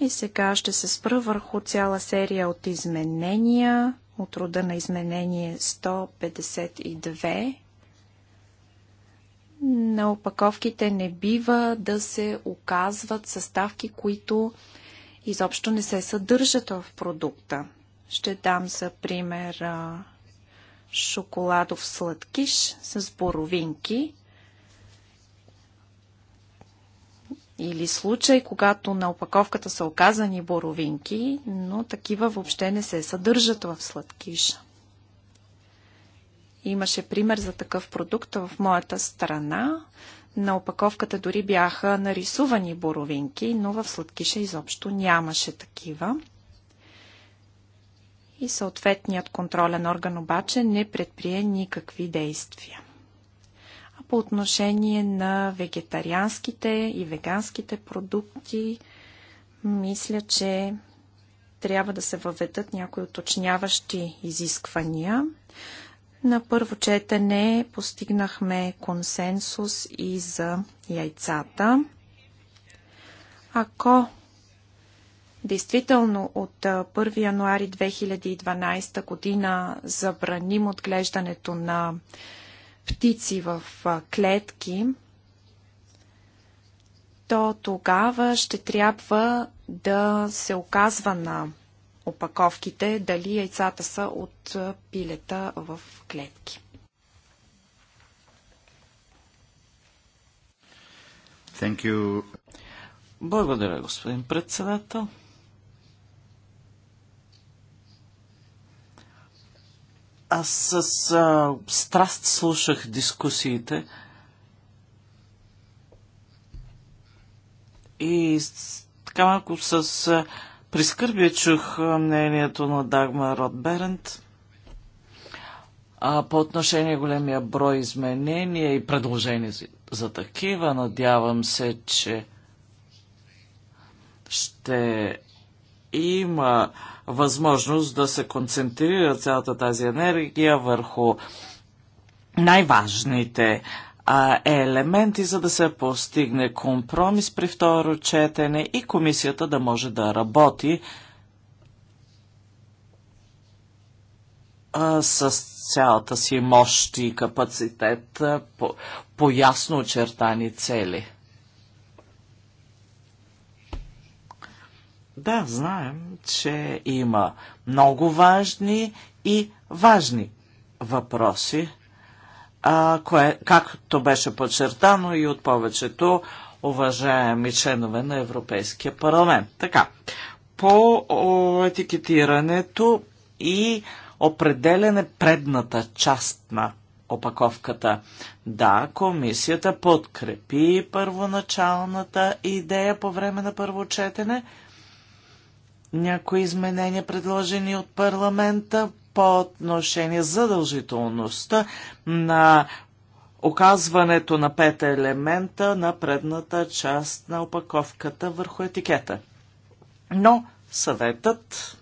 И сега ще се спра върху цяла серия от изменения от рода на изменение 152 на опаковките не бива да се оказват съставки, които изобщо не се съдържат в продукта. Ще дам за пример шоколадов сладкиш с боровинки или случай, когато на опаковката са оказани боровинки, но такива въобще не се съдържат в сладкиша. Имаше пример за такъв продукт в моята страна. На опаковката дори бяха нарисувани боровинки, но в сладкиша изобщо нямаше такива. И съответният контролен орган обаче не предприе никакви действия. А по отношение на вегетарианските и веганските продукти, мисля, че трябва да се въведат някои уточняващи изисквания. На първо четене постигнахме консенсус и за яйцата. Ако действително от 1 януари 2012 година забраним отглеждането на птици в клетки, то тогава ще трябва да се оказва на опаковките, дали яйцата са от пилета в клетки. Thank you. Благодаря, господин председател. Аз с а, страст слушах дискусиите и така малко с прискърбие чух мнението на Дагма Род Берент. А по отношение големия брой изменения и предложения за такива, надявам се, че ще има възможност да се концентрира цялата тази енергия върху най-важните а, е елементи, за да се постигне компромис при второ четене и комисията да може да работи а, с цялата си мощ и капацитет а, по, по ясно очертани цели. Да, знаем, че има много важни и важни въпроси а, кое, както беше подчертано и от повечето уважаеми членове на Европейския парламент. Така, по етикетирането и определене предната част на опаковката. Да, комисията подкрепи първоначалната идея по време на първо четене. Някои изменения, предложени от парламента, по отношение задължителността на оказването на пет елемента на предната част на опаковката върху етикета. Но съветът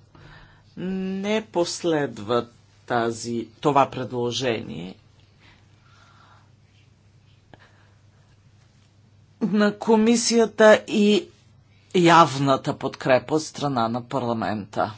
не последва тази, това предложение. на комисията и явната подкрепа от страна на парламента.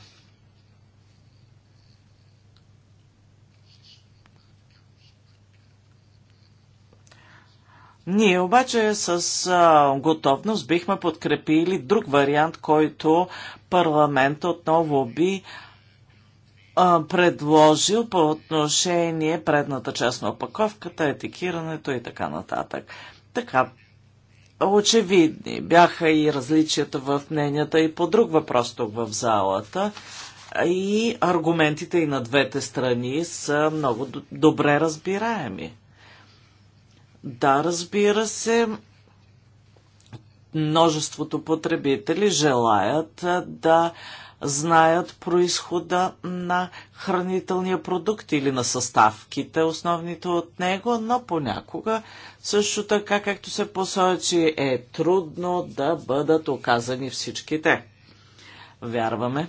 Ние обаче с а, готовност бихме подкрепили друг вариант, който парламент отново би а, предложил по отношение предната част на опаковката, етикирането и така нататък. Така, очевидни бяха и различията в мненията и по друг въпрос тук в залата. И аргументите и на двете страни са много добре разбираеми. Да, разбира се, множеството потребители желаят да знаят происхода на хранителния продукт или на съставките, основните от него, но понякога също така, както се посочи, е трудно да бъдат оказани всичките. Вярваме,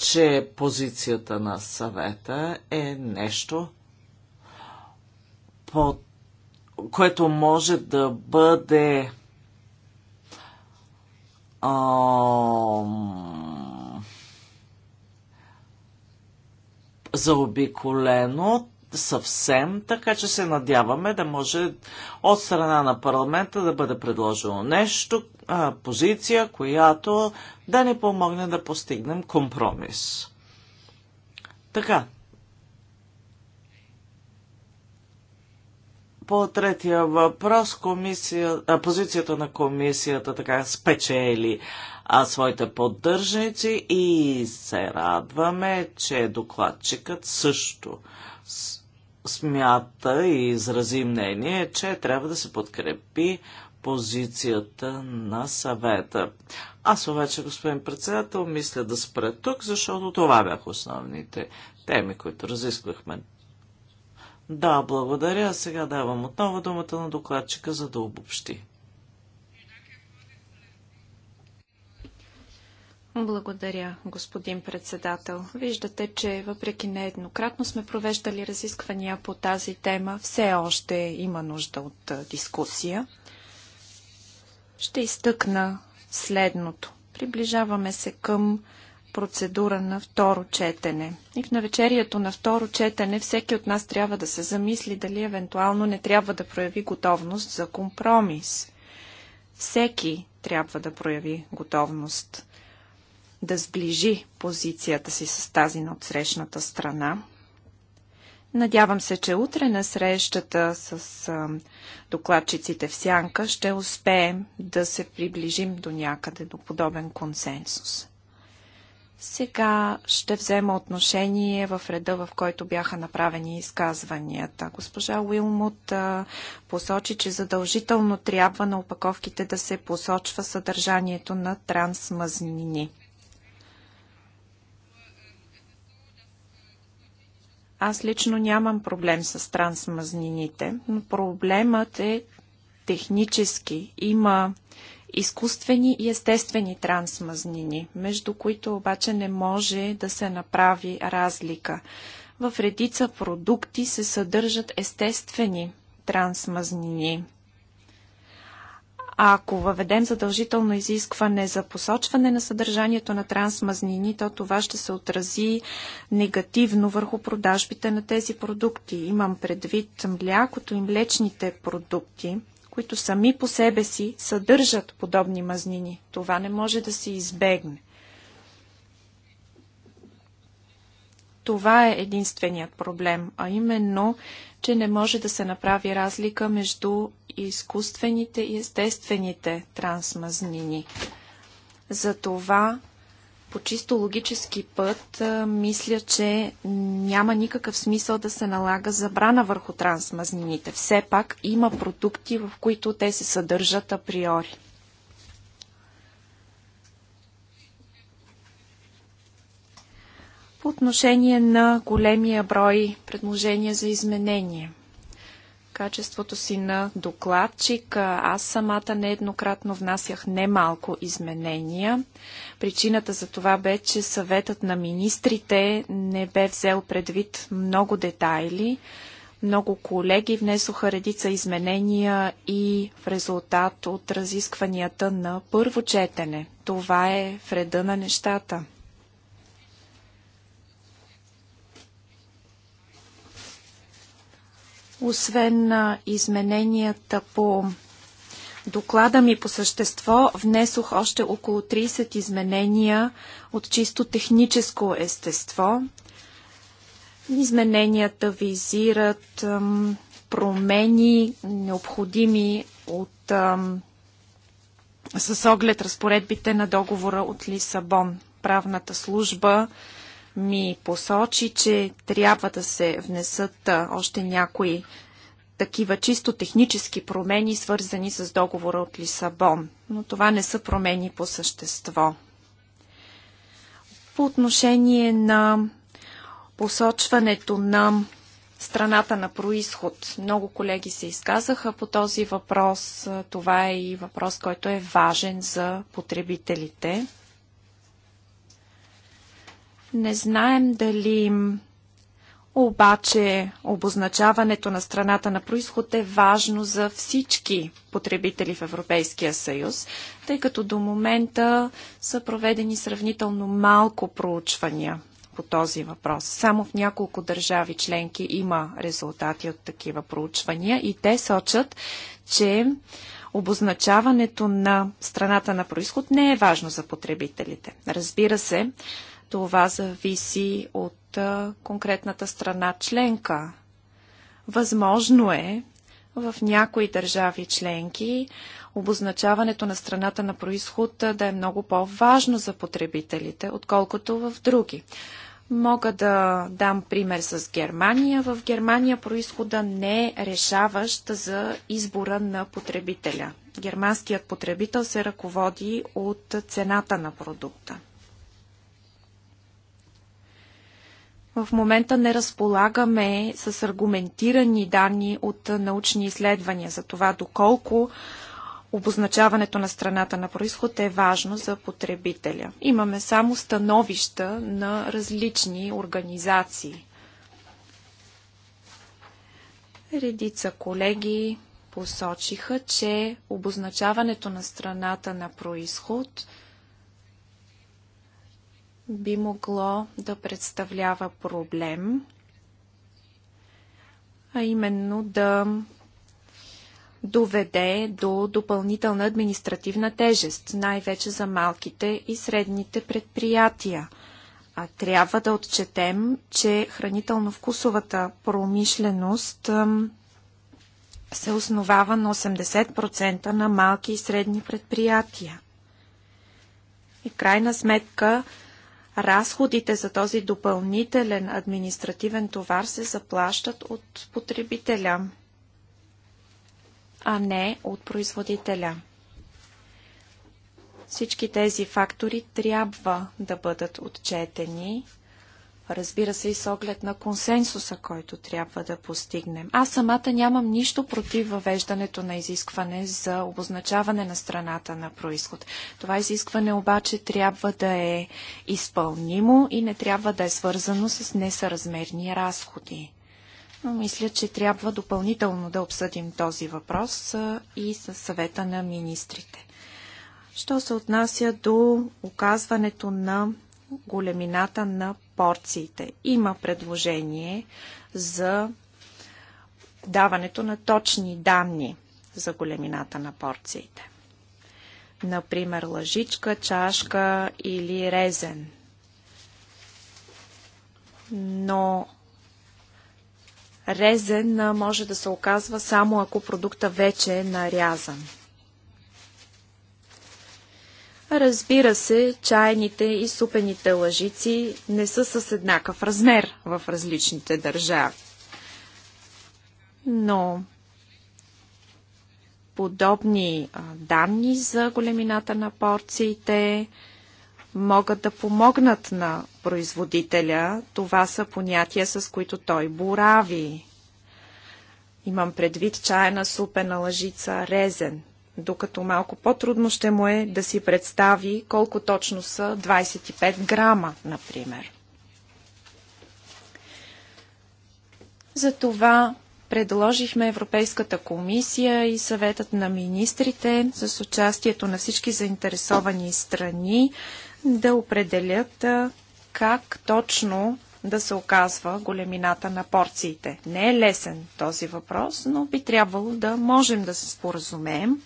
че позицията на съвета е нещо, по, което може да бъде ам, заобиколено съвсем, така че се надяваме да може от страна на парламента да бъде предложено нещо, а, позиция, която да ни помогне да постигнем компромис. Така. По третия въпрос, комисия, а, позицията на комисията така спечели а своите поддържници и се радваме, че докладчикът също смята и изрази мнение, че трябва да се подкрепи позицията на съвета. Аз обаче, господин председател, мисля да спра тук, защото това бяха основните теми, които разисквахме. Да, благодаря. Сега давам отново думата на докладчика, за да обобщи. Благодаря, господин председател. Виждате, че въпреки нееднократно сме провеждали разисквания по тази тема, все още има нужда от дискусия. Ще изтъкна следното. Приближаваме се към процедура на второ четене. И в навечерието на второ четене всеки от нас трябва да се замисли дали евентуално не трябва да прояви готовност за компромис. Всеки трябва да прояви готовност да сближи позицията си с тази на отсрещната страна, Надявам се, че утре на срещата с докладчиците в Сянка ще успеем да се приближим до някъде до подобен консенсус. Сега ще взема отношение в реда, в който бяха направени изказванията. Госпожа Уилмут посочи, че задължително трябва на опаковките да се посочва съдържанието на трансмазнини. Аз лично нямам проблем с трансмазнините, но проблемът е технически. Има изкуствени и естествени трансмазнини, между които обаче не може да се направи разлика. В редица продукти се съдържат естествени трансмазнини – ако въведем задължително изискване за посочване на съдържанието на трансмазнини, то това ще се отрази негативно върху продажбите на тези продукти. Имам предвид млякото и млечните продукти, които сами по себе си съдържат подобни мазнини. Това не може да се избегне. Това е единственият проблем, а именно, че не може да се направи разлика между изкуствените и естествените трансмазнини. Затова по чисто логически път мисля, че няма никакъв смисъл да се налага забрана върху трансмазнините. Все пак има продукти, в които те се съдържат априори. По отношение на големия брой предложения за изменение. Качеството си на докладчик, аз самата нееднократно внасях немалко изменения. Причината за това бе, че съветът на министрите не бе взел предвид много детайли, много колеги внесоха редица изменения и в резултат от разискванията на първо четене. Това е вреда на нещата. Освен на измененията по доклада ми по същество, внесох още около 30 изменения от чисто техническо естество. Измененията визират промени, необходими от, с оглед разпоредбите на договора от Лисабон. Правната служба ми посочи, че трябва да се внесат още някои такива чисто технически промени, свързани с договора от Лисабон. Но това не са промени по същество. По отношение на посочването на страната на происход. Много колеги се изказаха по този въпрос. Това е и въпрос, който е важен за потребителите. Не знаем дали обаче обозначаването на страната на происход е важно за всички потребители в Европейския съюз, тъй като до момента са проведени сравнително малко проучвания по този въпрос. Само в няколко държави членки има резултати от такива проучвания и те сочат, че обозначаването на страната на происход не е важно за потребителите. Разбира се, това зависи от конкретната страна членка. Възможно е в някои държави членки обозначаването на страната на происход да е много по-важно за потребителите, отколкото в други. Мога да дам пример с Германия. В Германия происхода не е решаващ за избора на потребителя. Германският потребител се ръководи от цената на продукта. В момента не разполагаме с аргументирани данни от научни изследвания за това доколко обозначаването на страната на происход е важно за потребителя. Имаме само становища на различни организации. Редица колеги посочиха, че обозначаването на страната на происход – би могло да представлява проблем, а именно да доведе до допълнителна административна тежест, най-вече за малките и средните предприятия. А трябва да отчетем, че хранително-вкусовата промишленост се основава на 80% на малки и средни предприятия. И крайна сметка разходите за този допълнителен административен товар се заплащат от потребителя, а не от производителя. Всички тези фактори трябва да бъдат отчетени разбира се и с оглед на консенсуса, който трябва да постигнем. Аз самата нямам нищо против въвеждането на изискване за обозначаване на страната на происход. Това изискване обаче трябва да е изпълнимо и не трябва да е свързано с несъразмерни разходи. Но мисля, че трябва допълнително да обсъдим този въпрос и със съвета на министрите. Що се отнася до оказването на големината на порциите. Има предложение за даването на точни данни за големината на порциите. Например, лъжичка, чашка или резен. Но резен може да се оказва само ако продукта вече е нарязан. Разбира се, чайните и супените лъжици не са с еднакъв размер в различните държави. Но подобни данни за големината на порциите могат да помогнат на производителя. Това са понятия, с които той борави. Имам предвид чайна супена лъжица резен, докато малко по-трудно ще му е да си представи колко точно са 25 грама, например. Затова предложихме Европейската комисия и съветът на министрите с участието на всички заинтересовани страни да определят как точно да се оказва големината на порциите. Не е лесен този въпрос, но би трябвало да можем да се споразумеем.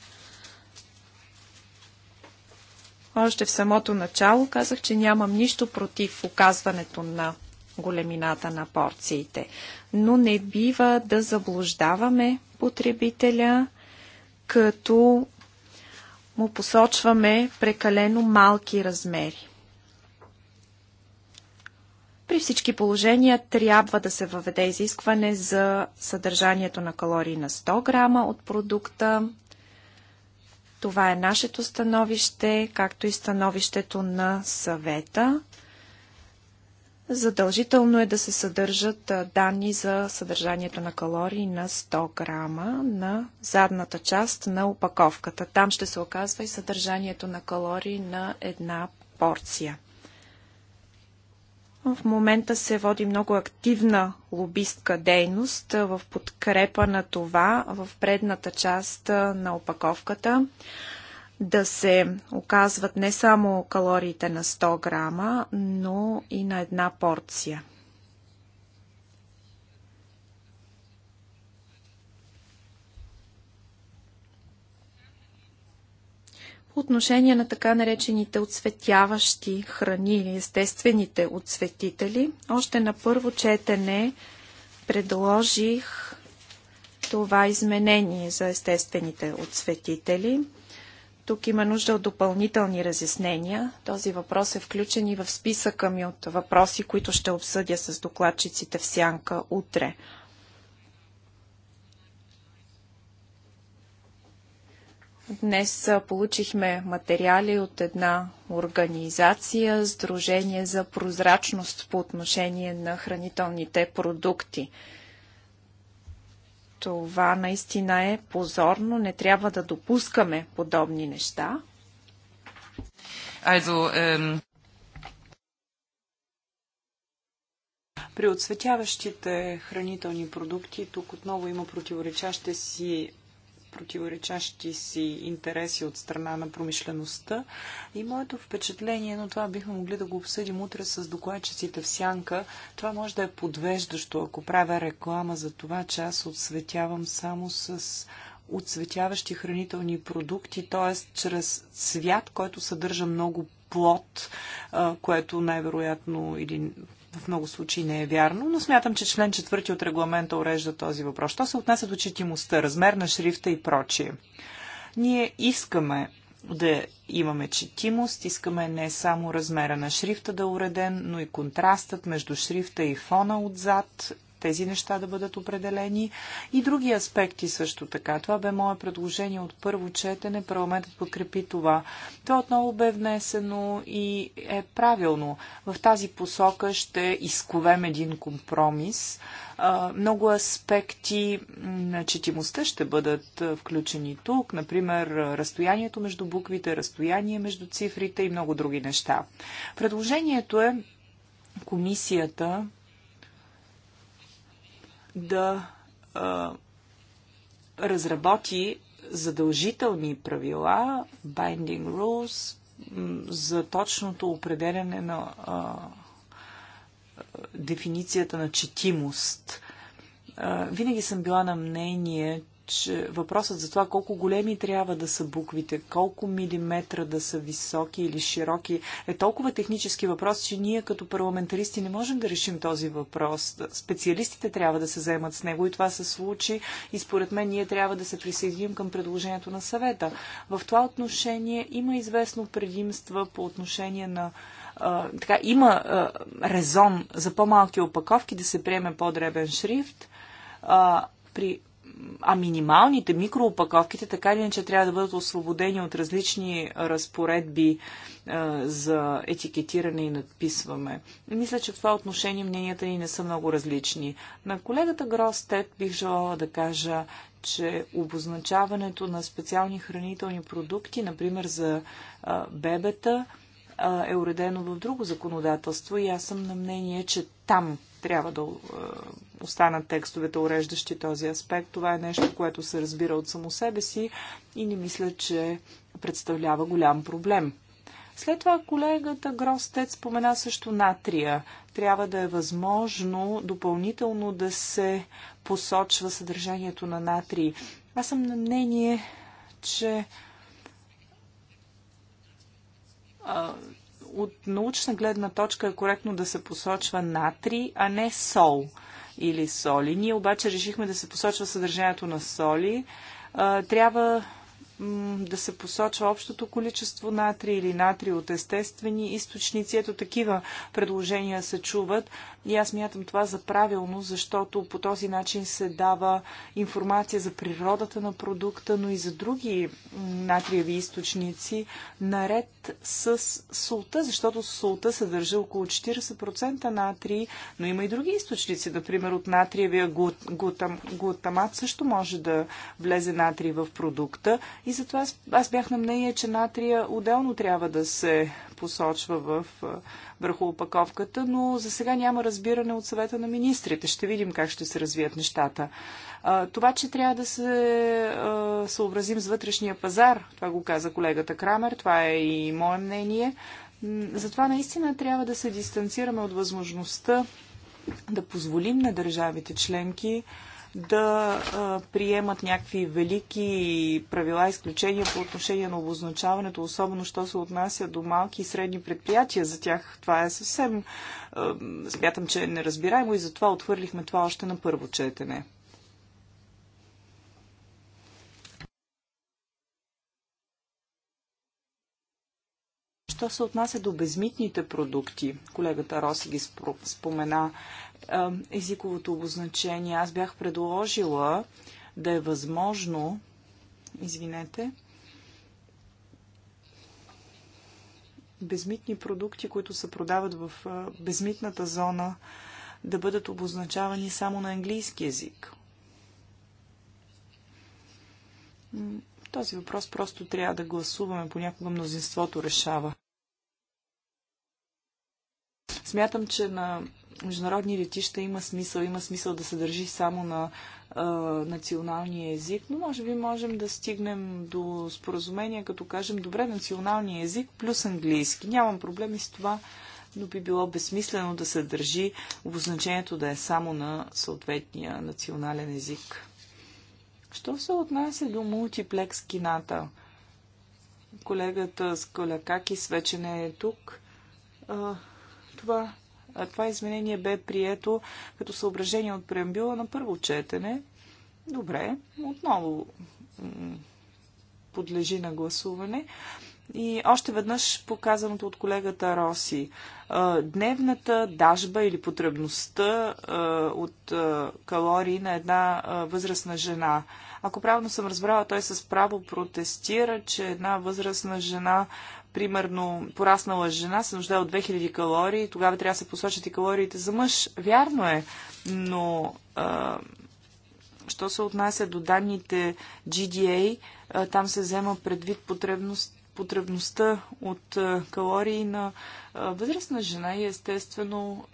Още в самото начало казах, че нямам нищо против оказването на големината на порциите, но не бива да заблуждаваме потребителя, като му посочваме прекалено малки размери. При всички положения трябва да се въведе изискване за съдържанието на калории на 100 грама от продукта, това е нашето становище, както и становището на съвета. Задължително е да се съдържат данни за съдържанието на калории на 100 грама на задната част на опаковката. Там ще се оказва и съдържанието на калории на една порция. В момента се води много активна лобистка дейност в подкрепа на това в предната част на опаковката да се оказват не само калориите на 100 грама, но и на една порция. по отношение на така наречените отцветяващи храни или естествените отцветители, още на първо четене предложих това изменение за естествените отцветители. Тук има нужда от допълнителни разяснения. Този въпрос е включен и в списъка ми от въпроси, които ще обсъдя с докладчиците в сянка утре. Днес получихме материали от една организация, Сдружение за прозрачност по отношение на хранителните продукти. Това наистина е позорно, не трябва да допускаме подобни неща. Also, ähm... При отсветяващите хранителни продукти тук отново има противоречащи си противоречащи си интереси от страна на промишлеността. И моето впечатление, но това бихме могли да го обсъдим утре с докладчиците в сянка, това може да е подвеждащо, ако правя реклама за това, че аз отсветявам само с отсветяващи хранителни продукти, т.е. чрез цвят, който съдържа много плод, което най-вероятно или в много случаи не е вярно, но смятам, че член 4 от регламента урежда този въпрос. Що се отнася до четимостта, размер на шрифта и прочие? Ние искаме да имаме четимост, искаме не само размера на шрифта да е уреден, но и контрастът между шрифта и фона отзад тези неща да бъдат определени и други аспекти също така. Това бе мое предложение от първо четене. Парламентът подкрепи това. Това отново бе внесено и е правилно. В тази посока ще изковем един компромис. Много аспекти на четимостта ще бъдат включени тук, например разстоянието между буквите, разстояние между цифрите и много други неща. Предложението е комисията да а, разработи задължителни правила, binding rules, за точното определяне на а, дефиницията на четимост. А, винаги съм била на мнение, че въпросът за това колко големи трябва да са буквите, колко милиметра да са високи или широки, е толкова технически въпрос, че ние като парламентаристи не можем да решим този въпрос. Специалистите трябва да се заемат с него и това се случи и според мен ние трябва да се присъединим към предложението на съвета. В това отношение има известно предимства по отношение на а, така, има а, резон за по-малки опаковки да се приеме по-дребен шрифт. А, при а минималните микроопаковките така или иначе трябва да бъдат освободени от различни разпоредби а, е, за етикетиране и надписване. И мисля, че в това отношение мненията ни не са много различни. На колегата Гростет бих желала да кажа, че обозначаването на специални хранителни продукти, например за а, е, бебета, е уредено в друго законодателство и аз съм на мнение, че там трябва да останат текстовете, уреждащи този аспект. Това е нещо, което се разбира от само себе си и не мисля, че представлява голям проблем. След това колегата Гростет спомена също натрия. Трябва да е възможно допълнително да се посочва съдържанието на натрии. Аз съм на мнение, че от научна гледна точка е коректно да се посочва натри, а не сол или соли. Ние обаче решихме да се посочва съдържанието на соли. Трябва да се посочва общото количество натри или натри от естествени източници. Ето такива предложения се чуват и аз мятам това за правилно, защото по този начин се дава информация за природата на продукта, но и за други натриеви източници, наред с солта, защото солта съдържа около 40% натрий, но има и други източници, например от натриевия глутамат също може да влезе натрий в продукта и затова аз, аз бях на мнение, че натрия отделно трябва да се посочва в, върху опаковката, но за сега няма разбиране от съвета на министрите. Ще видим как ще се развият нещата. А, това, че трябва да се а, съобразим с вътрешния пазар, това го каза колегата Крамер, това е и мое мнение. Затова наистина трябва да се дистанцираме от възможността да позволим на държавите членки да приемат някакви велики правила, изключения по отношение на обозначаването, особено що се отнася до малки и средни предприятия. За тях това е съвсем, смятам, че е неразбираемо и затова отхвърлихме това още на първо четене. Що се отнася до безмитните продукти, колегата Роси ги спомена, езиковото обозначение, аз бях предложила да е възможно, извинете, безмитни продукти, които се продават в безмитната зона, да бъдат обозначавани само на английски язик. Този въпрос просто трябва да гласуваме, понякога мнозинството решава. Смятам, че на международни летища има смисъл, има смисъл да се държи само на а, националния език, но може би можем да стигнем до споразумение, като кажем, добре, националния език плюс английски. Нямам проблеми с това, но би било безсмислено да се държи обозначението да е само на съответния национален език. Що се отнася до мултиплекс кината? Колегата Скалякакис вече не е тук. А, това, това изменение бе прието като съображение от преамбюла на първо четене. Добре, отново подлежи на гласуване. И още веднъж показаното от колегата Роси. Дневната дажба или потребността от калории на една възрастна жена. Ако правилно съм разбрала, той с право протестира, че една възрастна жена примерно пораснала жена се нуждае от 2000 калории, тогава трябва да се посочат и калориите за мъж. Вярно е, но а, що се отнася до данните GDA, а, там се взема предвид потребност, потребността от калории на възрастна жена и естествено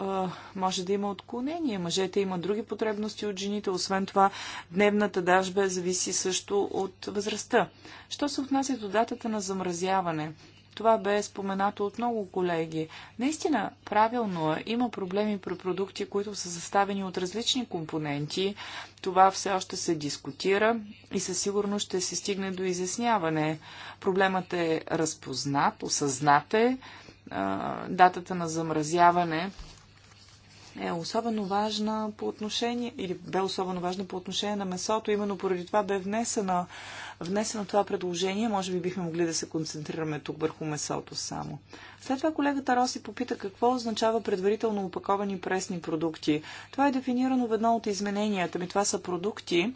може да има отклонение. Мъжете имат други потребности от жените, освен това дневната дажба зависи също от възрастта. Що се отнася до датата на замразяване? Това бе споменато от много колеги. Наистина, правилно е, има проблеми при продукти, които са съставени от различни компоненти. Това все още се дискутира и със сигурност ще се стигне до изясняване. Проблемът е разпознат, осъзнат е. Датата на замразяване е особено важна по отношение, или бе особено важна по отношение на месото. Именно поради това бе внесено, внесено това предложение. Може би бихме могли да се концентрираме тук върху месото само. След това колегата Роси попита какво означава предварително опаковани пресни продукти. Това е дефинирано в едно от измененията ми. Това са продукти,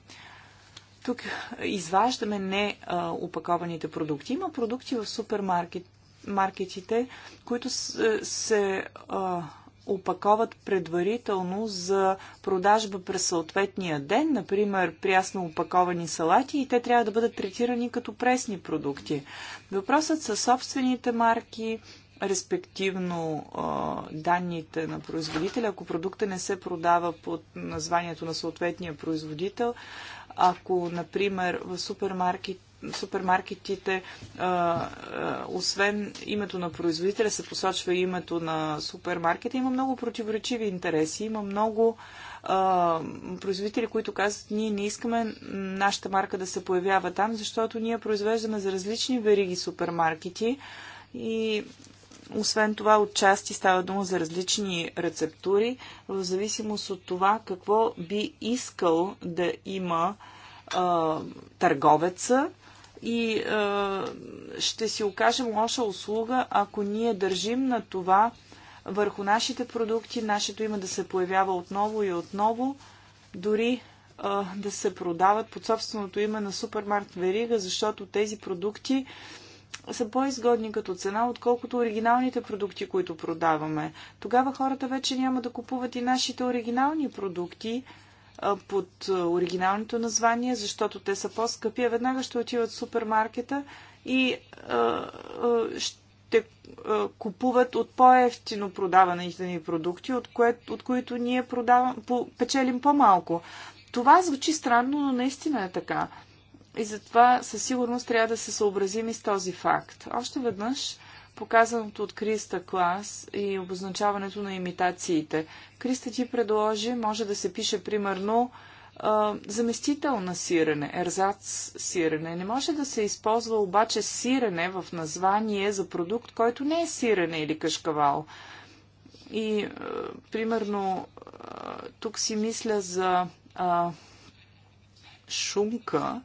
тук изваждаме не а, упакованите продукти. Има продукти в супермаркетите, които се, се а, опаковат предварително за продажба през съответния ден, например прясно опаковани салати и те трябва да бъдат третирани като пресни продукти. Въпросът са собствените марки, респективно данните на производителя, ако продукта не се продава под названието на съответния производител, ако, например, в супермаркет супермаркетите, освен името на производителя, се посочва и името на супермаркета. Има много противоречиви интереси, има много производители, които казват, ние не искаме нашата марка да се появява там, защото ние произвеждаме за различни вериги супермаркети и освен това, отчасти става дума за различни рецептури, в зависимост от това какво би искал да има а, търговеца и е, ще си окажем лоша услуга, ако ние държим на това върху нашите продукти, нашето име да се появява отново и отново, дори е, да се продават под собственото име на супермаркт Верига, защото тези продукти са по-изгодни като цена, отколкото оригиналните продукти, които продаваме. Тогава хората вече няма да купуват и нашите оригинални продукти, под оригиналното название, защото те са по-скъпи, а веднага ще отиват в супермаркета и ще купуват от по-ефтино продаваните ни продукти, от, кое, от които ние продавам, по, печелим по-малко. Това звучи странно, но наистина е така. И затова със сигурност трябва да се съобразим и с този факт. Още веднъж показаното от Криста клас и обозначаването на имитациите. Криста ти предложи, може да се пише примерно заместител на сирене, ерзац сирене. Не може да се използва обаче сирене в название за продукт, който не е сирене или кашкавал. И, примерно, тук си мисля за а, шумка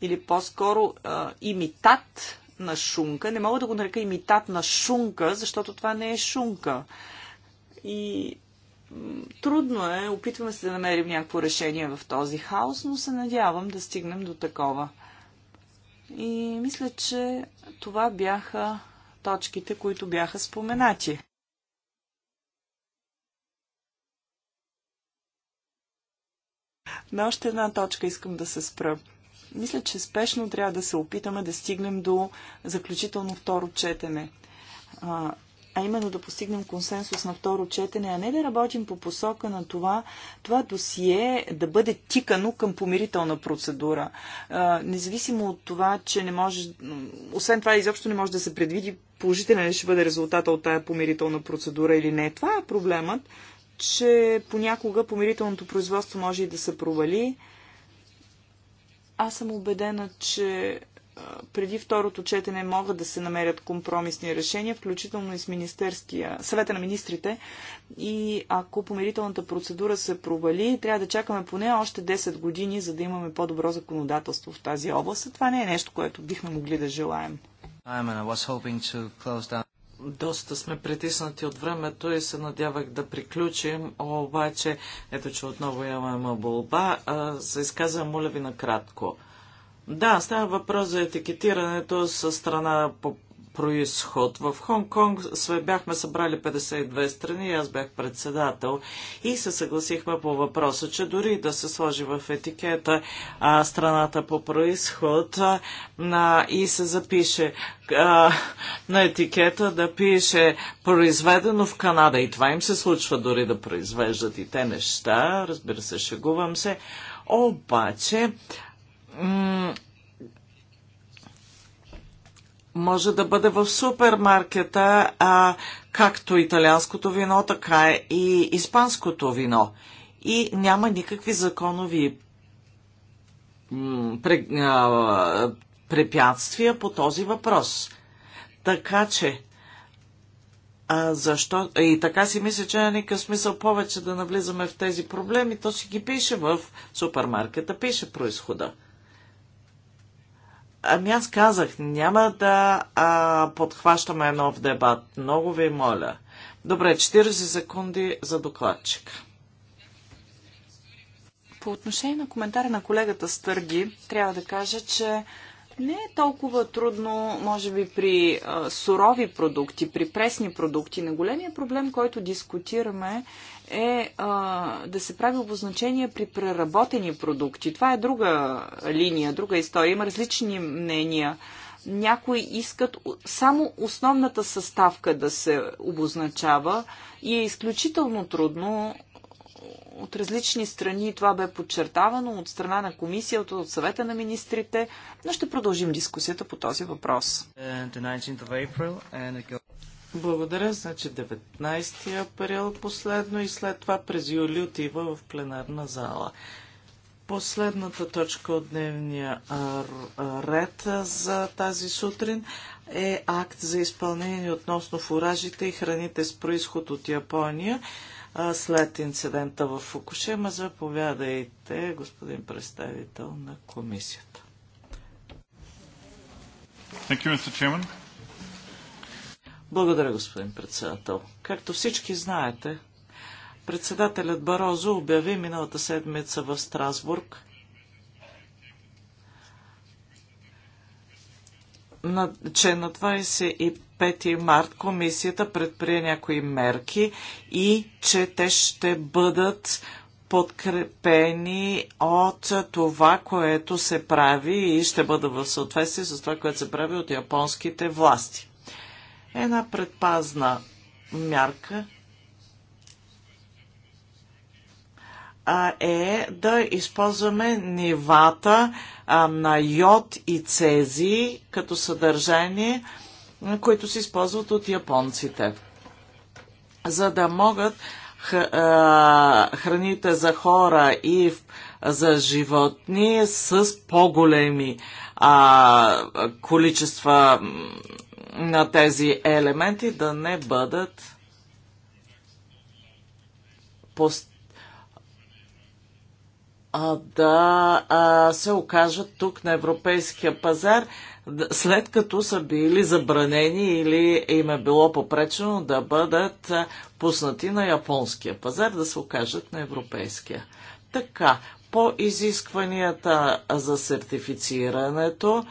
или по-скоро имитат на шунка. Не мога да го нарека имитат на шунка, защото това не е шунка. И трудно е, опитваме се да намерим някакво решение в този хаос, но се надявам да стигнем до такова. И мисля, че това бяха точките, които бяха споменати. На още една точка искам да се спра. Мисля, че спешно трябва да се опитаме да стигнем до заключително второ четене. А, а именно да постигнем консенсус на второ четене, а не да работим по посока на това, това досие да бъде тикано към помирителна процедура. А, независимо от това, че не може, освен това изобщо не може да се предвиди положителен ли ще бъде резултата от тая помирителна процедура или не. Това е проблемът, че понякога помирителното производство може и да се провали, аз съм убедена, че преди второто четене могат да се намерят компромисни решения, включително и с Министерския съвета на министрите. И ако помирителната процедура се провали, трябва да чакаме поне още 10 години, за да имаме по-добро законодателство в тази област. това не е нещо, което бихме могли да желаем доста сме притиснати от времето и се надявах да приключим, обаче ето, че отново имаме болба. Се изказвам, моля ви, накратко. Да, става въпрос за етикетирането с страна по происход. В Хонг-Конг бяхме събрали 52 страни, аз бях председател и се съгласихме по въпроса, че дори да се сложи в етикета а, страната по происход а, на, и се запише а, на етикета да пише произведено в Канада и това им се случва дори да произвеждат и те неща, разбира се, шегувам се, обаче може да бъде в супермаркета, а, както италианското вино, така и испанското вино. И няма никакви законови препятствия по този въпрос. Така че, а защо? И така си мисля, че няма никакъв смисъл повече да навлизаме в тези проблеми. То си ги пише в супермаркета, пише происхода. Ами аз казах, няма да а, подхващаме нов дебат. Много ви моля. Добре, 40 секунди за докладчик. По отношение на коментаря на колегата Стърги, трябва да кажа, че не е толкова трудно, може би, при а, сурови продукти, при пресни продукти. На големия проблем, който дискутираме, е а, да се прави обозначение при преработени продукти. Това е друга линия, друга история. Има различни мнения. Някои искат само основната съставка да се обозначава и е изключително трудно от различни страни. Това бе подчертавано от страна на комисията, от съвета на министрите, но ще продължим дискусията по този въпрос. Е, благодаря. Значи 19 април последно и след това през юли отива в пленарна зала. Последната точка от дневния ред за тази сутрин е акт за изпълнение относно фуражите и храните с происход от Япония след инцидента в Фукушема. Заповядайте, господин представител на комисията. Thank you, Mr. Chairman. Благодаря, господин председател. Както всички знаете, председателят Барозо обяви миналата седмица в Страсбург на, че на 25 март комисията предприе някои мерки и че те ще бъдат подкрепени от това, което се прави и ще бъде в съответствие с това, което се прави от японските власти една предпазна мярка а, е да използваме нивата а, на йод и цези като съдържание, които се използват от японците. За да могат храните за хора и за животни с по-големи количества на тези елементи да не бъдат пост... а, да а, се окажат тук на европейския пазар, след като са били забранени или им е било попречено да бъдат пуснати на японския пазар, да се окажат на европейския. Така, по изискванията за сертифицирането,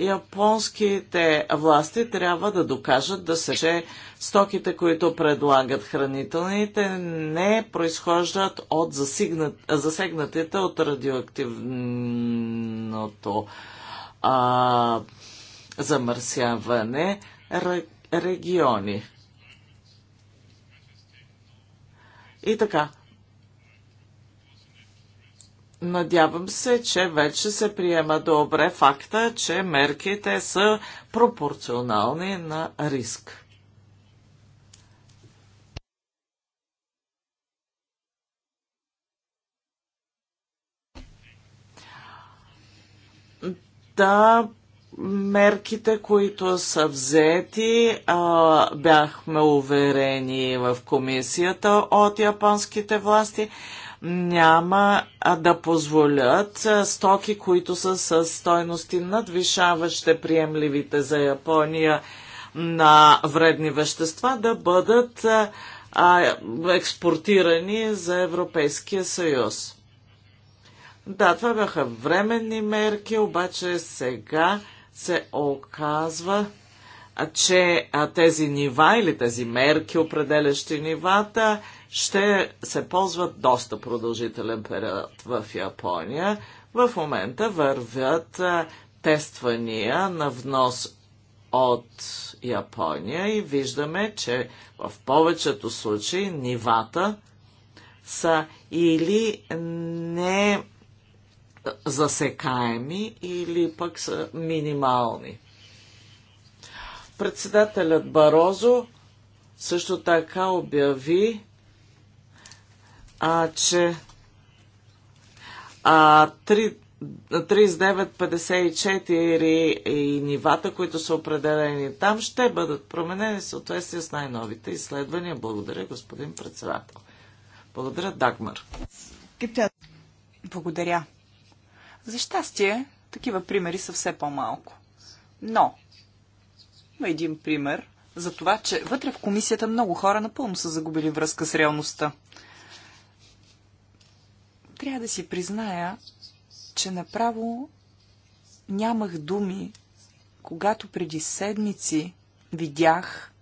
японските власти трябва да докажат да се, че стоките, които предлагат хранителните, не произхождат от засигнат, засегнатите от радиоактивното а, замърсяване региони. И така, Надявам се, че вече се приема добре факта, че мерките са пропорционални на риск. Да, мерките, които са взети, а, бяхме уверени в комисията от японските власти няма да позволят стоки, които са с стойности надвишаващи приемливите за Япония на вредни вещества да бъдат експортирани за Европейския съюз. Да, това бяха временни мерки, обаче сега се оказва, че тези нива или тези мерки, определящи нивата, ще се ползват доста продължителен период в Япония. В момента вървят тествания на внос от Япония и виждаме, че в повечето случаи нивата са или не засекаеми, или пък са минимални. Председателят Барозо също така обяви, а, че а, 3, 3954 и нивата, които са определени там, ще бъдат променени в съответствие с най-новите изследвания. Благодаря, господин председател. Благодаря, Дагмар. Благодаря. За щастие, такива примери са все по-малко. Но, има един пример за това, че вътре в комисията много хора напълно са загубили връзка с реалността. Трябва да си призная, че направо нямах думи, когато преди седмици видях,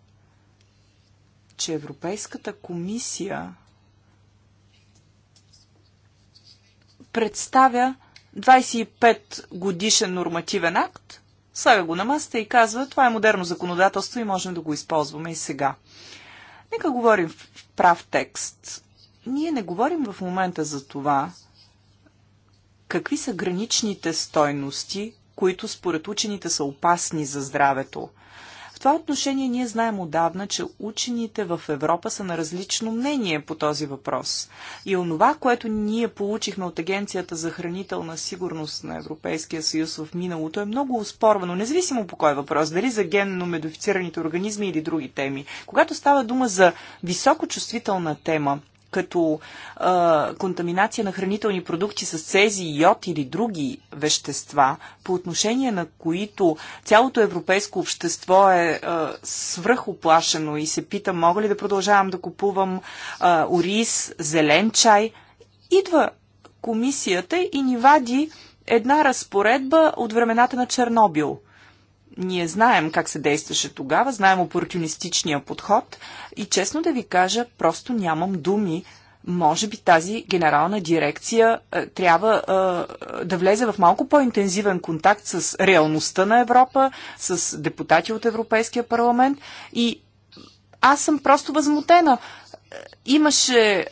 че Европейската комисия представя 25 годишен нормативен акт, слага го на масата и казва, това е модерно законодателство и можем да го използваме и сега. Нека говорим в прав текст. Ние не говорим в момента за това, какви са граничните стойности, които според учените са опасни за здравето. В това отношение ние знаем отдавна, че учените в Европа са на различно мнение по този въпрос. И онова, което ние получихме от Агенцията за хранителна сигурност на Европейския съюз в миналото е много успорвано, независимо по кой въпрос, дали за генно медифицираните организми или други теми. Когато става дума за високочувствителна тема, като а, контаминация на хранителни продукти с цези, йод или други вещества, по отношение на които цялото европейско общество е а, свръхоплашено и се пита, мога ли да продължавам да купувам а, ориз, зелен чай, идва комисията и ни вади една разпоредба от времената на Чернобил. Ние знаем как се действаше тогава, знаем опортунистичния подход и честно да ви кажа, просто нямам думи може би тази генерална дирекция е, трябва е, е да влезе в малко по-интензивен контакт с реалността на Европа, с депутати от Европейския парламент. И аз съм просто възмутена. Е, имаше е,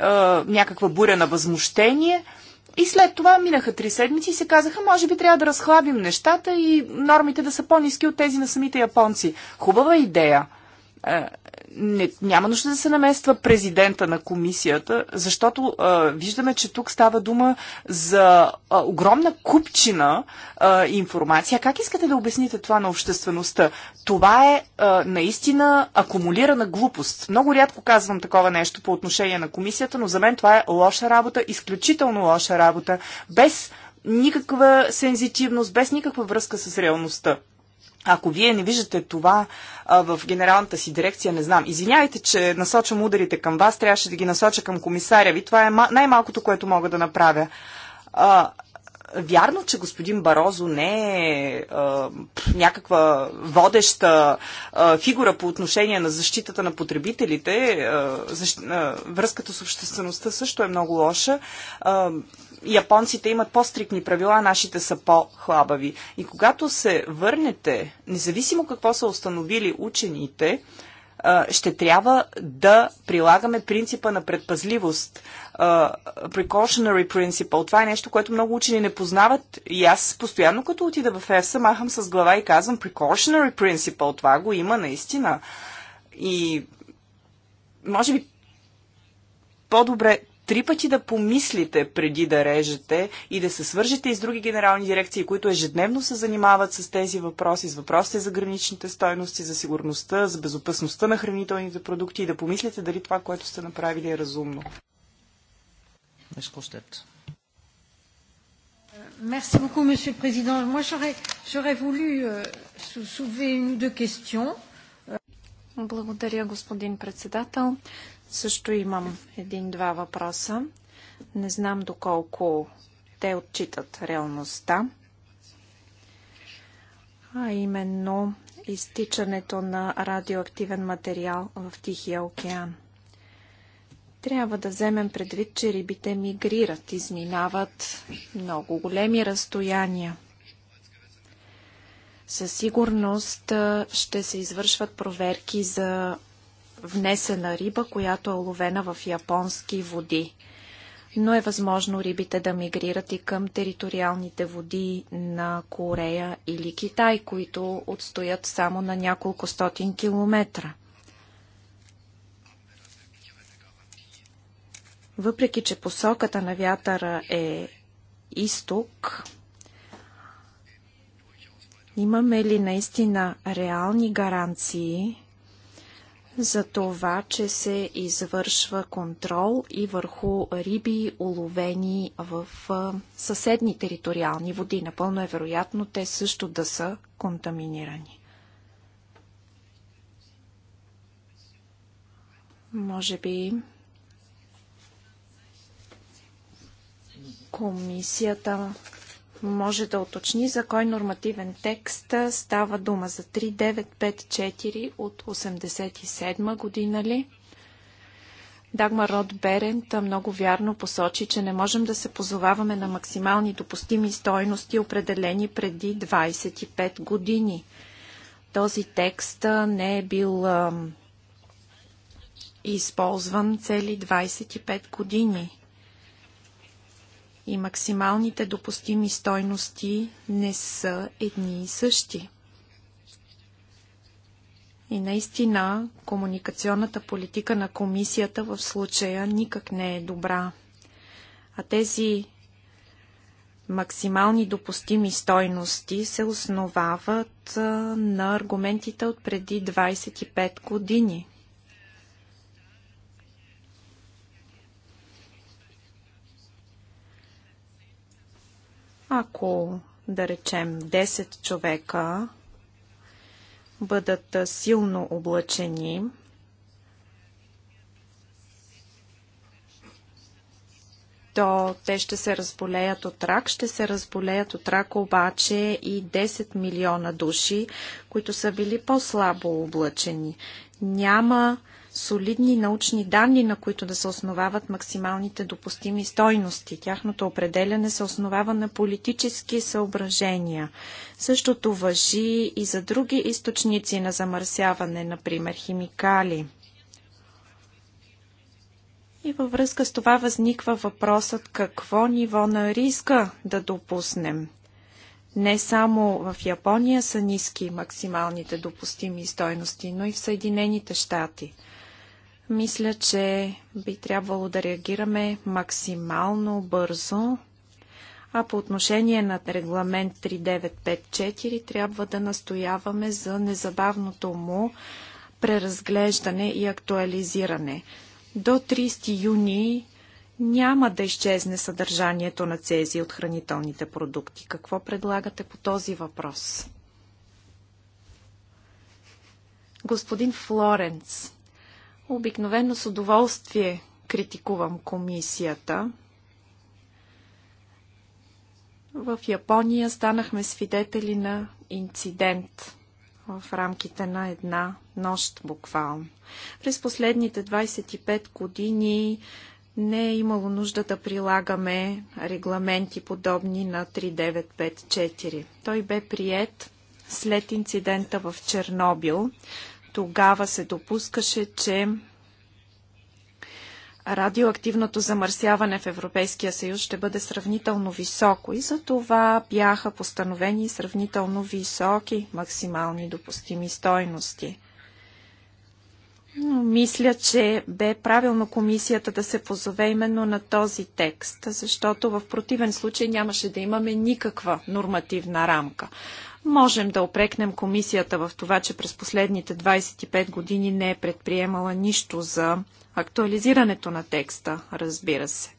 някаква буря на възмущение. И след това минаха три седмици и се казаха, може би трябва да разхлабим нещата и нормите да са по-низки от тези на самите японци. Хубава идея. Е, не, няма нужда да се намества президента на комисията, защото а, е, виждаме, че тук става дума за а, е, огромна купчина а, информация. Как искате да обясните това на обществеността? Това е а, наистина акумулирана глупост. Много рядко казвам такова нещо по отношение на комисията, но за мен това е лоша работа, изключително лоша работа, без никаква сензитивност, без никаква връзка с реалността. Ако вие не виждате това а, в генералната си дирекция, не знам. Извинявайте, че насочвам ударите към вас, трябваше да ги насоча към комисаря ви. Това е най-малкото, което мога да направя. А, вярно, че господин Барозо не е а, някаква водеща а, фигура по отношение на защитата на потребителите. А, защ... а, връзката с обществеността също е много лоша. А, японците имат по-стрикни правила, нашите са по-хлабави. И когато се върнете, независимо какво са установили учените, ще трябва да прилагаме принципа на предпазливост. Precautionary principle. Това е нещо, което много учени не познават. И аз постоянно, като отида в ЕСА, махам с глава и казвам precautionary principle. Това го има наистина. И може би по-добре три пъти да помислите преди да режете и да се свържете и с други генерални дирекции, които ежедневно се занимават с тези въпроси, с въпросите за граничните стойности, за сигурността, за безопасността на хранителните продукти и да помислите дали това, което сте направили е разумно. Merci beaucoup, Monsieur le Président. Moi, j'aurais voulu euh, soulever une ou deux questions. Благодаря, господин председател. Също имам един-два въпроса. Не знам доколко те отчитат реалността, а именно изтичането на радиоактивен материал в Тихия океан. Трябва да вземем предвид, че рибите мигрират, изминават много големи разстояния. Със сигурност ще се извършват проверки за внесена риба, която е уловена в японски води. Но е възможно рибите да мигрират и към териториалните води на Корея или Китай, които отстоят само на няколко стотин километра. Въпреки, че посоката на вятъра е изток, имаме ли наистина реални гаранции, за това, че се извършва контрол и върху риби, уловени в съседни териториални води. Напълно е вероятно те също да са контаминирани. Може би комисията може да уточни за кой нормативен текст става дума за 3954 от 87 година ли? Дагмар Род Берент много вярно посочи, че не можем да се позоваваме на максимални допустими стойности, определени преди 25 години. Този текст не е бил използван цели 25 години и максималните допустими стойности не са едни и същи. И наистина комуникационната политика на комисията в случая никак не е добра. А тези максимални допустими стойности се основават на аргументите от преди 25 години. Ако, да речем, 10 човека бъдат силно облъчени, то те ще се разболеят от рак. Ще се разболеят от рак обаче и 10 милиона души, които са били по-слабо облъчени. Няма солидни научни данни, на които да се основават максималните допустими стойности. Тяхното определяне се основава на политически съображения. Същото въжи и за други източници на замърсяване, например химикали. И във връзка с това възниква въпросът какво ниво на риска да допуснем. Не само в Япония са ниски максималните допустими стойности, но и в Съединените щати – мисля, че би трябвало да реагираме максимално бързо, а по отношение на регламент 3954 трябва да настояваме за незабавното му преразглеждане и актуализиране. До 30 юни няма да изчезне съдържанието на цези от хранителните продукти. Какво предлагате по този въпрос? Господин Флоренц, Обикновено с удоволствие критикувам комисията. В Япония станахме свидетели на инцидент в рамките на една нощ буквално. През последните 25 години не е имало нужда да прилагаме регламенти подобни на 3954. Той бе прият след инцидента в Чернобил. Тогава се допускаше, че радиоактивното замърсяване в Европейския съюз ще бъде сравнително високо и за това бяха постановени сравнително високи максимални допустими стойности. Но мисля, че бе правилно комисията да се позове именно на този текст, защото в противен случай нямаше да имаме никаква нормативна рамка. Можем да опрекнем комисията в това, че през последните 25 години не е предприемала нищо за актуализирането на текста, разбира се.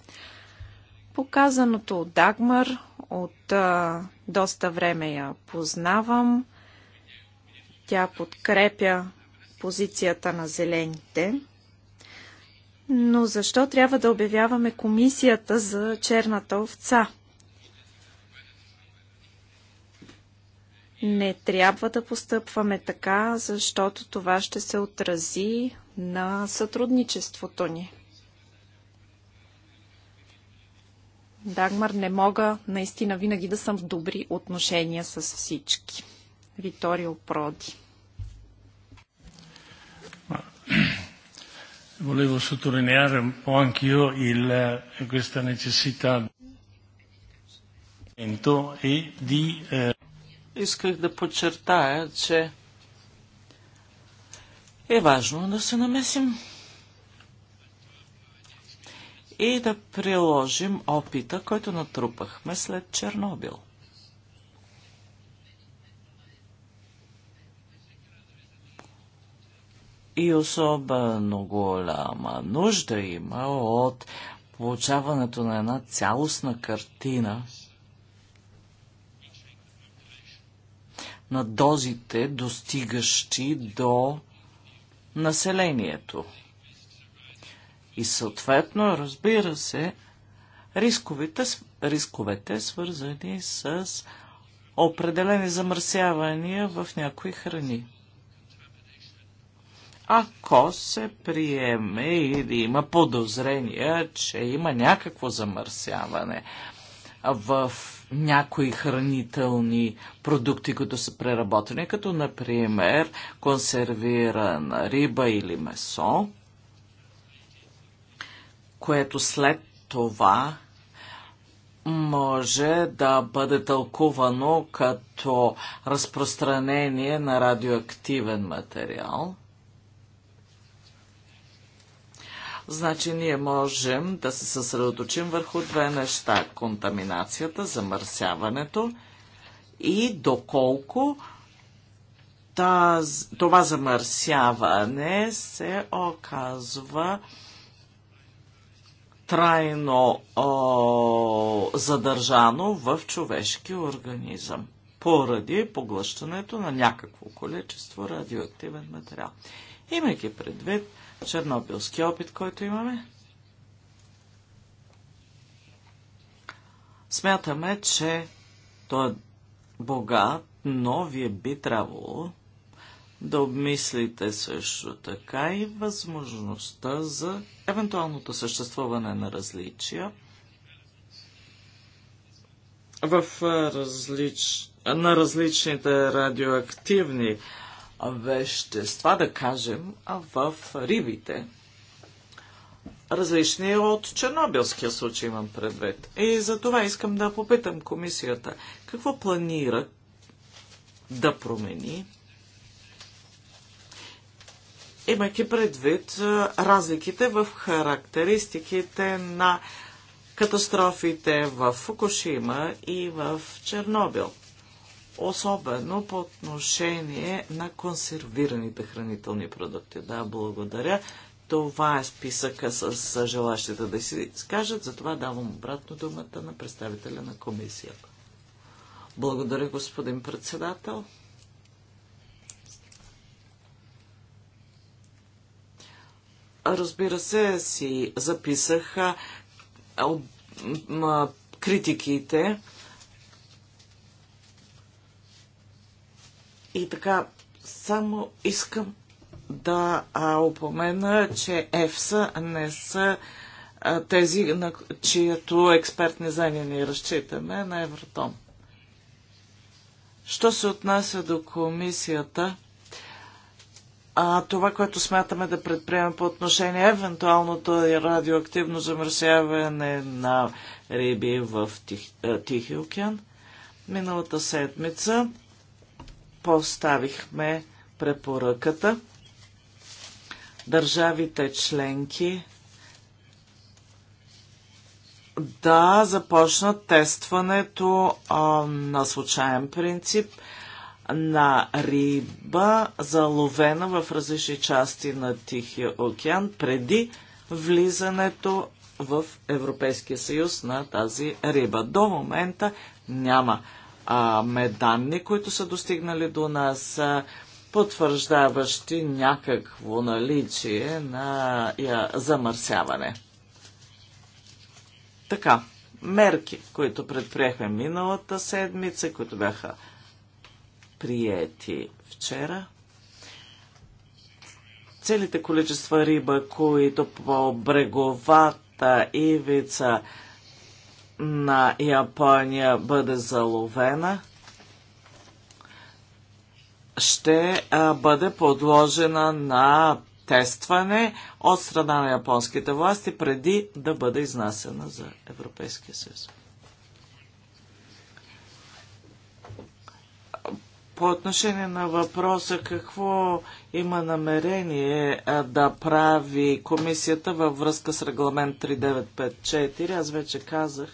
Показаното от Дагмар от а, доста време я познавам. Тя подкрепя позицията на зелените. Но защо трябва да обявяваме комисията за черната овца? Не трябва да постъпваме така, защото това ще се отрази на сътрудничеството ни. Дагмар, не мога наистина винаги да съм в добри отношения с всички. Виторио Проди. Volevo sottolineare un po' anch'io il, questa necessità e di. Eh исках да подчертая, че е важно да се намесим и да приложим опита, който натрупахме след Чернобил. И особено голяма нужда има от получаването на една цялостна картина – на дозите, достигащи до населението. И съответно, разбира се, рисковете, рисковете свързани с определени замърсявания в някои храни. Ако се приеме или има подозрение, че има някакво замърсяване в някои хранителни продукти, които са преработени, като например консервирана риба или месо, което след това може да бъде тълкувано като разпространение на радиоактивен материал – Значи ние можем да се съсредоточим върху две неща. Контаминацията, замърсяването и доколко таз, това замърсяване се оказва трайно о, задържано в човешки организъм поради поглъщането на някакво количество радиоактивен материал. Имайки предвид чернобилски опит, който имаме. Смятаме, че той е богат, но вие би трябвало да обмислите също така и възможността за евентуалното съществуване на различия в различ... на различните радиоактивни вещества, да кажем, в рибите. Различни от чернобилския случай имам предвид. И за това искам да попитам комисията, какво планира да промени, имайки предвид разликите в характеристиките на катастрофите в Фукушима и в Чернобил особено по отношение на консервираните хранителни продукти. Да, благодаря. Това е списъка с желащите да си скажат, затова давам обратно думата на представителя на комисията. Благодаря, господин председател. Разбира се, си записаха критиките, И така, само искам да а, упомена, че ЕФСА не са а, тези, на чието експертни знания ни разчитаме, на Евротон. Що се отнася до комисията, а, това, което смятаме да предприемем по отношение евентуалното е радиоактивно замърсяване на риби в Тихи, е, Тихи океан, миналата седмица поставихме препоръката държавите членки да започнат тестването а, на случайен принцип на риба, заловена в различни части на Тихия океан, преди влизането в Европейския съюз на тази риба. До момента няма а, ме данни, които са достигнали до нас, а, потвърждаващи някакво наличие на я, замърсяване. Така, мерки, които предприехме миналата седмица, които бяха приети вчера. Целите количества риба, които по бреговата ивица на Япония бъде заловена, ще бъде подложена на тестване от страна на японските власти преди да бъде изнасена за Европейския съюз. По отношение на въпроса какво има намерение да прави комисията във връзка с регламент 3954, аз вече казах,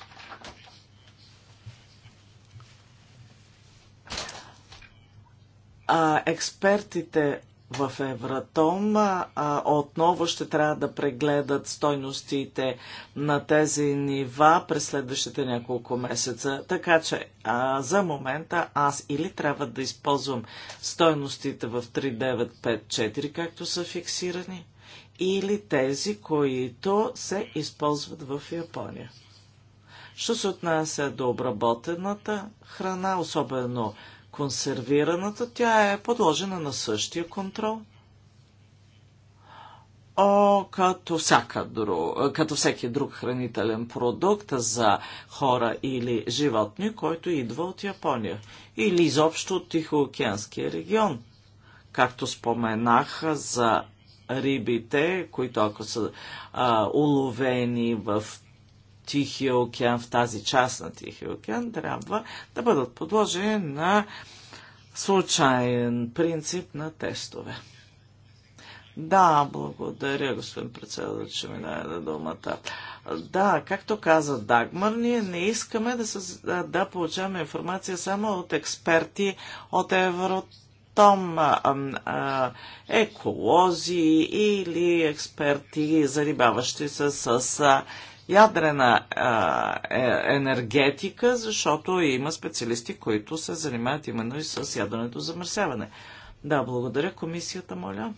а, експертите в Евратом а, отново ще трябва да прегледат стойностите на тези нива през следващите няколко месеца. Така че а, за момента аз или трябва да използвам стойностите в 3954, както са фиксирани, или тези, които се използват в Япония. Що се отнася до обработената храна, особено консервираната, тя е подложена на същия контрол. О, като, всяка друг, като всеки друг хранителен продукт за хора или животни, който идва от Япония или изобщо от Тихоокеанския регион. Както споменах за рибите, които ако са а, уловени в Тихия океан, в тази част на Тихия океан, трябва да бъдат подложени на случайен принцип на тестове. Да, благодаря, господин председател, че ми даде думата. Да, както каза Дагмар, ние не искаме да, се, да получаваме информация само от експерти от Евротом, а, а, еколози или експерти, зарибаващи се с а, ядрена а, е, енергетика, защото има специалисти, които се занимават именно и с ядреното замърсяване. Да, благодаря. Комисията, моля.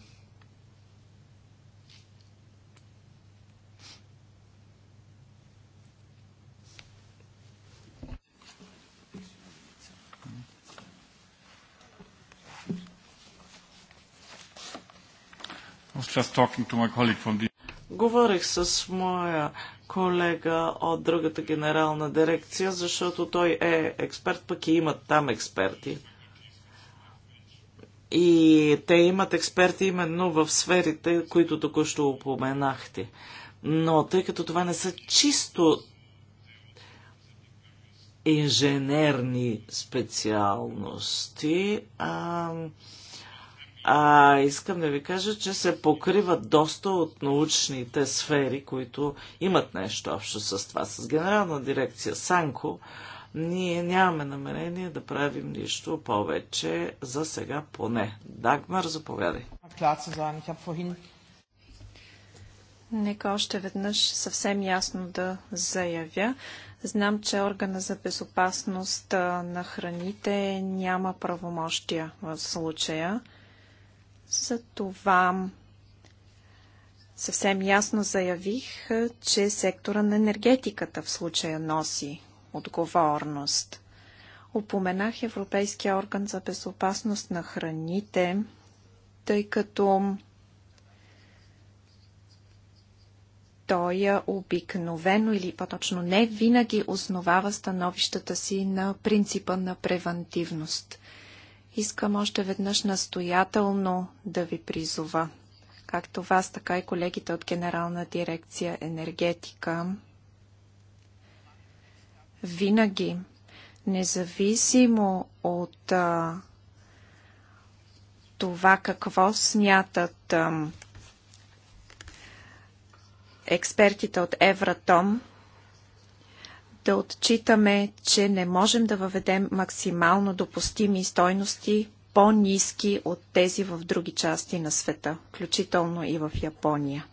Говорих с моя колега от другата генерална дирекция, защото той е експерт, пък и имат там експерти. И те имат експерти именно в сферите, които току-що упоменахте. Но тъй като това не са чисто инженерни специалности, а, а, искам да ви кажа, че се покриват доста от научните сфери, които имат нещо общо с това. С генерална дирекция Санко ние нямаме намерение да правим нищо повече за сега поне. Дагмар, заповядай. Нека още веднъж съвсем ясно да заявя. Знам, че органа за безопасност на храните няма правомощия в случая. За това съвсем ясно заявих, че сектора на енергетиката в случая носи отговорност. Опоменах Европейския орган за безопасност на храните, тъй като той обикновено или по-точно не винаги основава становищата си на принципа на превантивност. Искам още веднъж настоятелно да ви призова, както вас, така и колегите от Генерална дирекция енергетика, винаги, независимо от а, това какво смятат а, експертите от Евратом, да отчитаме, че не можем да въведем максимално допустими стойности по-низки от тези в други части на света, включително и в Япония.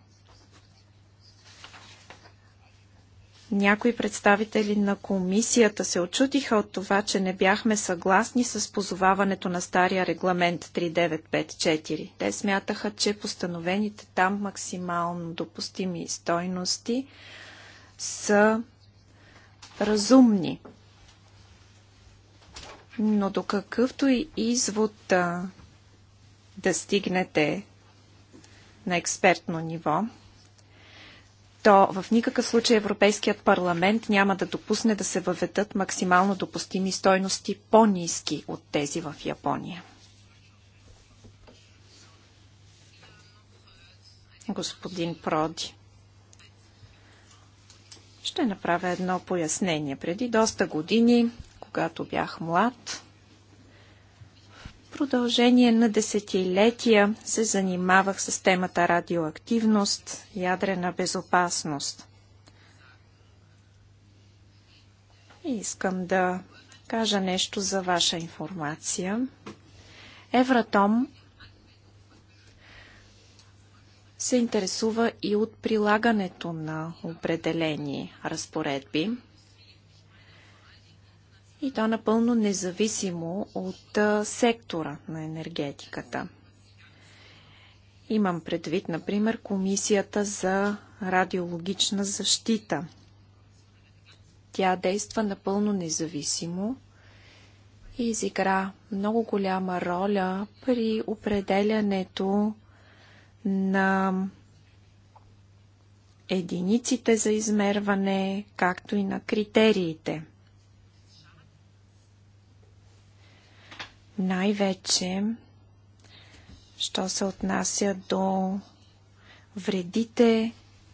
Някои представители на комисията се очутиха от това, че не бяхме съгласни с позоваването на стария регламент 3954. Те смятаха, че постановените там максимално допустими стойности са разумни. Но до какъвто и извод да, да стигнете на експертно ниво, то в никакъв случай Европейският парламент няма да допусне да се въведат максимално допустими стойности по-низки от тези в Япония. Господин Проди. Ще направя едно пояснение. Преди доста години, когато бях млад, в продължение на десетилетия се занимавах с темата радиоактивност, ядрена безопасност. И искам да кажа нещо за ваша информация. Евратом се интересува и от прилагането на определени разпоредби и то напълно независимо от сектора на енергетиката. Имам предвид, например, Комисията за радиологична защита. Тя действа напълно независимо и изигра много голяма роля при определянето на единиците за измерване, както и на критериите. Най-вече, що се отнася до вредите,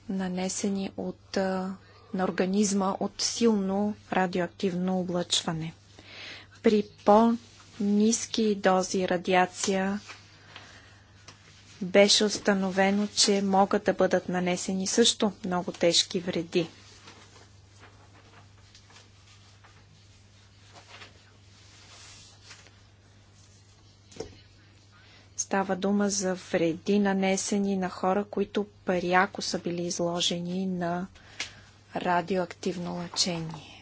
нанесени от, на организма от силно радиоактивно облъчване. При по-низки дози радиация беше установено, че могат да бъдат нанесени също много тежки вреди. Става дума за вреди нанесени на хора, които пряко са били изложени на радиоактивно лъчение.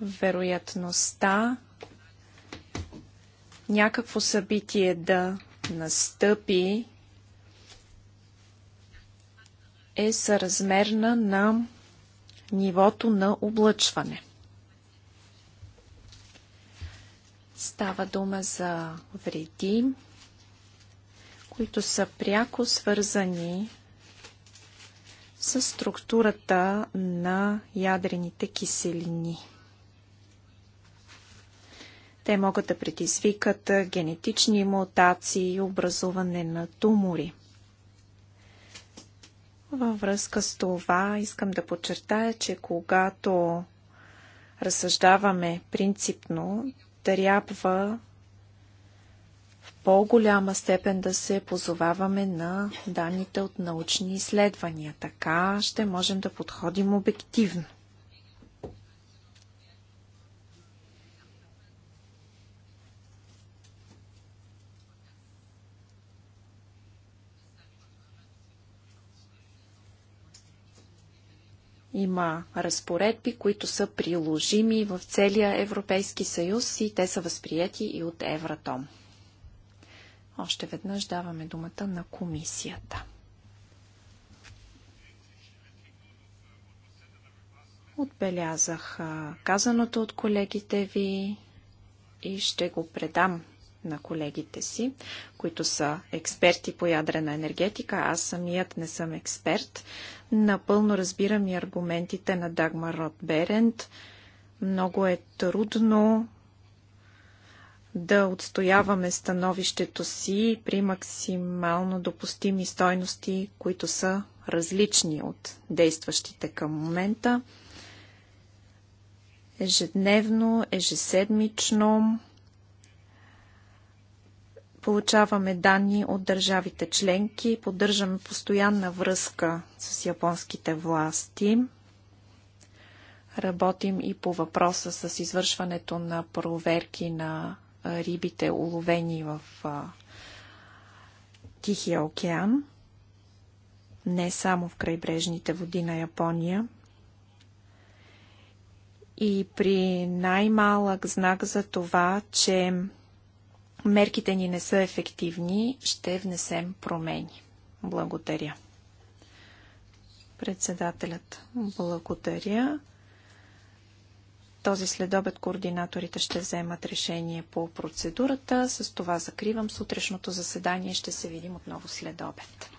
вероятността някакво събитие да настъпи е съразмерна на нивото на облъчване. Става дума за вреди, които са пряко свързани с структурата на ядрените киселини. Те могат да предизвикат генетични мутации и образуване на тумори. Във връзка с това искам да подчертая, че когато разсъждаваме принципно, трябва в по-голяма степен да се позоваваме на данните от научни изследвания. Така ще можем да подходим обективно. Има разпоредби, които са приложими в целия Европейски съюз и те са възприяти и от Евратом. Още веднъж даваме думата на комисията. Отбелязах казаното от колегите ви и ще го предам на колегите си, които са експерти по ядрена енергетика. Аз самият не съм експерт. Напълно разбирам и аргументите на Дагмар Рот Берент. Много е трудно да отстояваме становището си при максимално допустими стойности, които са различни от действащите към момента. Ежедневно, ежеседмично Получаваме данни от държавите членки, поддържаме постоянна връзка с японските власти. Работим и по въпроса с извършването на проверки на рибите, уловени в Тихия океан, не само в крайбрежните води на Япония. И при най-малък знак за това, че мерките ни не са ефективни, ще внесем промени. Благодаря. Председателят, благодаря. Този следобед координаторите ще вземат решение по процедурата. С това закривам сутрешното заседание. Ще се видим отново следобед.